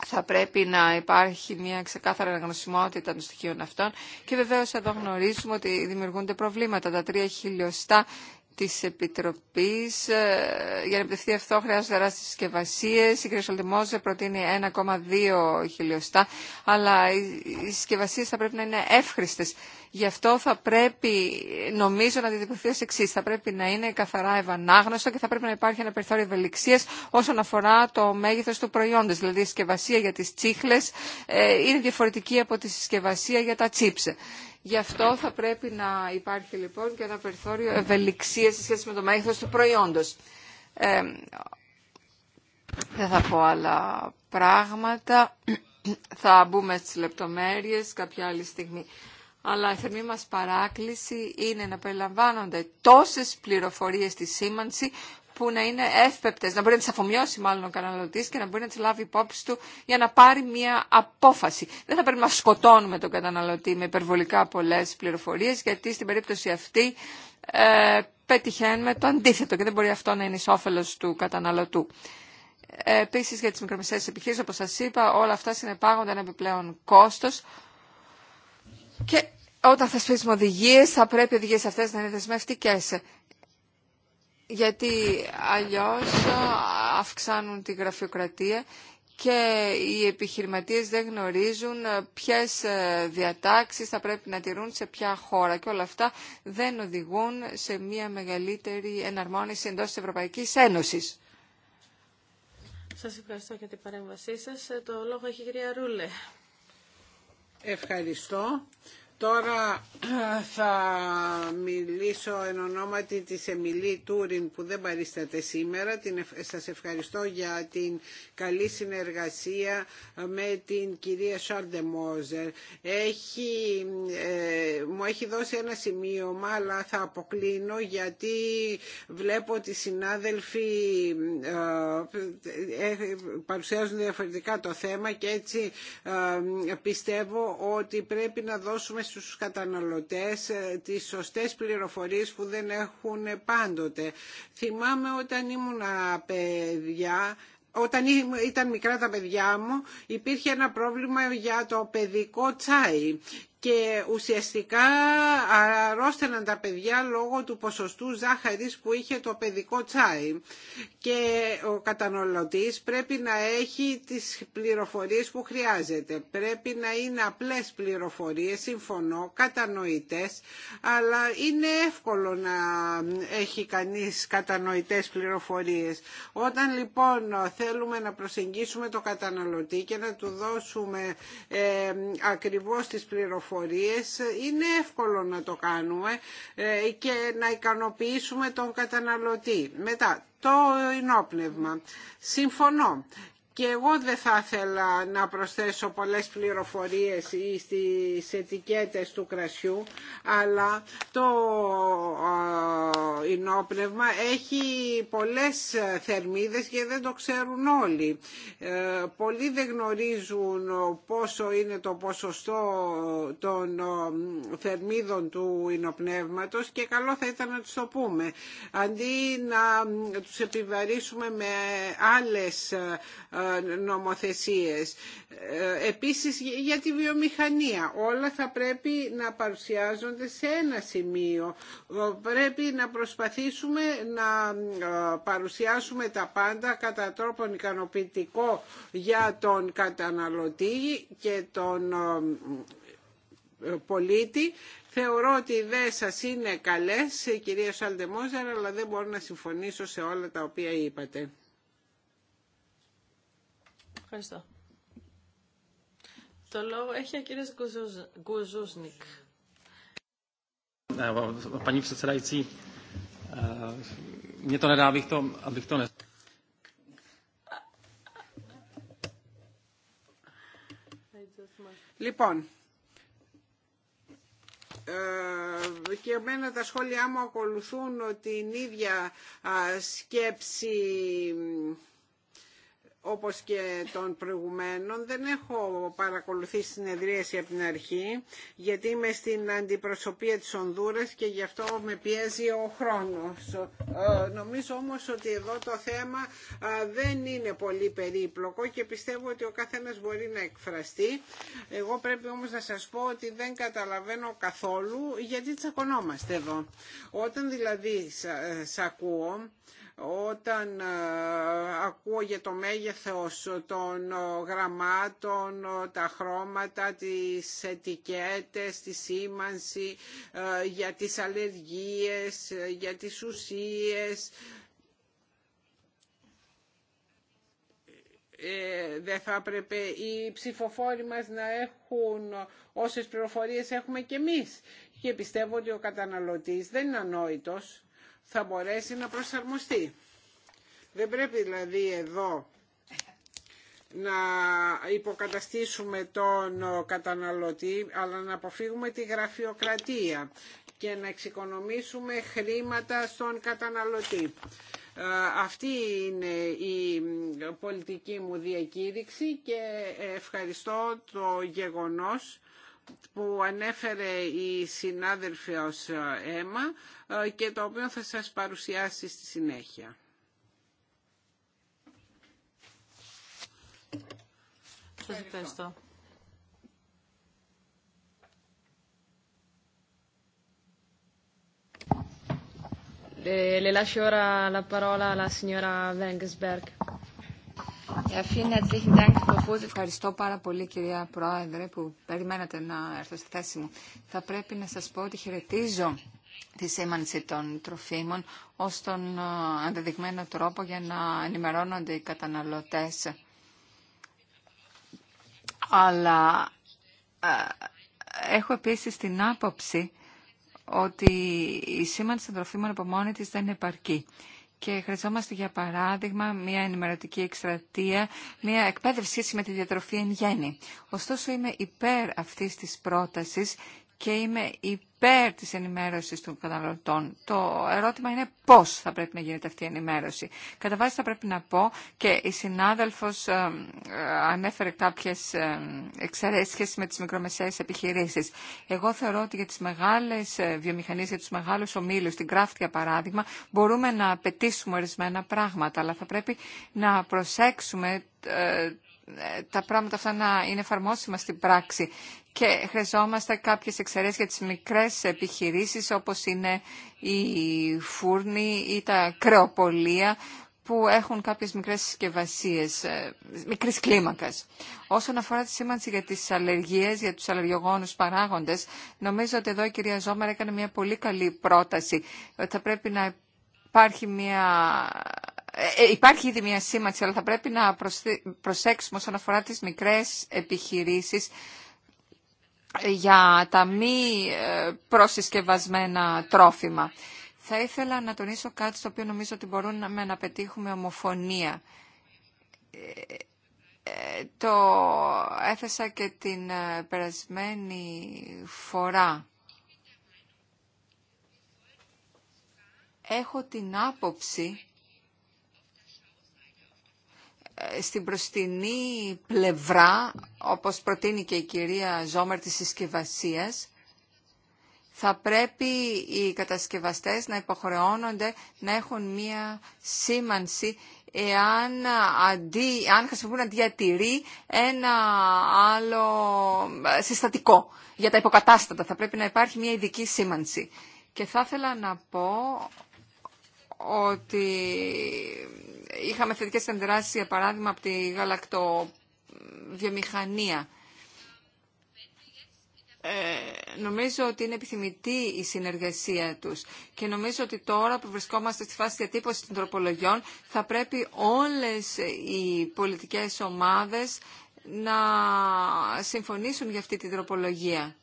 Θα πρέπει να υπάρχει μια ξεκάθαρη αναγνωσιμότητα των στοιχείων αυτών και βεβαίως εδώ γνωρίζουμε ότι δημιουργούνται προβλήματα. Τα τρία χιλιοστά της Επιτροπής. Ε, για να επιτευχθεί αυτό χρειάζονται δράσεις συσκευασίε. Η κ. προτείνει 1,2 χιλιοστά, αλλά οι συσκευασίε θα πρέπει να είναι εύχρηστες Γι' αυτό θα πρέπει, νομίζω, να διδικωθεί ω εξή. Θα πρέπει να είναι καθαρά ευανάγνωστο και θα πρέπει να υπάρχει ένα περιθώριο ευελιξία όσον αφορά το μέγεθο του προϊόντο. Δηλαδή, η συσκευασία για τι τσίχλε ε, είναι διαφορετική από τη συσκευασία για τα τσίψε. Γι' αυτό θα πρέπει να υπάρχει λοιπόν και ένα περιθώριο ευελιξία σε σχέση με το μέγεθο του προϊόντο. Ε, δεν θα πω άλλα πράγματα. Θα μπούμε στι λεπτομέρειε κάποια άλλη στιγμή αλλά η θερμή μας παράκληση είναι να περιλαμβάνονται τόσες πληροφορίες στη σήμανση που να είναι εύπεπτες, να μπορεί να τις αφομοιώσει μάλλον ο καταναλωτής και να μπορεί να τις λάβει υπόψη του για να πάρει μια απόφαση. Δεν θα πρέπει να σκοτώνουμε τον καταναλωτή με υπερβολικά πολλές πληροφορίες γιατί στην περίπτωση αυτή ε, πετυχαίνουμε το αντίθετο και δεν μπορεί αυτό να είναι εις του καταναλωτού. Ε, Επίση για τις μικρομεσαίες επιχείρησεις, όπως σας είπα, όλα αυτά συνεπάγονται ένα επιπλέον κόστο. Και όταν θα σπίσουμε οδηγίε, θα πρέπει οι οδηγίε αυτέ να είναι δεσμευτικέ. Γιατί αλλιώ αυξάνουν τη γραφειοκρατία και οι επιχειρηματίες δεν γνωρίζουν ποιες διατάξεις θα πρέπει να τηρούν σε ποια χώρα και όλα αυτά δεν οδηγούν σε μια μεγαλύτερη εναρμόνιση εντός της Ευρωπαϊκής Ένωσης. Σας ευχαριστώ για την παρέμβασή σας. Ε, το λόγο έχει η κυρία Ρούλε. Ευχαριστώ. Τώρα θα μιλήσω εν ονόματι της Εμιλή Τούριν που δεν παρίσταται σήμερα. Σας ευχαριστώ για την καλή συνεργασία ε, με την κυρία Σάρντε Μόζερ. Έχει, ε, μου έχει δώσει ένα σημείωμα αλλά θα αποκλίνω γιατί βλέπω ότι οι συνάδελφοι ε, παρουσιάζουν διαφορετικά το θέμα και έτσι πιστεύω ότι πρέπει να δώσουμε στους καταναλωτές ε, τις σωστές πληροφορίες που δεν έχουν πάντοτε. Θυμάμαι όταν ήμουν παιδιά όταν ήταν μικρά τα παιδιά μου υπήρχε ένα πρόβλημα για το παιδικό τσάι και ουσιαστικά αρρώστεναν τα παιδιά λόγω του ποσοστού ζάχαρης που είχε το παιδικό τσάι και ο καταναλωτής πρέπει να έχει τις πληροφορίες που χρειάζεται. Πρέπει να είναι απλές πληροφορίες, συμφωνώ, κατανοητές, αλλά είναι εύκολο να έχει κανείς κατανοητές πληροφορίες. Όταν λοιπόν θέλουμε να προσεγγίσουμε το καταναλωτή και να του δώσουμε ε, ακριβώς τις πληροφορίες, είναι εύκολο να το κάνουμε ε, και να ικανοποιήσουμε τον καταναλωτή. Μετά, το ενόπνευμα. Συμφωνώ και εγώ δεν θα ήθελα να προσθέσω πολλές πληροφορίες στις ετικέτες του κρασιού, αλλά το ινοπνεύμα έχει πολλές θερμίδες και δεν το ξέρουν όλοι. Ε, πολλοί δεν γνωρίζουν πόσο είναι το ποσοστό των θερμίδων του ινοπνεύματος και καλό θα ήταν να τους το πούμε. Αντί να τους επιβαρύσουμε με άλλες νομοθεσίες. Ε, επίσης για τη βιομηχανία. Όλα θα πρέπει να παρουσιάζονται σε ένα σημείο. Ε, πρέπει να προσπαθήσουμε να ε, παρουσιάσουμε τα πάντα κατά τρόπον ικανοποιητικό για τον καταναλωτή και τον πολίτη. Θεωρώ ότι οι ιδέες σας είναι καλές, κυρία Σαλτεμόζαρα, αλλά δεν μπορώ να συμφωνήσω σε όλα τα οποία είπατε. Ευχαριστώ. Το λόγο έχει ο κύριος Γκουζούσνικ. Πανή Ψεσεράιτσι, μια τον nedá, abych to, Λοιπόν, ε, και εμένα τα σχόλιά μου ακολουθούν την ίδια σκέψη όπως και των προηγουμένων δεν έχω παρακολουθήσει συνεδρίαση από την αρχή γιατί είμαι στην αντιπροσωπεία της Ονδούρας και γι' αυτό με πιέζει ο χρόνος. Ε, νομίζω όμως ότι εδώ το θέμα ε, δεν είναι πολύ περίπλοκο και πιστεύω ότι ο καθένας μπορεί να εκφραστεί. Εγώ πρέπει όμως να σας πω ότι δεν καταλαβαίνω καθόλου γιατί τσακωνόμαστε εδώ. Όταν δηλαδή σας ε, ακούω όταν ε, ακούω για το μέγεθος των ε, γραμμάτων, ε, τα χρώματα, τις ετικέτες, τη σήμανση για τις αλλεργίες, για τις ουσίες, Ε, δεν θα έπρεπε οι ψηφοφόροι μας να έχουν όσες πληροφορίες έχουμε κι εμείς. Και πιστεύω ότι ο καταναλωτής δεν είναι ανόητος θα μπορέσει να προσαρμοστεί. Δεν πρέπει δηλαδή εδώ να υποκαταστήσουμε τον καταναλωτή, αλλά να αποφύγουμε τη γραφειοκρατία και να εξοικονομήσουμε χρήματα στον καταναλωτή. Ε, αυτή είναι η πολιτική μου διακήρυξη και ευχαριστώ το γεγονός που ανέφερε η συνάδελφος Έμα και το οποίο θα σας παρουσιάσει στη συνέχεια. Σας ευχαριστώ. Le, le lascio ora la parola alla signora Wengsberg. Ε, Ευχαριστώ πάρα πολύ κυρία Πρόεδρε που περιμένατε να έρθω στη θέση μου. Θα πρέπει να σας πω ότι χαιρετίζω τη σήμανση των τροφίμων ως τον ενδεδειγμένο τρόπο για να ενημερώνονται οι καταναλωτές. Αλλά ε, έχω επίσης την άποψη ότι η σήμανση των τροφίμων από μόνη της δεν επαρκεί και χρειαζόμαστε για παράδειγμα μια ενημερωτική εκστρατεία, μια εκπαίδευση με τη διατροφή εν γέννη. Ωστόσο είμαι υπέρ αυτής της πρότασης και είμαι υπέρ της ενημέρωσης των καταναλωτών. Το ερώτημα είναι πώς θα πρέπει να γίνεται αυτή η ενημέρωση. Κατά βάση θα πρέπει να πω και η συνάδελφος ε, ε, ανέφερε κάποιες ε, εξαιρέσεις σχέση με τις μικρομεσαίες επιχειρήσεις. Εγώ θεωρώ ότι για τις μεγάλες βιομηχανίες, για τους μεγάλους ομίλους, την κράφτια για παράδειγμα, μπορούμε να απαιτήσουμε ορισμένα πράγματα, αλλά θα πρέπει να προσέξουμε τα πράγματα αυτά να είναι εφαρμόσιμα στην πράξη και χρειαζόμαστε κάποιες εξαιρέσεις για τις μικρές επιχειρήσεις όπως είναι οι φούρνοι ή τα κρεοπολία που έχουν κάποιες μικρές συσκευασίε, ε, μικρής κλίμακας. Όσον αφορά τη σήμανση για τις αλλεργίες, για τους αλλεργιογόνους παράγοντες, νομίζω ότι εδώ η κυρία Ζόμαρα έκανε μια πολύ καλή πρόταση, ότι θα πρέπει να υπάρχει μια ε, ε, υπάρχει ήδη μια σήμανση, αλλά θα πρέπει να προσέξουμε όσον αφορά τις μικρές επιχειρήσεις ε, για τα μη προσυσκευασμένα τρόφιμα. Θα ήθελα να τονίσω κάτι στο οποίο νομίζω ότι μπορούμε να πετύχουμε ομοφωνία. Το έθεσα και την περασμένη φορά. Έχω την άποψη στην προστινή πλευρά, όπως προτείνει και η κυρία Ζόμερ της συσκευασία, θα πρέπει οι κατασκευαστές να υποχρεώνονται να έχουν μία σήμανση εάν αντί, αν χρησιμοποιούν να διατηρεί ένα άλλο συστατικό για τα υποκατάστατα. Θα πρέπει να υπάρχει μια ειδική σήμανση. Και θα ήθελα να πω ότι είχαμε θετικές αντιδράσεις, για παράδειγμα, από τη γαλακτοβιομηχανία. Ε, νομίζω ότι είναι επιθυμητή η συνεργασία τους και νομίζω ότι τώρα που βρισκόμαστε στη φάση διατύπωσης των τροπολογιών θα πρέπει όλες οι πολιτικές ομάδες να συμφωνήσουν για αυτή την τροπολογία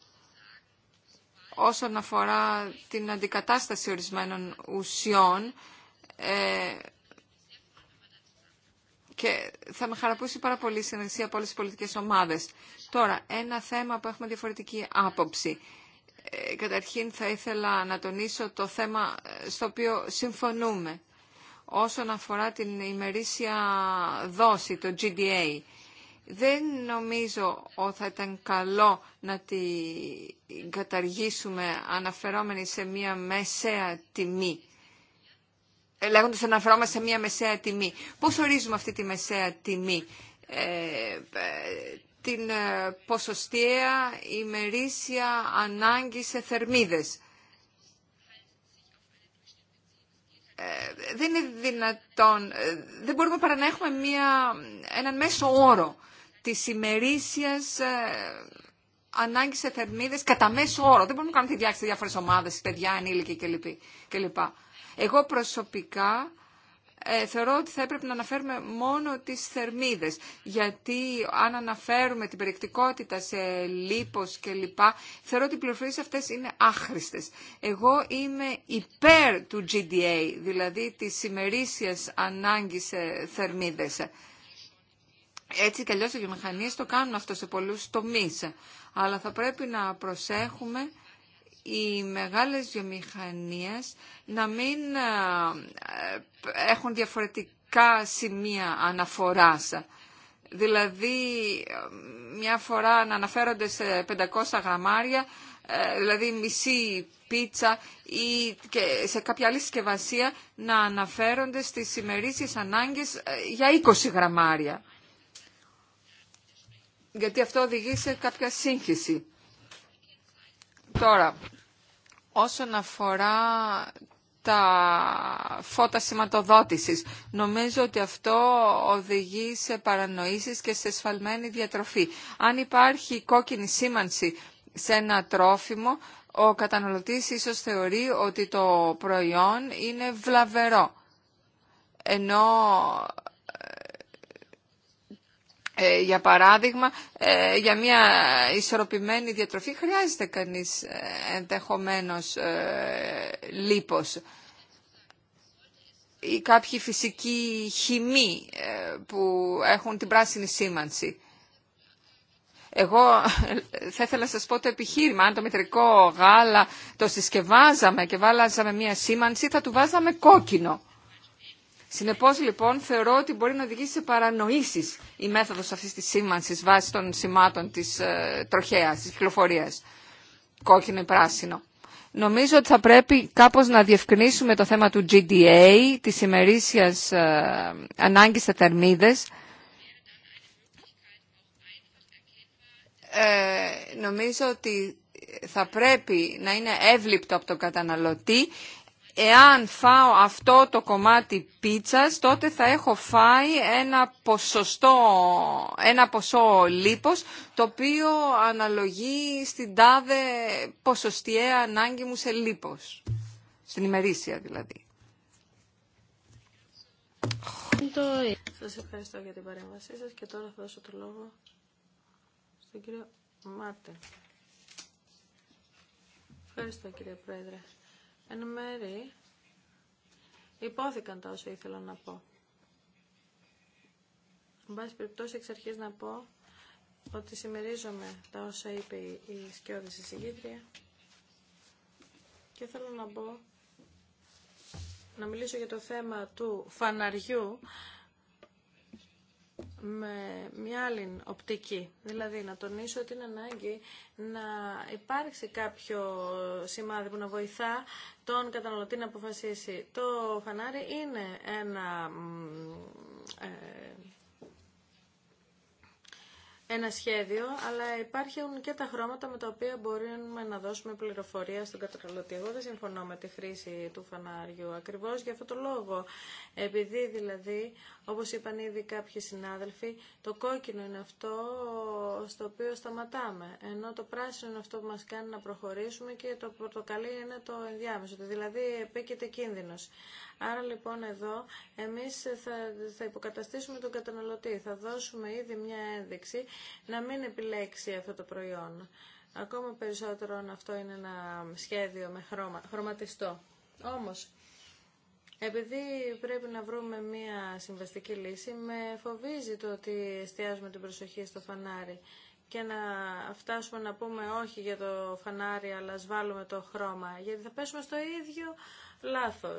όσον αφορά την αντικατάσταση ορισμένων ουσιών ε, και θα με χαραπούσει πάρα πολύ η συνεργασία από όλες τις πολιτικές ομάδες. Τώρα, ένα θέμα που έχουμε διαφορετική άποψη. Ε, καταρχήν θα ήθελα να τονίσω το θέμα ε, στο οποίο συμφωνούμε όσον αφορά την ημερήσια δόση, το GDA. Δεν νομίζω ότι θα ήταν καλό να την καταργήσουμε αναφερόμενη σε μία μεσαία τιμή. Ε, λέγοντας αναφερόμαστε σε μία μεσαία τιμή. Πώς ορίζουμε αυτή τη μεσαία τιμή. Ε, ε, την ποσοστιαία ημερήσια ανάγκη σε θερμίδες. δεν είναι δυνατόν, δεν μπορούμε παρά να έχουμε μια, έναν μέσο όρο της ημερήσιας ε, ανάγκη σε θερμίδες κατά μέσο όρο. Δεν μπορούμε να κάνουμε τη διάκριση σε διάφορες ομάδες, παιδιά, και κλπ. Εγώ προσωπικά ε, θεωρώ ότι θα έπρεπε να αναφέρουμε μόνο τις θερμίδες, γιατί αν αναφέρουμε την περιεκτικότητα σε λίπος κλπ, θεωρώ ότι οι πληροφορίες αυτές είναι άχρηστες. Εγώ είμαι υπέρ του GDA, δηλαδή τη ημερήσία ανάγκης σε θερμίδες. Έτσι κι αλλιώς οι βιομηχανίες το κάνουν αυτό σε πολλούς τομείς. Αλλά θα πρέπει να προσέχουμε οι μεγάλες βιομηχανίες να μην ε, ε, έχουν διαφορετικά σημεία αναφοράς. Δηλαδή, ε, μια φορά να αναφέρονται σε 500 γραμμάρια, δηλαδή μισή πίτσα ή και σε κάποια άλλη συσκευασία να αναφέρονται στις ημερήσεις ανάγκες για 20 γραμμάρια γιατί αυτό οδηγεί σε κάποια σύγχυση. Τώρα, όσον αφορά τα φώτα σηματοδότησης. Νομίζω ότι αυτό οδηγεί σε παρανοήσεις και σε σφαλμένη διατροφή. Αν υπάρχει κόκκινη σήμανση σε ένα τρόφιμο, ο καταναλωτής ίσως θεωρεί ότι το προϊόν είναι βλαβερό. Ενώ ε, για παράδειγμα, ε, για μια ισορροπημένη διατροφή χρειάζεται κανείς ε, ενδεχομένως λίπος ή κάποιοι φυσική χημοί που έχουν την πράσινη σήμανση. Εγώ θα ήθελα να σας πω το επιχείρημα, αν το μετρικό γάλα το συσκευάζαμε και βάλαζαμε μια σήμανση θα του βάζαμε κόκκινο. Συνεπώς λοιπόν θεωρώ ότι μπορεί να οδηγήσει σε παρανοήσεις η μέθοδος αυτή της σήμανση βάσει των σημάτων της ε, τροχέας, της κυκλοφορίας, κόκκινο ή πράσινο. Νομίζω ότι θα πρέπει κάπως να διευκρινίσουμε το θέμα του GDA, της ημερήσιας ε, ανάγκης στα ε, νομίζω ότι θα πρέπει να είναι εύληπτο από τον καταναλωτή εάν φάω αυτό το κομμάτι πίτσας, τότε θα έχω φάει ένα, ποσοστό, ένα ποσό λίπος, το οποίο αναλογεί στην τάδε ποσοστιαία ανάγκη μου σε λίπος. Στην ημερήσια δηλαδή. Σας ευχαριστώ για την παρέμβασή σας και τώρα θα δώσω το λόγο στον κύριο Μάρτερ. Ευχαριστώ κύριε Πρόεδρε. Εν μέρη, υπόθηκαν τα όσα ήθελα να πω. Εν πάση περιπτώσει, εξ αρχής να πω ότι συμμερίζομαι τα όσα είπε η σκιώδη συζητήτρια και θέλω να πω να μιλήσω για το θέμα του φαναριού με μια άλλη οπτική. Δηλαδή να τονίσω την ανάγκη να υπάρξει κάποιο σημάδι που να βοηθά τον καταναλωτή να αποφασίσει. Το φανάρι είναι ένα ε, ένα σχέδιο, αλλά υπάρχουν και τα χρώματα με τα οποία μπορούμε να δώσουμε πληροφορία στον καταναλωτή. Εγώ δεν συμφωνώ με τη χρήση του φανάριου ακριβώς για αυτό το λόγο. Επειδή δηλαδή, όπως είπαν ήδη κάποιοι συνάδελφοι, το κόκκινο είναι αυτό στο οποίο σταματάμε, ενώ το πράσινο είναι αυτό που μας κάνει να προχωρήσουμε και το πορτοκαλί είναι το ενδιάμεσο, δηλαδή επέκειται κίνδυνος. Άρα λοιπόν εδώ εμείς θα, θα υποκαταστήσουμε τον καταναλωτή, θα δώσουμε ήδη μια ένδειξη να μην επιλέξει αυτό το προϊόν. Ακόμα περισσότερο αν αυτό είναι ένα σχέδιο με χρώμα, χρωματιστό. Όμως, επειδή πρέπει να βρούμε μία συμβαστική λύση, με φοβίζει το ότι εστιάζουμε την προσοχή στο φανάρι και να φτάσουμε να πούμε όχι για το φανάρι αλλά σβάλουμε το χρώμα γιατί θα πέσουμε στο ίδιο Λάθο.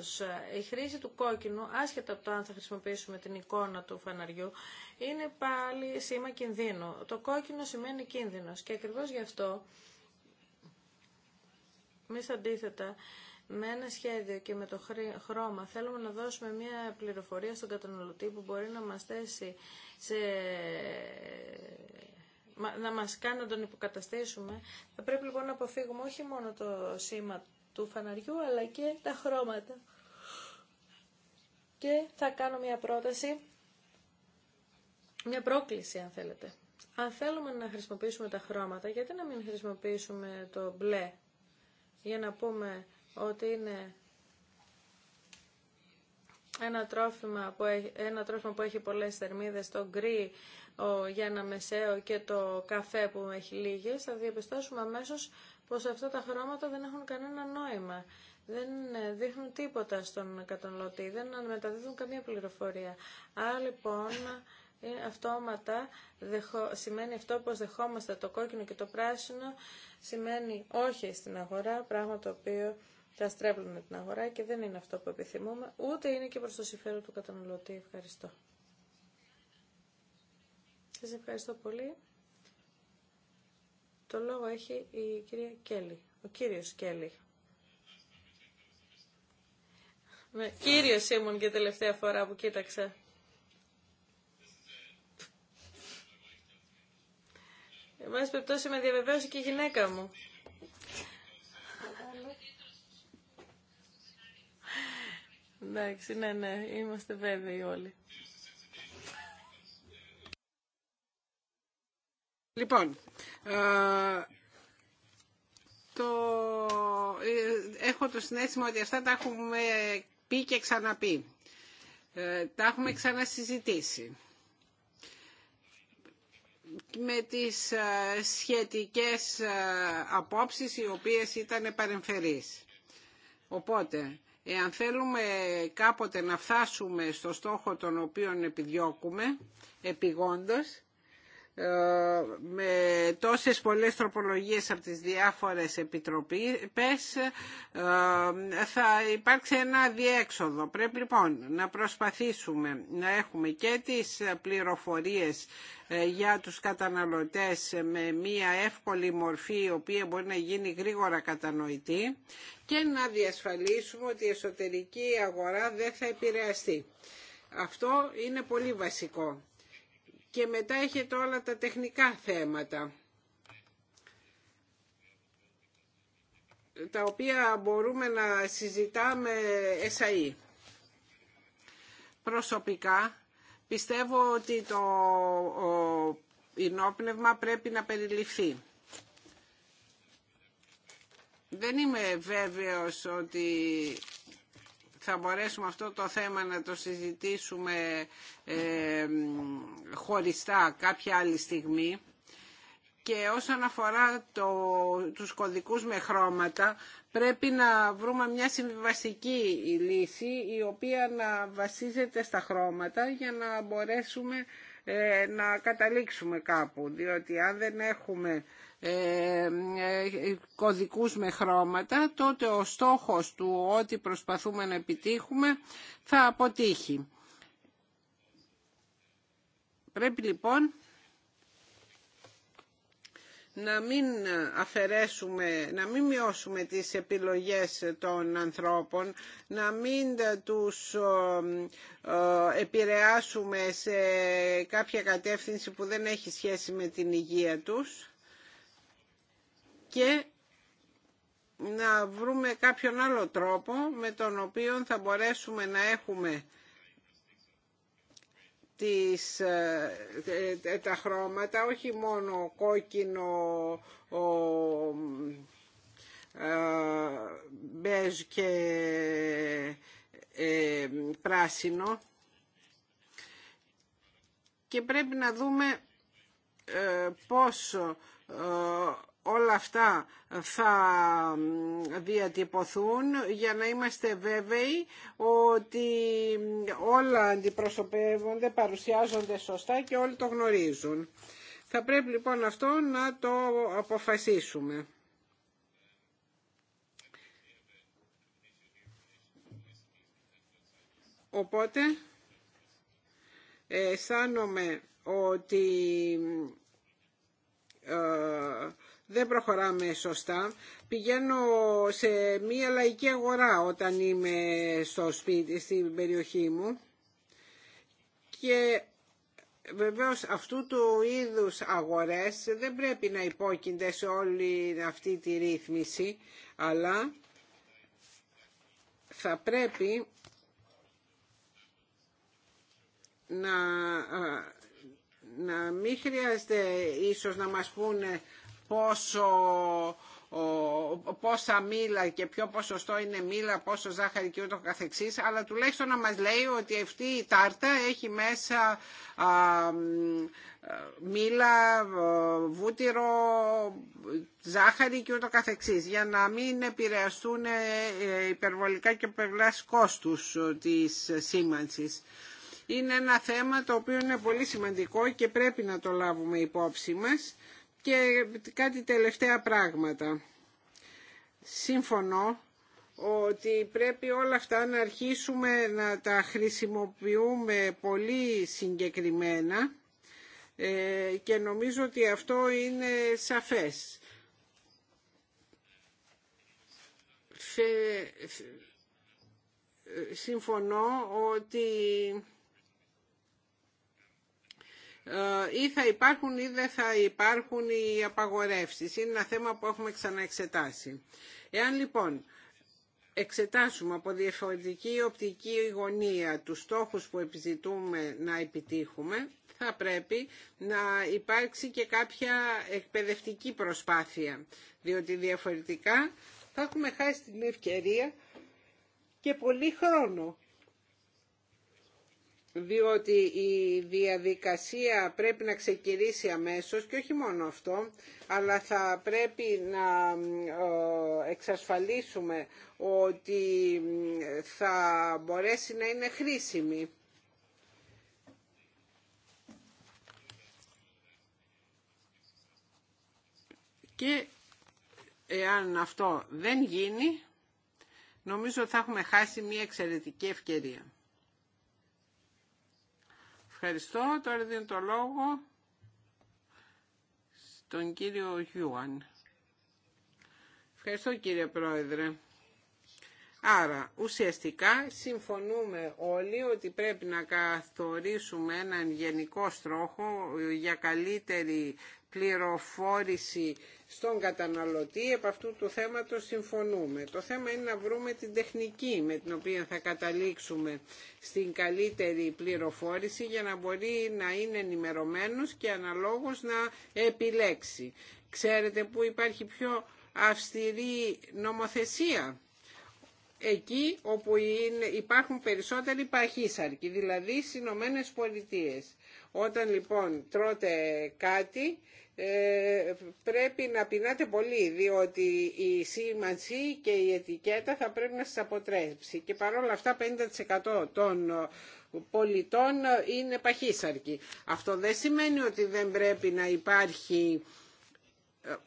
Η χρήση του κόκκινου, άσχετα από το αν θα χρησιμοποιήσουμε την εικόνα του φαναριού, είναι πάλι σήμα κινδύνου. Το κόκκινο σημαίνει κίνδυνος και ακριβώς γι' αυτό, εμεί αντίθετα, με ένα σχέδιο και με το χρώμα θέλουμε να δώσουμε μια πληροφορία στον καταναλωτή που μπορεί να μας θέσει σε να μας κάνει να τον υποκαταστήσουμε. Θα πρέπει λοιπόν να αποφύγουμε όχι μόνο το σήμα του φαναριού αλλά και τα χρώματα. Και θα κάνω μια πρόταση, μια πρόκληση αν θέλετε. Αν θέλουμε να χρησιμοποιήσουμε τα χρώματα, γιατί να μην χρησιμοποιήσουμε το μπλε για να πούμε ότι είναι ένα τρόφιμα που έχει, ένα τρόφιμα που έχει πολλές θερμίδες, το γκρι για ένα μεσαίο και το καφέ που έχει λίγες, θα διαπιστώσουμε αμέσως πως αυτά τα χρώματα δεν έχουν κανένα νόημα. Δεν ε, δείχνουν τίποτα στον καταναλωτή, δεν μεταδίδουν καμία πληροφορία. Άρα λοιπόν ε, αυτόματα σημαίνει αυτό πως δεχόμαστε το κόκκινο και το πράσινο, σημαίνει όχι στην αγορά, πράγμα το οποίο θα στρέβλουν την αγορά και δεν είναι αυτό που επιθυμούμε, ούτε είναι και προς το συμφέρον του καταναλωτή. Ευχαριστώ. Σας ευχαριστώ πολύ. Το λόγο έχει η κυρία Κέλλη, ο κύριος Κέλλη. Με κύριος ήμουν και τελευταία φορά που κοίταξα. Εμάς περιπτώσει με διαβεβαίωσε και η γυναίκα μου. Εντάξει, ναι, ναι, είμαστε βέβαιοι όλοι. Λοιπόν, ε, το... Ε, έχω το συνέστημα ότι αυτά τα έχουμε πει και ξαναπεί. Ε, τα έχουμε ξανασυζητήσει με τις σχετικές απόψεις οι οποίες ήταν παρεμφερείς. Οπότε, εάν θέλουμε κάποτε να φτάσουμε στο στόχο τον οποίον επιδιώκουμε, επιγόντως, με τόσες πολλές τροπολογίες από τις διάφορες επιτροπές ε, θα υπάρξει ένα διέξοδο. Πρέπει λοιπόν να προσπαθήσουμε να έχουμε και τις πληροφορίες ε, για τους καταναλωτές με μία εύκολη μορφή η οποία μπορεί να γίνει γρήγορα κατανοητή και να διασφαλίσουμε ότι η εσωτερική αγορά δεν θα επηρεαστεί. Αυτό είναι πολύ βασικό και μετά έχετε όλα τα τεχνικά θέματα. τα οποία μπορούμε να συζητάμε εσαΐ. Προσωπικά πιστεύω ότι το ινόπνευμα πρέπει να περιληφθεί. Δεν είμαι βέβαιος ότι θα μπορέσουμε αυτό το θέμα να το συζητήσουμε ε, χωριστά κάποια άλλη στιγμή. Και όσον αφορά το, τους κωδικούς με χρώματα, πρέπει να βρούμε μια συμβιβαστική λύση η οποία να βασίζεται στα χρώματα για να μπορέσουμε ε, να καταλήξουμε κάπου. Διότι αν δεν έχουμε ε, ε, κωδικούς με χρώματα, τότε ο στόχος του ότι προσπαθούμε να επιτύχουμε θα αποτύχει. Πρέπει λοιπόν να μην αφαιρέσουμε, να μην μειώσουμε τις επιλογές των ανθρώπων, να μην τους ε, επηρεάσουμε σε κάποια κατεύθυνση που δεν έχει σχέση με την υγεία τους και να βρούμε κάποιον άλλο τρόπο με τον οποίο θα μπορέσουμε να έχουμε τις, ε, ε, τα χρώματα, όχι μόνο κόκκινο, ο, ε, μπέζ και πράσινο και πρέπει να δούμε ε, πόσο όλα αυτά θα διατυπωθούν για να είμαστε βέβαιοι ότι όλα αντιπροσωπεύονται, παρουσιάζονται σωστά και όλοι το γνωρίζουν. Θα πρέπει λοιπόν αυτό να το αποφασίσουμε. Οπότε αισθάνομαι ότι ε, δεν προχωράμε σωστά. Πηγαίνω σε μία λαϊκή αγορά όταν είμαι στο σπίτι, στην περιοχή μου και βεβαίως αυτού του είδους αγορές δεν πρέπει να υπόκεινται σε όλη αυτή τη ρύθμιση αλλά θα πρέπει να, να μην χρειάζεται ίσως να μας πούνε πόσο πόσα μήλα και ποιο ποσοστό είναι μήλα, πόσο ζάχαρη και ούτω καθεξής, αλλά τουλάχιστον να μας λέει ότι αυτή η τάρτα έχει μέσα α, μήλα, βούτυρο, ζάχαρη και ούτω καθεξής, για να μην επηρεαστούν ε, ε, υπερβολικά και πευλάς κόστους της σήμανσης. Είναι ένα θέμα το οποίο είναι πολύ σημαντικό και πρέπει να το λάβουμε υπόψη μας και κάτι τελευταία πράγματα. Σύμφωνο ότι πρέπει όλα αυτά να αρχίσουμε να τα χρησιμοποιούμε πολύ συγκεκριμένα ε, και νομίζω ότι αυτό είναι σαφές. Ε, Συμφωνώ ότι ε, ή θα υπάρχουν ή δεν θα υπάρχουν οι απαγορεύσεις. Είναι ένα θέμα που έχουμε ξαναεξετάσει. Εάν λοιπόν εξετάσουμε από διαφορετική οπτική γωνία τους στόχους που επιζητούμε να επιτύχουμε, θα πρέπει να υπάρξει και κάποια εκπαιδευτική προσπάθεια, διότι διαφορετικά θα έχουμε χάσει την ευκαιρία και πολύ χρόνο διότι η διαδικασία πρέπει να ξεκινήσει αμέσως και όχι μόνο αυτό, αλλά θα πρέπει να εξασφαλίσουμε ότι θα μπορέσει να είναι χρήσιμη. Και εάν αυτό δεν γίνει, νομίζω θα έχουμε χάσει μια εξαιρετική ευκαιρία. Ευχαριστώ. Τώρα δίνω το λόγο στον κύριο Γιούαν. Ευχαριστώ κύριε Πρόεδρε. Άρα, ουσιαστικά συμφωνούμε όλοι ότι πρέπει να καθορίσουμε έναν γενικό στόχο για καλύτερη πληροφόρηση στον καταναλωτή. Επ' αυτού του θέματος συμφωνούμε. Το θέμα είναι να βρούμε την τεχνική με την οποία θα καταλήξουμε στην καλύτερη πληροφόρηση για να μπορεί να είναι ενημερωμένος και αναλόγως να επιλέξει. Ξέρετε που υπάρχει πιο αυστηρή νομοθεσία εκεί όπου είναι, υπάρχουν περισσότεροι παχύσαρκοι, δηλαδή στι Ηνωμένε Πολιτείες. Όταν λοιπόν τρώτε κάτι ε, πρέπει να πεινάτε πολύ διότι η σήμανση και η ετικέτα θα πρέπει να σας αποτρέψει και παρόλα αυτά 50% των ε, πολιτών είναι παχύσαρκοι. Αυτό δεν σημαίνει ότι δεν πρέπει να υπάρχει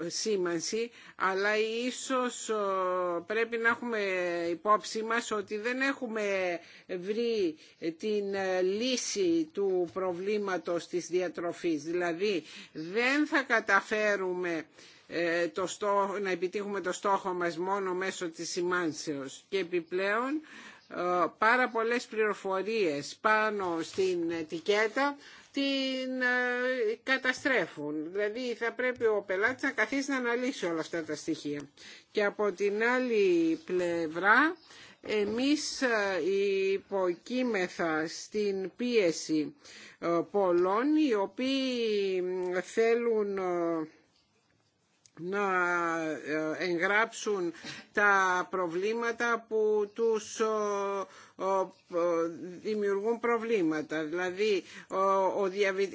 σήμανση, αλλά ίσως ε, πρέπει να έχουμε υπόψη μας ότι δεν έχουμε βρει την ε, λύση του προβλήματος της διατροφής. Δηλαδή δεν θα καταφέρουμε ε, το στόχο, να επιτύχουμε το στόχο μας μόνο μέσω της σημάνσεως και επιπλέον πάρα πολλές πληροφορίες πάνω στην ετικέτα την ε, καταστρέφουν. Δηλαδή θα πρέπει ο πελάτης να καθίσει να αναλύσει όλα αυτά τα στοιχεία. Και από την άλλη πλευρά εμείς ε, υποκείμεθα στην πίεση ε, πολλών οι οποίοι θέλουν να ε, εγγράψουν τα προβλήματα που τους δημιουργούν προβλήματα. Δηλαδή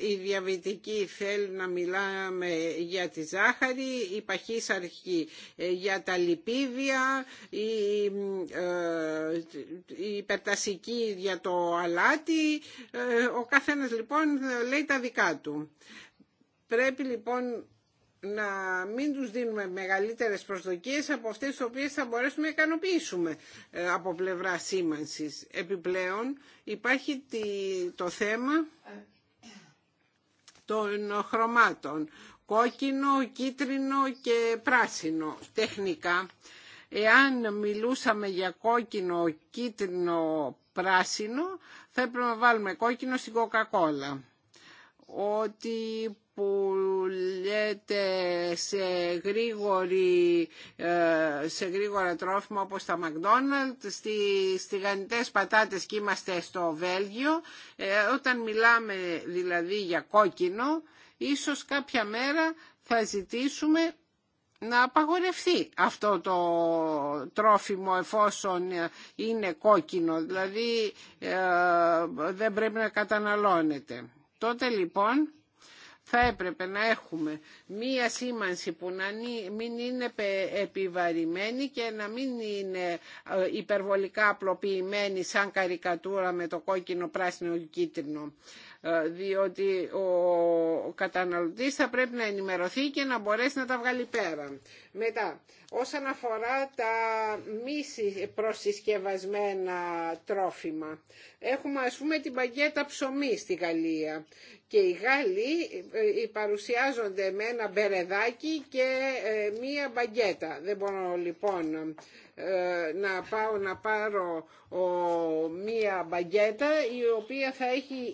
οι διαβητικοί θέλουν να μιλάμε για τη ζάχαρη, η παχύσαρχη ε, για τα λιπίδια, η υπερτασική ε, για το αλάτι. Ο καθένας λοιπόν λέει τα δικά του. Πρέπει λοιπόν να μην τους δίνουμε μεγαλύτερες προσδοκίες από αυτές τις οποίες θα μπορέσουμε να ικανοποιήσουμε ε, από πλευρά σήμανσης. Επιπλέον υπάρχει το θέμα των χρωμάτων, κόκκινο, κίτρινο και πράσινο τεχνικά. Εάν μιλούσαμε για κόκκινο, κίτρινο, πράσινο, θα έπρεπε να βάλουμε κόκκινο στην κοκακόλα. Ότι που σε, γρήγορη, ε, σε γρήγορα τρόφιμα όπως τα McDonald's, στι τηγανιτές πατάτες και είμαστε στο Βέλγιο. Ε, όταν μιλάμε δηλαδή για κόκκινο, ίσως κάποια μέρα θα ζητήσουμε να απαγορευτεί αυτό το τρόφιμο εφόσον είναι κόκκινο, δηλαδή ε, δεν πρέπει να καταναλώνεται. Τότε λοιπόν θα έπρεπε να έχουμε μία σήμανση που να μην είναι επιβαρημένη και να μην είναι ε, υπερβολικά απλοποιημένη σαν καρικατούρα με το κόκκινο, πράσινο κίτρινο. Ε, διότι ο καταναλωτής θα πρέπει να ενημερωθεί και να μπορέσει να τα βγάλει πέρα. Μετά, όσον αφορά τα μη προσυσκευασμένα τρόφιμα. Έχουμε ας πούμε την παγκέτα ψωμί στη Γαλλία και οι Γάλλοι ε, ε, παρουσιάζονται με ένα μπερεδάκι και ε, μία μπαγκέτα. Δεν μπορώ λοιπόν να πάω να πάρω μία μπαγκέτα η οποία θα έχει,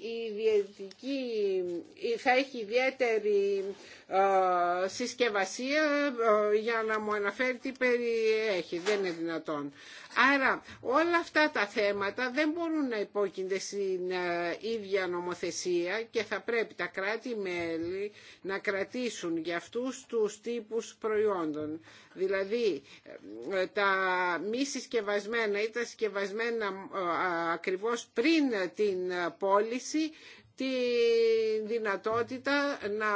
θα έχει ιδιαίτερη συσκευασία για να μου αναφέρει τι περιέχει. Δεν είναι δυνατόν. Άρα όλα αυτά τα θέματα δεν μπορούν να υπόκεινται στην ε, ίδια νομοθεσία και θα πρέπει τα κράτη-μέλη να κρατήσουν για αυτούς τους τύπους προϊόντων. Δηλαδή ε, ε, τα μη συσκευασμένα ή τα συσκευασμένα ακριβώς πριν την πώληση τη δυνατότητα να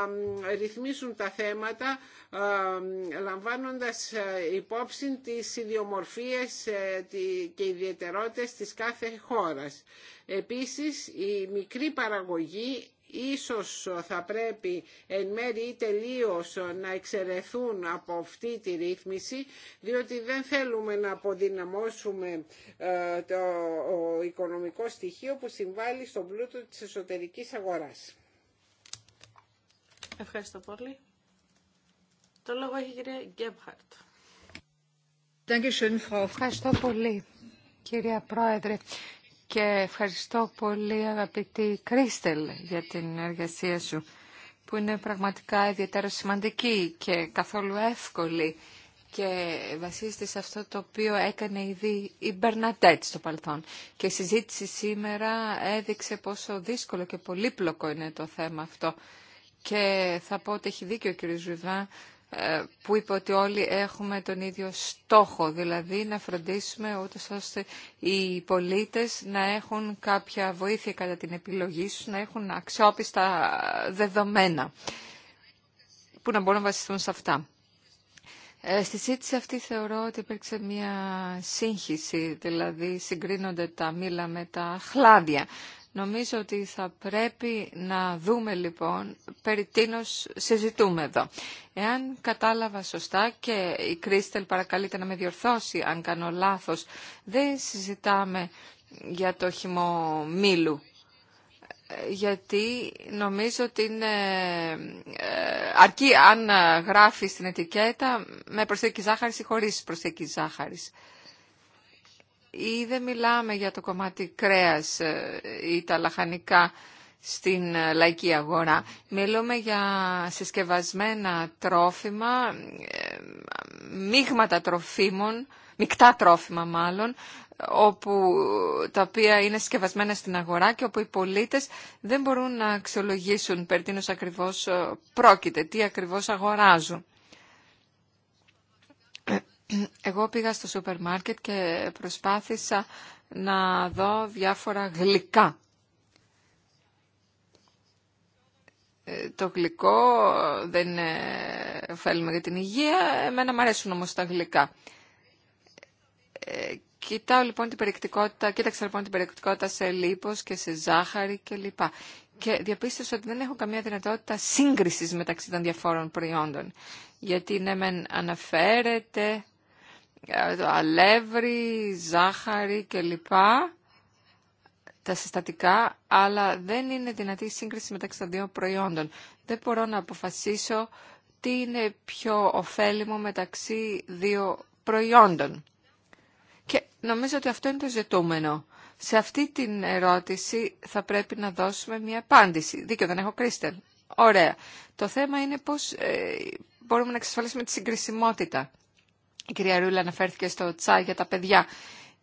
ρυθμίσουν τα θέματα ε, λαμβάνοντας ε, υπόψη τις ιδιομορφίες ε, και ιδιαιτερότητες της κάθε χώρας. Επίσης, η μικρή παραγωγή ίσως θα πρέπει εν μέρη ή τελείως να εξαιρεθούν από αυτή τη ρύθμιση διότι δεν θέλουμε να αποδυναμώσουμε ε, το οικονομικό στοιχείο που συμβάλλει στον πλούτο της εσωτερικής αγοράς. Ευχαριστώ πολύ. Το λόγο έχει η κυρία Γκέμπχαρτ. Ευχαριστώ πολύ κυρία Πρόεδρε και ευχαριστώ πολύ αγαπητή Κρίστελ για την εργασία σου που είναι πραγματικά ιδιαίτερα σημαντική και καθόλου εύκολη και βασίζεται σε αυτό το οποίο έκανε ήδη η Μπερνατέτ στο παρελθόν. Και η συζήτηση σήμερα έδειξε πόσο δύσκολο και πολύπλοκο είναι το θέμα αυτό. Και θα πω ότι έχει δίκιο ο κ. Ζουβά που είπε ότι όλοι έχουμε τον ίδιο στόχο, δηλαδή να φροντίσουμε ούτως ώστε οι πολίτες να έχουν κάποια βοήθεια κατά την επιλογή σου, να έχουν αξιόπιστα δεδομένα που να μπορούν να βασιστούν σε αυτά. Ε, στη σύντηση αυτή θεωρώ ότι υπήρξε μια σύγχυση, δηλαδή συγκρίνονται τα μήλα με τα χλάδια. Νομίζω ότι θα πρέπει να δούμε λοιπόν περί τίνος συζητούμε εδώ. Εάν κατάλαβα σωστά και η Κρίστελ παρακαλείται να με διορθώσει αν κάνω λάθος, δεν συζητάμε για το χυμό μήλου γιατί νομίζω ότι είναι ε, αρκεί αν γράφει στην ετικέτα με προσθήκη ζάχαρης ή χωρίς προσθήκη ζάχαρης ή δεν μιλάμε για το κομμάτι κρέας ε, ή τα λαχανικά στην ε, λαϊκή αγορά. Μιλούμε για συσκευασμένα τρόφιμα, ε, μείγματα τροφίμων, μικτά τρόφιμα μάλλον, όπου τα οποία είναι συσκευασμένα στην αγορά και όπου οι πολίτες δεν μπορούν να αξιολογήσουν περί τίνος ακριβώς πρόκειται, τι ακριβώς αγοράζουν. Εγώ πήγα στο σούπερ μάρκετ και προσπάθησα να δω διάφορα γλυκά. Ε, το γλυκό δεν είναι ωφέλιμο για την υγεία, εμένα μου αρέσουν όμως τα γλυκά. Ε, κοιτάω λοιπόν την περιεκτικότητα, κοίταξα λοιπόν την περιεκτικότητα σε λίπος και σε ζάχαρη κλπ. Και, και διαπίστωσα ότι δεν έχω καμία δυνατότητα σύγκρισης μεταξύ των διαφόρων προϊόντων. Γιατί ναι μεν αναφέρεται ε, αλεύρι, ζάχαρη κλπ. Τα συστατικά, αλλά δεν είναι δυνατή η σύγκριση μεταξύ των δύο προϊόντων. Δεν μπορώ να αποφασίσω τι είναι πιο ωφέλιμο μεταξύ δύο προϊόντων. Και νομίζω ότι αυτό είναι το ζητούμενο. Σε αυτή την ερώτηση θα πρέπει να δώσουμε μια απάντηση. Δίκαιο δεν έχω, κρίστερ. Ωραία. Το θέμα είναι πώς ε, μπορούμε να εξασφαλίσουμε τη συγκρισιμότητα. Η κυρία Ρούλα αναφέρθηκε στο τσάι για τα παιδιά.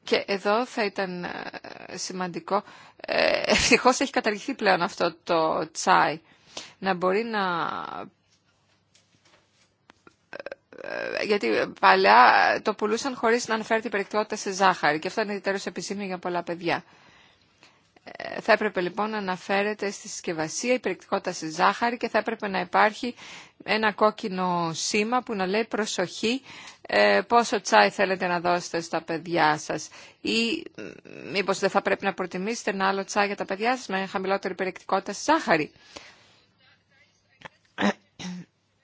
Και εδώ θα ήταν ε, σημαντικό. Ε, Ευτυχώ έχει καταργηθεί πλέον αυτό το τσάι. Να μπορεί να ε, γιατί παλιά το πουλούσαν χωρίς να αναφέρει την περιεκτικότητα σε ζάχαρη και αυτό είναι ιδιαίτερος επισήμιο για πολλά παιδιά. Θα έπρεπε λοιπόν να αναφέρεται στη συσκευασία η περιεκτικότητα σε ζάχαρη και θα έπρεπε να υπάρχει ένα κόκκινο σήμα που να λέει προσοχή ε, πόσο τσάι θέλετε να δώσετε στα παιδιά σας ή μήπως δεν θα πρέπει να προτιμήσετε ένα άλλο τσάι για τα παιδιά σας με χαμηλότερη περιεκτικότητα στη ζάχαρη.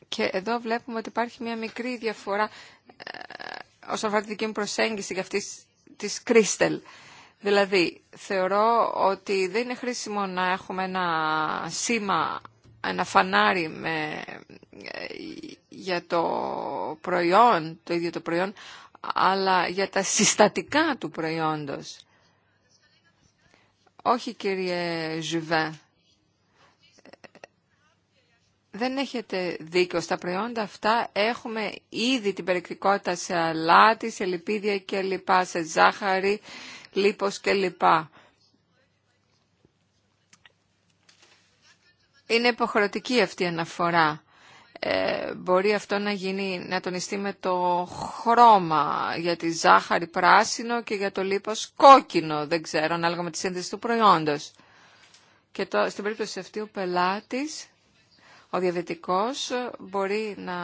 Και εδώ βλέπουμε ότι υπάρχει μια μικρή διαφορά ε, όσον αφορά τη δική μου προσέγγιση για αυτή της κρίστελ. Δηλαδή, θεωρώ ότι δεν είναι χρήσιμο να έχουμε ένα σήμα ένα φανάρι ε, για το προϊόν, το ίδιο το προϊόν, αλλά για τα συστατικά του προϊόντος. Όχι κύριε Ζουβέ, δεν έχετε δίκιο. Στα προϊόντα αυτά έχουμε ήδη την περιεκτικότητα σε αλάτι, σε λιπίδια και λοιπά, σε ζάχαρη, λίπος και λοιπά. είναι υποχρεωτική αυτή η αναφορά. Ε, μπορεί αυτό να, γίνει, να τονιστεί με το χρώμα για τη ζάχαρη πράσινο και για το λίπος κόκκινο, δεν ξέρω, ανάλογα με τη σύνδεση του προϊόντος. Και το, στην περίπτωση αυτή ο πελάτης, ο διαβητικός, μπορεί να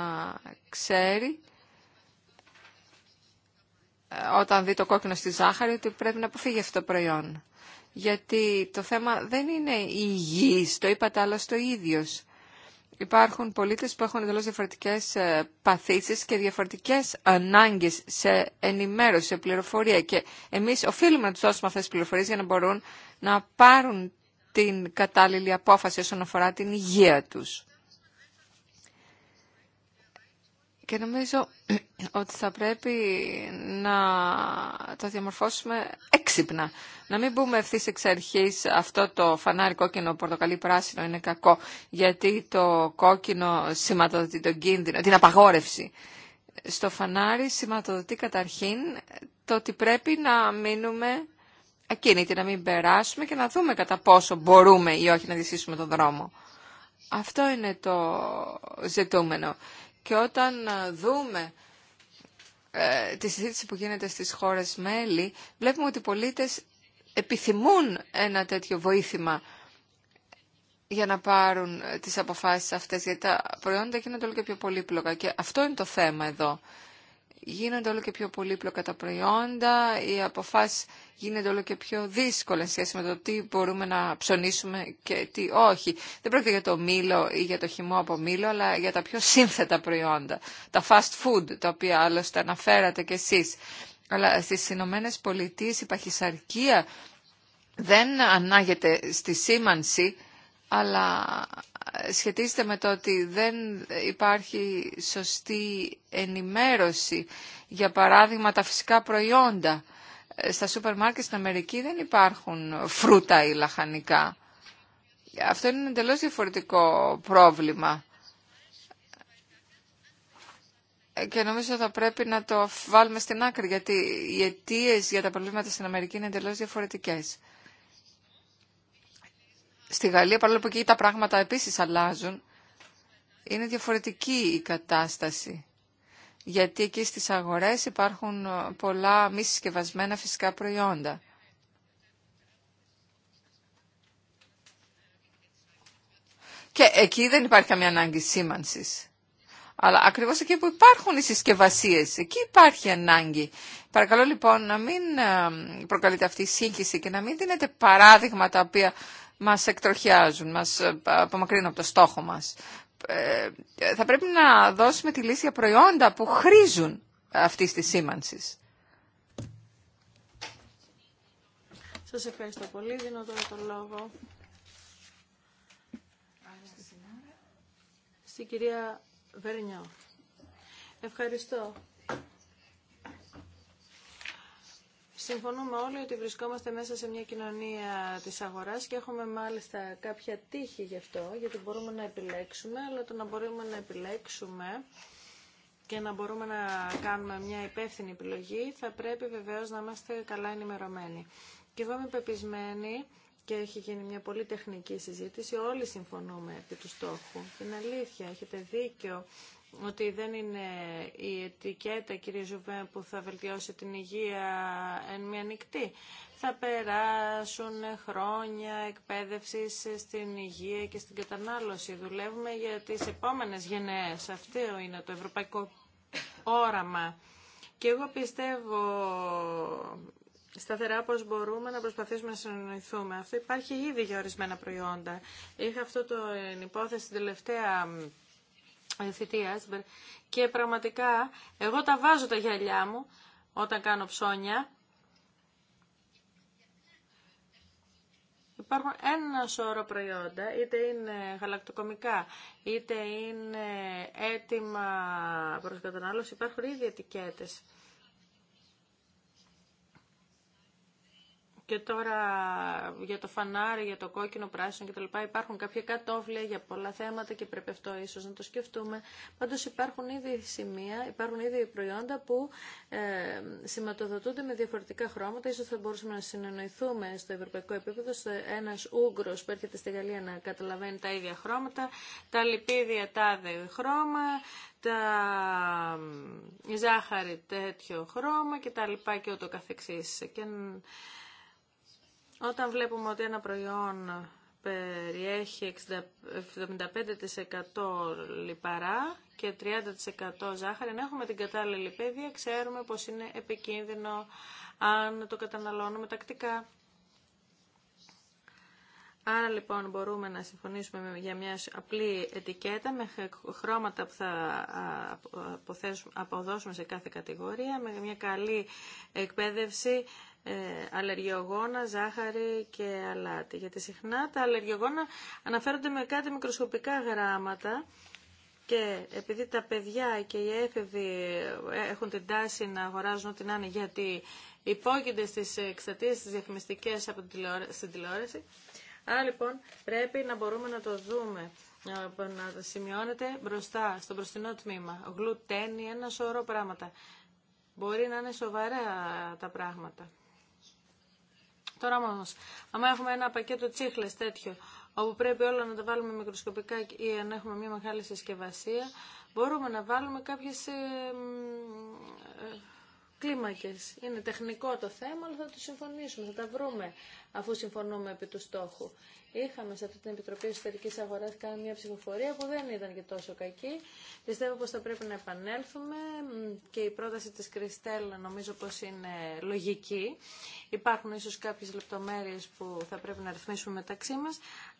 ξέρει ε, όταν δει το κόκκινο στη ζάχαρη ότι πρέπει να αποφύγει αυτό το προϊόν γιατί το θέμα δεν είναι η υγιής, το είπατε άλλωστε στο ίδιος. Υπάρχουν πολίτες που έχουν εντελώ διαφορετικές ε, παθήσεις και διαφορετικές ανάγκες σε ενημέρωση, σε πληροφορία και εμείς οφείλουμε να τους δώσουμε αυτές τις πληροφορίες για να μπορούν να πάρουν την κατάλληλη απόφαση όσον αφορά την υγεία τους. Και νομίζω ότι θα πρέπει να το διαμορφώσουμε έξυπνα. Να μην μπούμε ευθύ εξ αρχή αυτό το φανάρι κόκκινο, πορτοκαλί πράσινο είναι κακό, γιατί το κόκκινο σηματοδοτεί τον την απαγόρευση. Στο φανάρι σηματοδοτεί καταρχήν το ότι πρέπει να μείνουμε ακίνητοι, να μην περάσουμε και να δούμε κατά πόσο μπορούμε ή όχι να διασύσουμε τον δρόμο. Αυτό είναι το ζητούμενο. Και όταν ε, δούμε ε, τη συζήτηση που γίνεται στις χώρες μέλη, βλέπουμε ότι οι πολίτες επιθυμούν ένα τέτοιο βοήθημα για να πάρουν ε, τις αποφάσεις αυτές, γιατί τα προϊόντα γίνονται όλο και πιο πολύπλοκα. Και αυτό είναι το θέμα εδώ γίνονται όλο και πιο πολύπλοκα τα προϊόντα, οι αποφάσεις γίνονται όλο και πιο δύσκολες σχέση με το τι μπορούμε να ψωνίσουμε και τι όχι. Δεν πρόκειται για το μήλο ή για το χυμό από μήλο, αλλά για τα πιο σύνθετα προϊόντα, τα fast food, τα οποία άλλωστε αναφέρατε κι εσείς. Αλλά στις Ηνωμένε Πολιτείε, η παχυσαρκία δεν ανάγεται στη σήμανση, αλλά σχετίζεται με το ότι δεν υπάρχει σωστή ενημέρωση. Για παράδειγμα, τα φυσικά προϊόντα. Ε, στα σούπερ μάρκετ στην Αμερική δεν υπάρχουν φρούτα ή λαχανικά. Αυτό είναι ένα εντελώς διαφορετικό πρόβλημα. Ε, και νομίζω θα πρέπει να το βάλουμε στην άκρη, γιατί οι αιτίε για τα προβλήματα στην Αμερική είναι εντελώς διαφορετικές στη Γαλλία, παρόλο που εκεί τα πράγματα επίσης αλλάζουν, είναι διαφορετική η κατάσταση. Γιατί εκεί στις αγορές υπάρχουν ε, πολλά μη συσκευασμένα φυσικά προϊόντα. Και εκεί δεν υπάρχει καμία ανάγκη σήμανσης. Αλλά ακριβώς εκεί που υπάρχουν οι συσκευασίες, εκεί υπάρχει ανάγκη. Παρακαλώ λοιπόν να μην ε, προκαλείται αυτή η σύγχυση και να μην δίνετε παράδειγμα τα οποία μας εκτροχιάζουν, μας ε, απομακρύνουν από το στόχο μας. Ε, ε, θα πρέπει να δώσουμε τη λύση για προϊόντα που χρίζουν αυτή της σήμανση. Σας ευχαριστώ πολύ. Δίνω τώρα το λόγο στην κυρία Βερνιό. Ευχαριστώ. Συμφωνούμε όλοι ότι βρισκόμαστε μέσα σε μια κοινωνία της αγοράς και έχουμε μάλιστα κάποια τύχη γι' αυτό, γιατί μπορούμε να επιλέξουμε, αλλά το να μπορούμε να επιλέξουμε και να μπορούμε να κάνουμε μια υπεύθυνη επιλογή, θα πρέπει βεβαίως να είμαστε καλά ενημερωμένοι. Και εγώ είμαι πεπισμένη και έχει γίνει μια πολύ τεχνική συζήτηση, όλοι συμφωνούμε επί του στόχου. Είναι αλήθεια, έχετε δίκιο ότι δεν είναι η ετικέτα, κύριε Ζουβέ, που θα βελτιώσει την υγεία εν μία νυχτή. Θα περάσουν χρόνια εκπαίδευσης στην υγεία και στην κατανάλωση. Δουλεύουμε για τις επόμενες γενναίες. Αυτό είναι το ευρωπαϊκό όραμα. Και εγώ πιστεύω σταθερά πώς μπορούμε να προσπαθήσουμε να συνοηθούμε. Αυτό υπάρχει ήδη για ορισμένα προϊόντα. Είχα αυτό το υπόθεση την τελευταία θητείας και πραγματικά εγώ τα βάζω τα γυαλιά μου όταν κάνω ψώνια. Υπάρχουν ένα σώρο προϊόντα, είτε είναι γαλακτοκομικά, είτε είναι έτοιμα προς κατανάλωση, υπάρχουν ήδη ετικέτες. Και τώρα για το φανάρι, για το κόκκινο, πράσινο κτλ. Υπάρχουν κάποια κατόβλια για πολλά θέματα και πρέπει αυτό ίσω να το σκεφτούμε. Πάντω υπάρχουν ήδη σημεία, υπάρχουν ήδη προϊόντα που ε, σηματοδοτούνται με διαφορετικά χρώματα. σω θα μπορούσαμε να συνεννοηθούμε στο ευρωπαϊκό επίπεδο. Ένα Ούγγρο που έρχεται στη Γαλλία να καταλαβαίνει τα ίδια χρώματα, τα λιπίδια τάδε χρώμα, τα η ζάχαρη τέτοιο χρώμα και και ούτω καθεξής. Όταν βλέπουμε ότι ένα προϊόν περιέχει 75% λιπαρά και 30% ζάχαρη, να έχουμε την κατάλληλη παιδεία, ξέρουμε πως είναι επικίνδυνο αν το καταναλώνουμε τακτικά. Άρα λοιπόν μπορούμε να συμφωνήσουμε για μια απλή ετικέτα με χρώματα που θα αποδώσουμε σε κάθε κατηγορία, με μια καλή εκπαίδευση ε, αλλεργιογόνα, ζάχαρη και αλάτι. Γιατί συχνά τα αλλεργιογόνα αναφέρονται με κάτι μικροσκοπικά γράμματα και επειδή τα παιδιά και οι έφηβοι ε, έχουν την τάση να αγοράζουν ό,τι να είναι γιατί υπόκεινται στις εξατήσεις τις από την τηλεόραση, στην τηλεόραση, άρα λοιπόν πρέπει να μπορούμε να το δούμε να σημειώνεται μπροστά στο μπροστινό τμήμα γλουτένι, ένα σωρό πράγματα. Μπορεί να είναι σοβαρά τα πράγματα. Τώρα όμω, άμα έχουμε ένα πακέτο τσίχλες τέτοιο, όπου πρέπει όλα να τα βάλουμε μικροσκοπικά ή αν έχουμε μια μεγάλη συσκευασία, μπορούμε να βάλουμε κάποιες είναι τεχνικό το θέμα, αλλά θα το συμφωνήσουμε, θα τα βρούμε αφού συμφωνούμε επί του στόχου. Είχαμε σε αυτή την Επιτροπή Εσωτερική Αγορά κάνει μια ψηφοφορία που δεν ήταν και τόσο κακή. Πιστεύω πω θα πρέπει να επανέλθουμε και η πρόταση τη Κριστέλα νομίζω πω είναι λογική. Υπάρχουν ίσω κάποιε λεπτομέρειε που θα πρέπει να ρυθμίσουμε μεταξύ μα,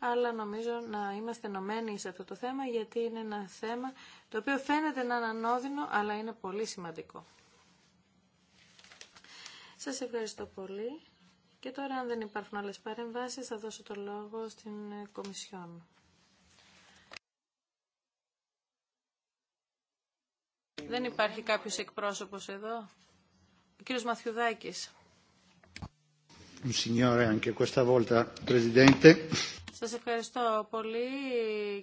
αλλά νομίζω να είμαστε ενωμένοι σε αυτό το θέμα γιατί είναι ένα θέμα το οποίο φαίνεται να είναι ανώδυνο, αλλά είναι πολύ σημαντικό. Σας ευχαριστώ πολύ. Και τώρα, αν δεν υπάρχουν άλλες παρεμβάσεις, θα δώσω το λόγο στην ε, Κομισιόν. Δεν υπάρχει κάποιος εκπρόσωπος εδώ. Ο κύριος Μαθιουδάκης. Σας ευχαριστώ πολύ,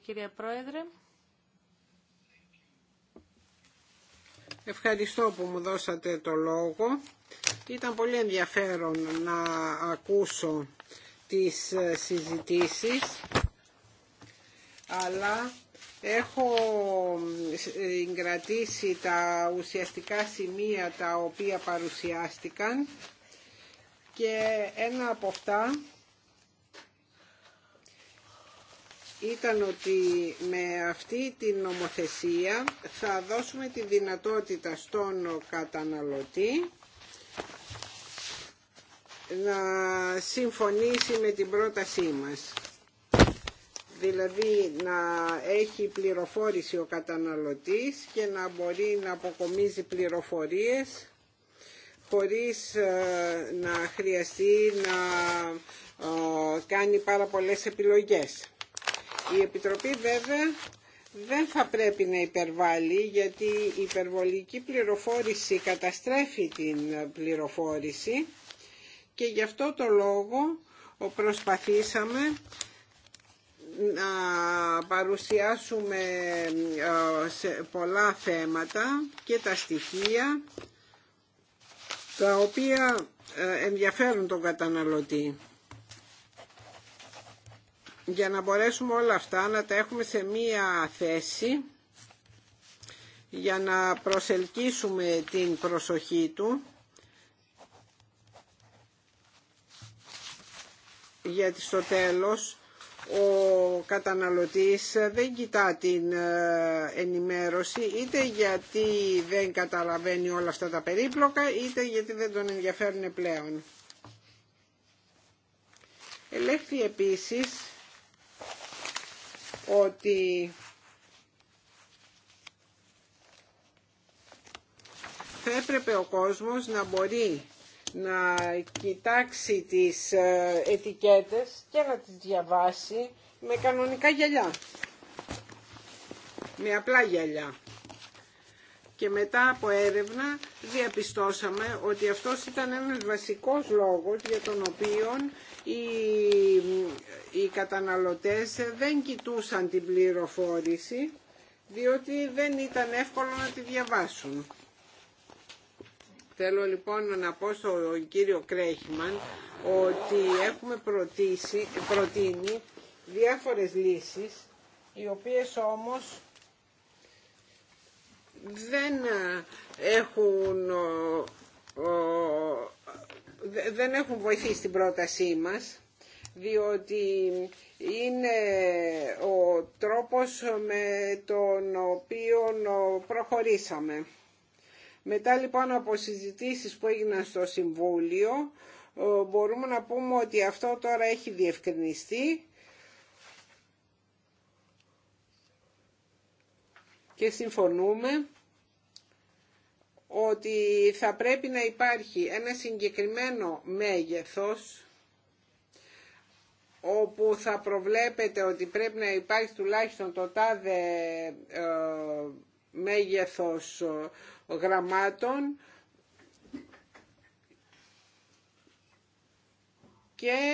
κυρία Πρόεδρε. Ευχαριστώ που μου δώσατε το λόγο. Ήταν πολύ ενδιαφέρον να ακούσω τις ε, συζητήσεις, αλλά έχω ε, συγκρατήσει τα ουσιαστικά σημεία τα οποία παρουσιάστηκαν και ένα από αυτά ήταν ότι με αυτή την νομοθεσία θα δώσουμε τη δυνατότητα στον καταναλωτή να συμφωνήσει με την πρότασή μας. Δηλαδή να έχει πληροφόρηση ο καταναλωτής και να μπορεί να αποκομίζει πληροφορίες χωρίς ε, να χρειαστεί να ε, κάνει πάρα πολλές επιλογές. Η Επιτροπή βέβαια δεν θα πρέπει να υπερβάλλει γιατί η υπερβολική πληροφόρηση καταστρέφει την πληροφόρηση και γι' αυτό το λόγο προσπαθήσαμε να παρουσιάσουμε σε πολλά θέματα και τα στοιχεία τα οποία ε, ενδιαφέρουν τον καταναλωτή για να μπορέσουμε όλα αυτά να τα έχουμε σε μία θέση για να προσελκύσουμε την προσοχή του γιατί στο τέλος ο καταναλωτής δεν κοιτά την ε, ενημέρωση είτε γιατί δεν καταλαβαίνει όλα αυτά τα περίπλοκα είτε γιατί δεν τον ενδιαφέρουν πλέον. Ελέγχθη επίσης ότι θα έπρεπε ο κόσμος να μπορεί να κοιτάξει τις ε, ετικέτες και να τις διαβάσει με κανονικά γυαλιά. Με απλά γυαλιά. Και μετά από έρευνα διαπιστώσαμε ότι αυτός ήταν ένας βασικός λόγος για τον οποίο οι καταναλωτές δεν κοιτούσαν την πληροφόρηση διότι δεν ήταν εύκολο να τη διαβάσουν. Θέλω λοιπόν να πω στον κύριο Κρέχμαν ότι έχουμε προτίσει, προτείνει διάφορες λύσεις οι οποίες όμως δεν έχουν δεν έχουν βοηθήσει την πρότασή μας διότι είναι ο τρόπος με τον οποίο προχωρήσαμε. Μετά λοιπόν από συζητήσεις που έγιναν στο Συμβούλιο μπορούμε να πούμε ότι αυτό τώρα έχει διευκρινιστεί και συμφωνούμε ότι θα πρέπει να υπάρχει ένα συγκεκριμένο μέγεθος όπου θα προβλέπετε ότι πρέπει να υπάρχει τουλάχιστον το τάδε ε, μέγεθος ε, γραμμάτων και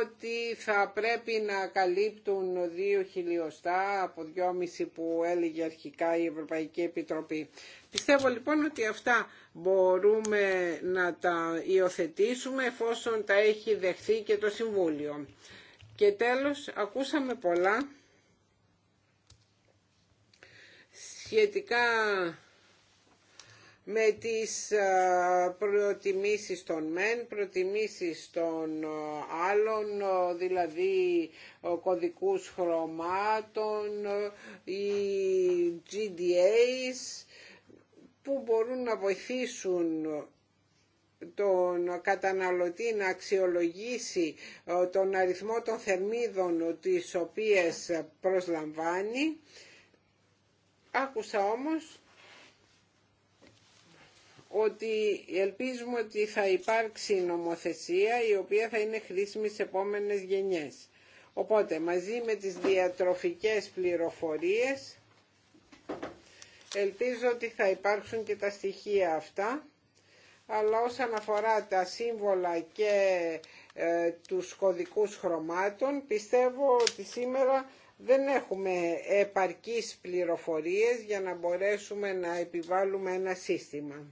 ότι θα πρέπει να καλύπτουν δύο χιλιοστά από 2,5 που έλεγε αρχικά η Ευρωπαϊκή Επιτροπή. Πιστεύω λοιπόν ότι αυτά μπορούμε να τα υιοθετήσουμε εφόσον τα έχει δεχθεί και το Συμβούλιο. Και τέλος, ακούσαμε πολλά σχετικά με τις ε, προτιμήσεις των μεν, προτιμήσεις των ε, άλλων, ε, δηλαδή κωδικούς χρωμάτων, οι GDAs που μπορούν να βοηθήσουν τον καταναλωτή να αξιολογήσει τον αριθμό των θερμίδων τις οποίες προσλαμβάνει. Άκουσα όμως ότι ελπίζουμε ότι θα υπάρξει νομοθεσία η οποία θα είναι χρήσιμη σε επόμενες γενιές. Οπότε μαζί με τις διατροφικές πληροφορίες ελπίζω ότι θα υπάρξουν και τα στοιχεία αυτά αλλά όσον αφορά τα σύμβολα και ε, τους κωδικούς χρωμάτων πιστεύω ότι σήμερα δεν έχουμε επαρκείς πληροφορίες για να μπορέσουμε να επιβάλλουμε ένα σύστημα.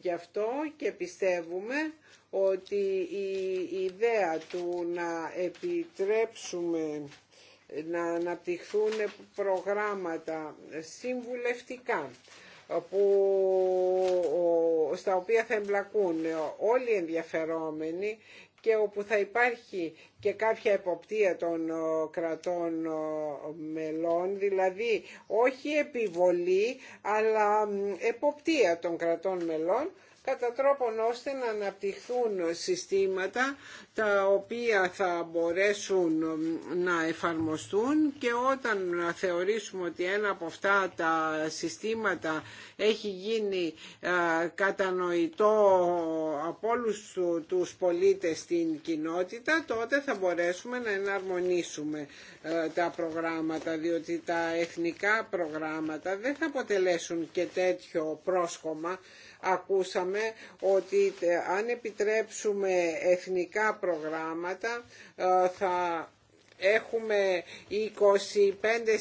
Γι' αυτό και πιστεύουμε ότι η ιδέα του να επιτρέψουμε να αναπτυχθούν προγράμματα συμβουλευτικά που, στα οποία θα εμπλακούν όλοι οι ενδιαφερόμενοι και όπου θα υπάρχει και κάποια εποπτεία των ε, κρατών ε, μελών, δηλαδή όχι επιβολή αλλά εποπτεία των κρατών μελών κατά τρόπον ώστε να αναπτυχθούν συστήματα τα οποία θα μπορέσουν να εφαρμοστούν και όταν θεωρήσουμε ότι ένα από αυτά τα συστήματα έχει γίνει ε, κατανοητό από όλους τους πολίτες στην κοινότητα τότε θα μπορέσουμε να εναρμονίσουμε ε, τα προγράμματα διότι τα εθνικά προγράμματα δεν θα αποτελέσουν και τέτοιο πρόσκομα ακούσαμε ότι αν επιτρέψουμε εθνικά προγράμματα ε, θα έχουμε 25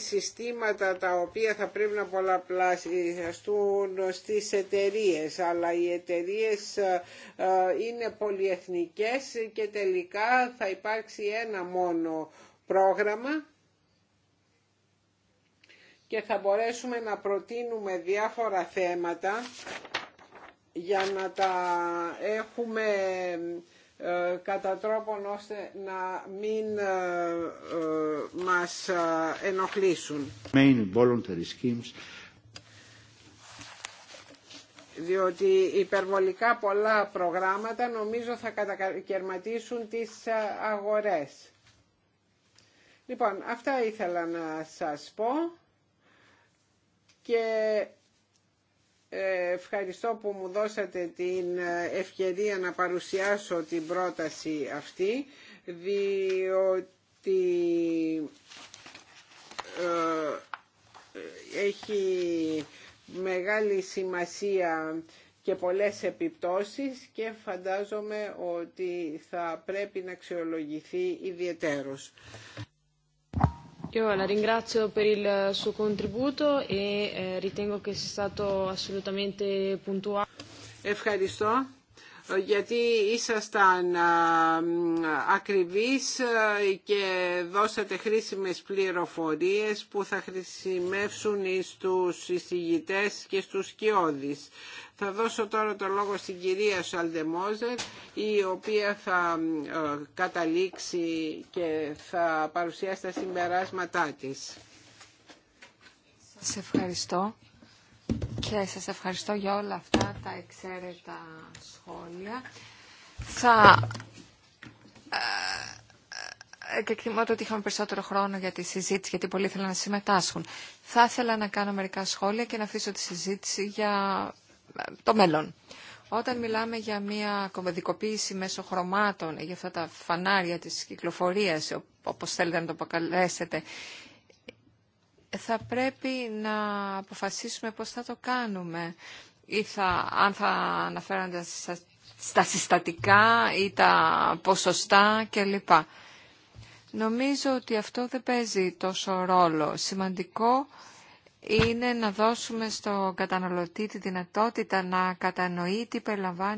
συστήματα τα οποία θα πρέπει να πολλαπλασιαστούν στις εταιρείες αλλά οι εταιρείες ε, ε, είναι πολυεθνικές και τελικά θα υπάρξει ένα μόνο πρόγραμμα και θα μπορέσουμε να προτείνουμε διάφορα θέματα για να τα έχουμε ε, κατά τρόπον ώστε να μην ε, ε, μας ενοχλήσουν. Main voluntary schemes. Διότι υπερβολικά πολλά προγράμματα νομίζω θα κατακαιρματίσουν τις αγορές. Λοιπόν, αυτά ήθελα να σας πω και Ευχαριστώ που μου δώσατε την ευκαιρία να παρουσιάσω την πρόταση αυτή, διότι ε, έχει μεγάλη σημασία και πολλές επιπτώσεις και φαντάζομαι ότι θα πρέπει να αξιολογηθεί ιδιαιτέρως. Io la ringrazio per il eh, suo contributo e eh, ritengo che sia stato assolutamente puntuale. Ευχαριστώ ε, γιατί ήσασταν ακριβείς ε, και δώσατε χρήσιμες πληροφορίες που θα χρησιμεύσουν στους εισηγητές και στους σκιώδεις. Θα δώσω τώρα το λόγο στην κυρία Σαλδεμόζερ η οποία θα ε, καταλήξει και θα παρουσιάσει τα συμπεράσματά της. Σας ευχαριστώ και σας ευχαριστώ για όλα αυτά τα εξαίρετα σχόλια. Θα ε, ε, εκτιμώ ότι είχαμε περισσότερο χρόνο για τη συζήτηση, γιατί πολλοί ήθελαν να συμμετάσχουν. Θα ήθελα να κάνω μερικά σχόλια και να αφήσω τη συζήτηση για το μέλλον. Όταν μιλάμε για μια κομμεδικοποίηση μέσω χρωμάτων, για αυτά τα φανάρια της κυκλοφορίας, όπως θέλετε να το αποκαλέσετε, θα πρέπει να αποφασίσουμε πώς θα το κάνουμε. Ή θα, αν θα αναφέρονται στα συστατικά ή τα ποσοστά κλπ. Νομίζω ότι αυτό δεν παίζει τόσο ρόλο. Σημαντικό είναι να δώσουμε στον καταναλωτή τη δυνατότητα να κατανοεί τι περιλαμβάνει